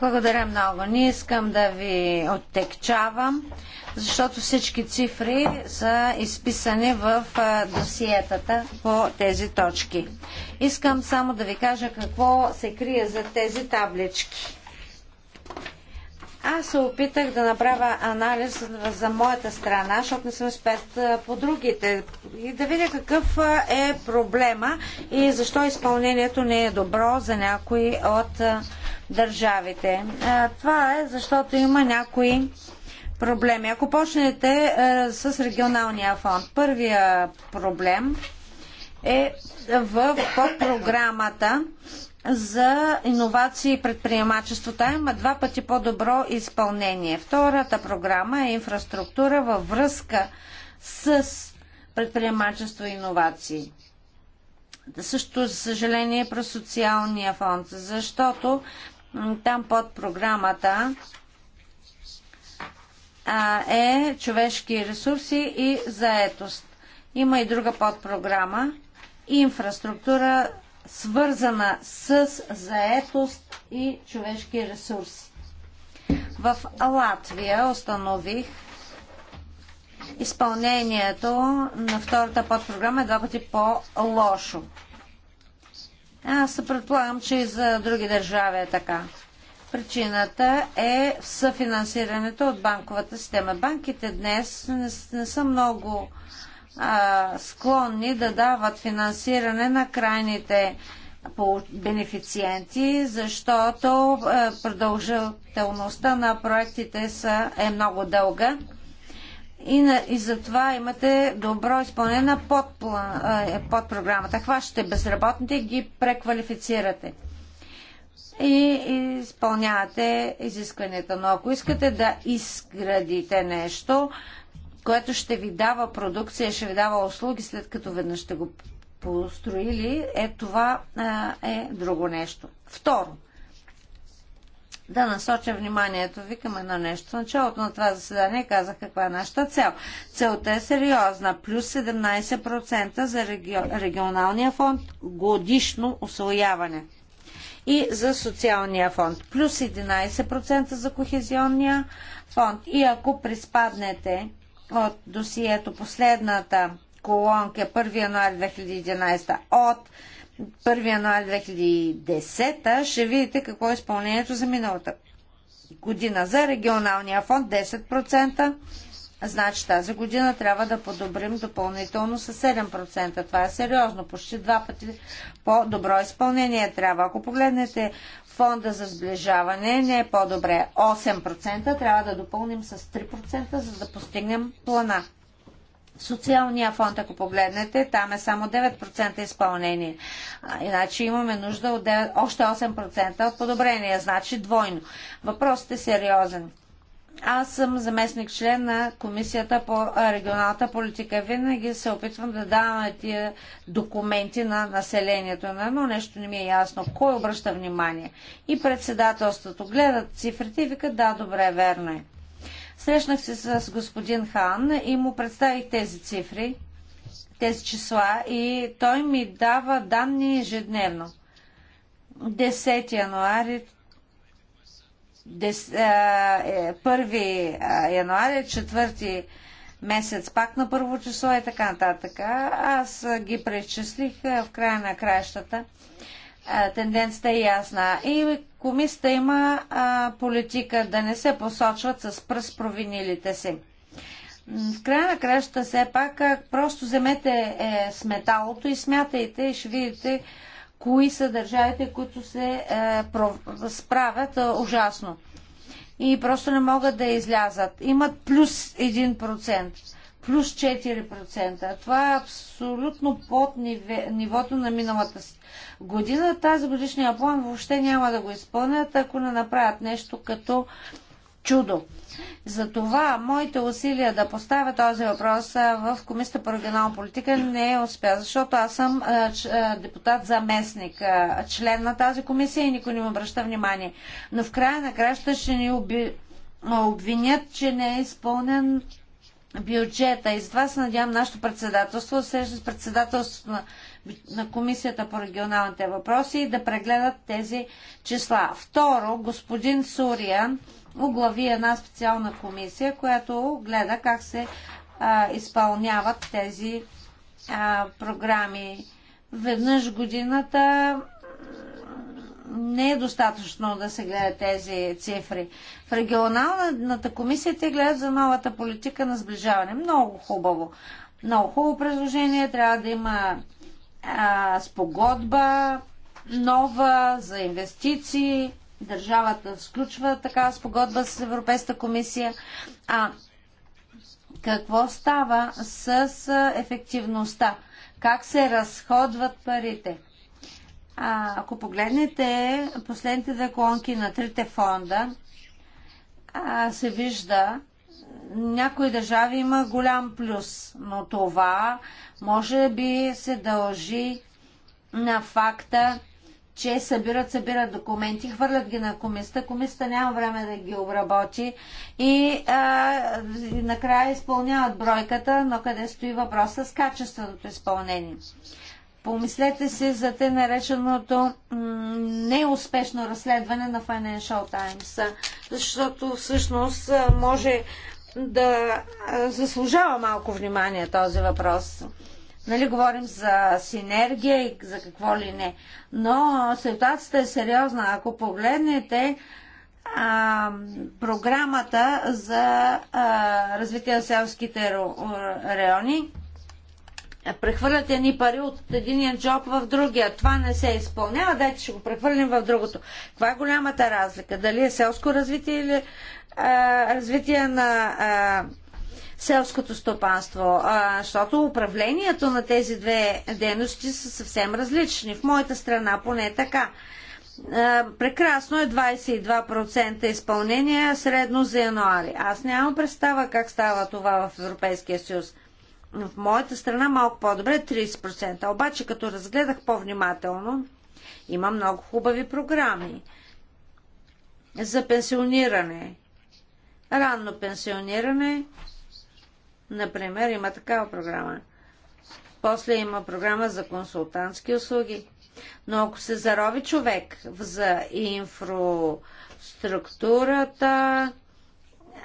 Благодаря много. Не искам да ви оттекчавам, защото всички цифри са изписани в досиетата по тези точки. Искам само да ви кажа какво се крие за тези таблички. Аз се опитах да направя анализ за моята страна, защото не съм експерт по другите. И да видя какъв е проблема и защо изпълнението не е добро за някои от държавите. Това е защото има някои проблеми. Ако почнете с регионалния фонд, първия проблем е в програмата за иновации и предприемачество. Та има два пъти по-добро изпълнение. Втората програма е инфраструктура във връзка с предприемачество и иновации. Също, за съжаление, про социалния фонд, защото там под програмата е човешки ресурси и заетост. Има и друга подпрограма инфраструктура, свързана с заетост и човешки ресурси. В Латвия установих изпълнението на втората подпрограма е два пъти по-лошо. Аз се предполагам, че и за други държави е така. Причината е в съфинансирането от банковата система. Банките днес не, не са много а, склонни да дават финансиране на крайните бенефициенти, защото е, продължителността на проектите са, е много дълга и, на, и затова имате добро изпълнение на подплан, е, под програмата. Хващате безработните и ги преквалифицирате. И, и изпълнявате изискванията. Но ако искате да изградите нещо, което ще ви дава продукция, ще ви дава услуги, след като веднъж ще го построили, е това е друго нещо. Второ, да насоча вниманието ви към едно нещо. началото на това заседание казах каква е нашата цел. Целта е сериозна. Плюс 17% за реги... регионалния фонд годишно освояване. И за социалния фонд. Плюс 11% за кохезионния фонд. И ако приспаднете от досието последната колонка 1 януари 2011 от 1 януари 2010 ще видите какво е изпълнението за миналата година. За регионалния фонд 10%, значи тази година трябва да подобрим допълнително с 7%. Това е сериозно, почти два пъти по-добро изпълнение трябва. Ако погледнете фонда за сближаване, не е по-добре 8%, трябва да допълним с 3%, за да постигнем плана социалния фонд, ако погледнете, там е само 9% изпълнение. Иначе имаме нужда от 9, още 8% от подобрение, значи двойно. Въпросът е сериозен. Аз съм заместник член на Комисията по регионалната политика. Винаги се опитвам да давам тия документи на населението, на едно нещо не ми е ясно. Кой обръща внимание? И председателството гледат цифрите и викат, да, добре, верно е. Срещнах се с господин Хан и му представих тези цифри, тези числа и той ми дава данни ежедневно. 10 януари 1 е, януари, 4 месец, пак на първо число и така нататък. Аз ги пречислих в края на краищата тенденцията е ясна. И комисията има а, политика да не се посочват с пръст провинилите си. В края на краща все пак просто вземете е, сметалото и смятайте и ще видите кои са държавите, които се е, пров... справят е, ужасно. И просто не могат да излязат. Имат плюс 1% плюс 4%. Това е абсолютно под нивото на миналата година. Тази годишния план въобще няма да го изпълнят, ако не направят нещо като чудо. Затова моите усилия да поставя този въпрос в Комисията по регионална политика не е успя, защото аз съм депутат заместник, член на тази комисия и никой не ми обръща внимание. Но в края на краща ще ни оби... обвинят, че не е изпълнен бюджета. И затова се надявам нашето председателство, среща с председателството на, на Комисията по регионалните въпроси и да прегледат тези числа. Второ, господин Сурия оглави една специална комисия, която гледа как се а, изпълняват тези а, програми. Веднъж годината не е достатъчно да се гледат тези цифри. В регионалната комисия те гледат за новата политика на сближаване. Много хубаво. Много хубаво предложение. Трябва да има а, спогодба нова за инвестиции. Държавата сключва така спогодба с Европейската комисия. А какво става с ефективността? Как се разходват парите? ако погледнете последните две колонки на трите фонда, се вижда, някои държави има голям плюс, но това може би се дължи на факта, че събират, събират документи, хвърлят ги на комисията, комисията няма време да ги обработи и а, накрая изпълняват бройката, но къде стои въпроса с качественото изпълнение. Помислете си за те нареченото неуспешно разследване на Financial Times, защото всъщност може да заслужава малко внимание този въпрос. Нали, говорим за синергия и за какво ли не. Но ситуацията е сериозна. Ако погледнете а, програмата за а, развитие на селските райони, прехвърлят едни пари от единия джоб в другия. Това не се изпълнява, дайте ще го прехвърлим в другото. Каква е голямата разлика? Дали е селско развитие или а, е, развитие на а, е, селското стопанство? А, защото управлението на тези две дейности са съвсем различни. В моята страна поне е така. Е, прекрасно е 22% изпълнение средно за януари. Аз нямам представа как става това в Европейския съюз в моята страна малко по-добре 30%. Обаче, като разгледах по-внимателно, има много хубави програми за пенсиониране. Ранно пенсиониране, например, има такава програма. После има програма за консултантски услуги. Но ако се зарови човек за инфраструктурата,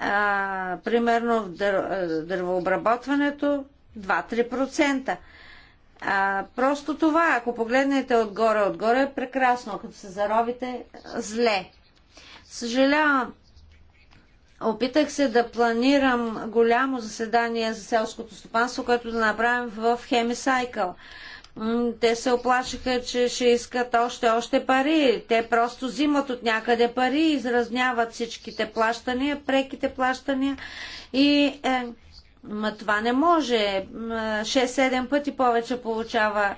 а, примерно в дър, дървообработването, 2-3%. А, просто това, ако погледнете отгоре, отгоре е прекрасно, като се заровите, зле. Съжалявам, опитах се да планирам голямо заседание за селското стопанство, което да направим в Хемисайкъл. Те се оплашиха, че ще искат още, още пари. Те просто взимат от някъде пари, изразняват всичките плащания, преките плащания и е, Ма това не може. 6-7 пъти повече получава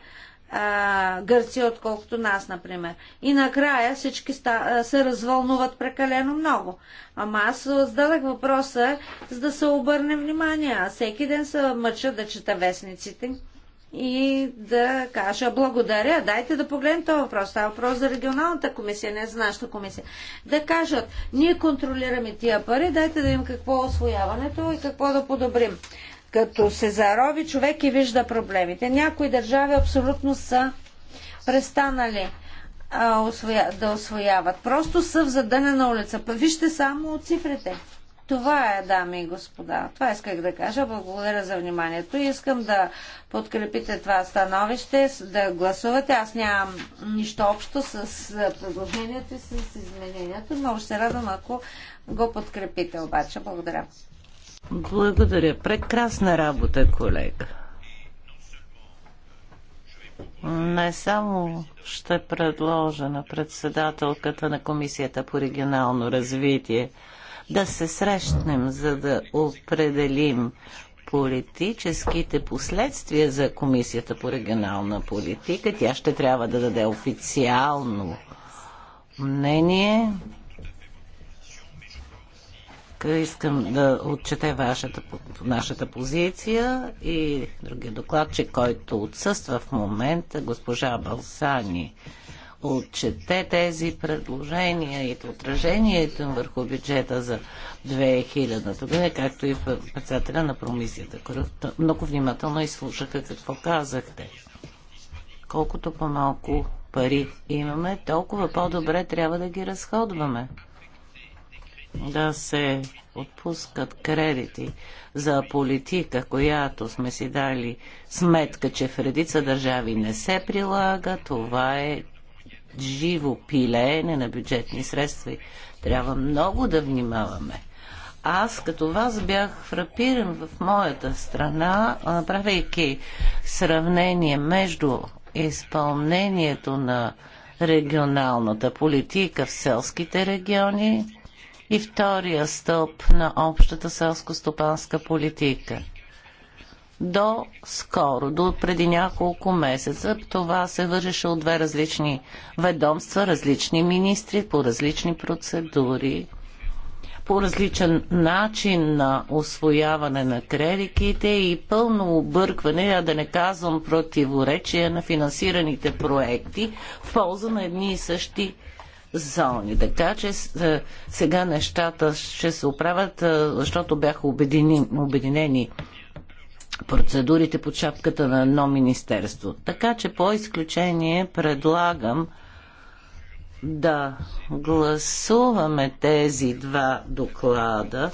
а, Гърция, отколкото нас, например. И накрая всички ста, се развълнуват прекалено много. Ама аз зададах въпроса, за да се обърне внимание. А всеки ден се мъча да чета вестниците и да кажа благодаря. Дайте да погледнем този въпрос. Това е въпрос за регионалната комисия, не за нашата комисия. Да кажат, ние контролираме тия пари, дайте да им какво е освояването и какво да подобрим. Като се зарови човек и вижда проблемите. Някои държави абсолютно са престанали а, освоя... да освояват. Просто са в задънена улица. Вижте само цифрите. Това е, дами и господа. Това исках да кажа. Благодаря за вниманието. Искам да подкрепите това становище, да гласувате. Аз нямам нищо общо с предложението и с изменението. Много ще радвам, ако го подкрепите обаче. Благодаря. Благодаря. Прекрасна работа, колега. Не само ще предложа на председателката на Комисията по регионално развитие, да се срещнем, за да определим политическите последствия за Комисията по регионална политика. Тя ще трябва да даде официално мнение. Искам да отчете вашата, нашата позиция и другия докладчик, който отсъства в момента, госпожа Балсани отчете тези предложения и отражението върху бюджета за 2000 година, както и председателя на промисията. Много внимателно изслушаха какво казахте. Колкото по-малко пари имаме, толкова по-добре трябва да ги разходваме. Да се отпускат кредити за политика, която сме си дали сметка, че в редица държави не се прилага, това е живо пилеене на бюджетни средства и трябва много да внимаваме. Аз като вас бях фрапиран в моята страна, правейки сравнение между изпълнението на регионалната политика в селските региони и втория стълб на общата селско-стопанска политика – до скоро, до преди няколко месеца, това се вършеше от две различни ведомства, различни министри по различни процедури, по различен начин на освояване на кредитите и пълно объркване, а да не казвам противоречие на финансираните проекти в полза на едни и същи зони. Така че е, сега нещата ще се оправят, е, защото бяха обединени процедурите под шапката на едно министерство. Така че по изключение предлагам да гласуваме тези два доклада.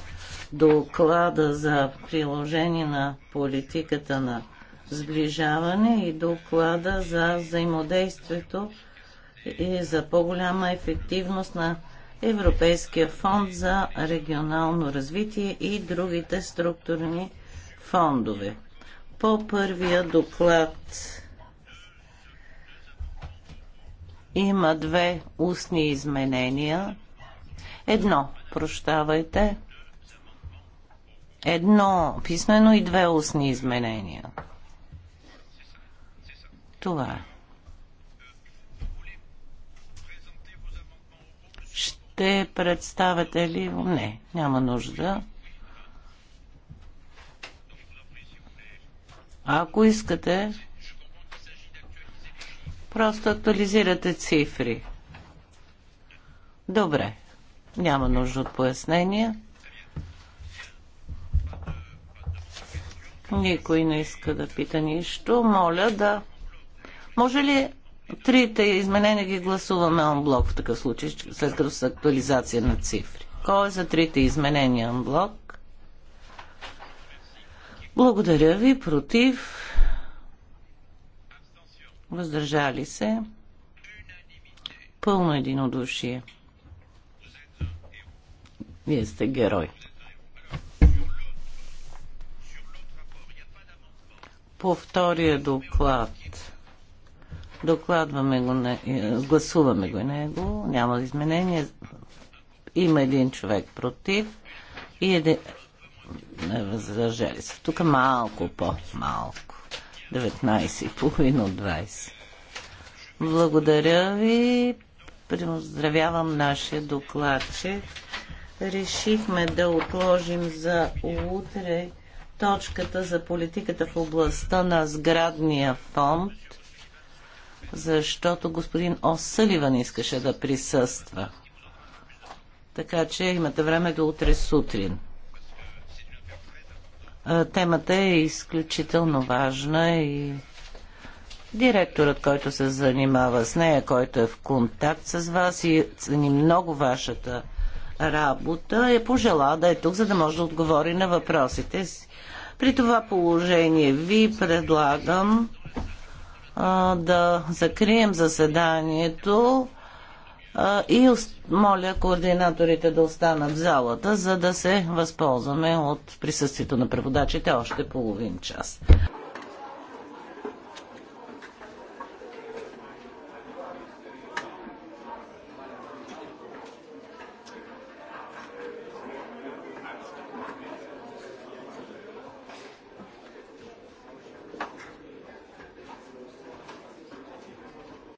Доклада за приложение на политиката на сближаване и доклада за взаимодействието и за по-голяма ефективност на Европейския фонд за регионално развитие и другите структурни фондове. По първия доклад има две устни изменения. Едно, прощавайте. Едно писмено и две устни изменения. Това е. Ще представяте ли? Не, няма нужда. Ако искате, просто актуализирате цифри. Добре. Няма нужда от пояснения. Никой не иска да пита нищо. Моля да... Може ли трите изменения ги гласуваме блок в такъв случай, след като са актуализация на цифри? Кой е за трите изменения блок? Благодаря ви. Против. Въздържали се. Пълно единодушие. Вие сте герой. По втория доклад. Докладваме го, не, гласуваме го него. Няма изменение. Има един човек против и един, не възражали се. Тук малко по-малко. 19,5 от 20. Благодаря ви. Поздравявам нашия докладчик. Решихме да отложим за утре точката за политиката в областта на сградния фонд, защото господин Осъливан искаше да присъства. Така че имате време до утре сутрин. Темата е изключително важна и директорът, който се занимава с нея, който е в контакт с вас и цени много вашата работа, е пожела да е тук, за да може да отговори на въпросите си. При това положение ви предлагам а, да закрием заседанието. И моля координаторите да останат в залата, за да се възползваме от присъствието на преводачите още половин час.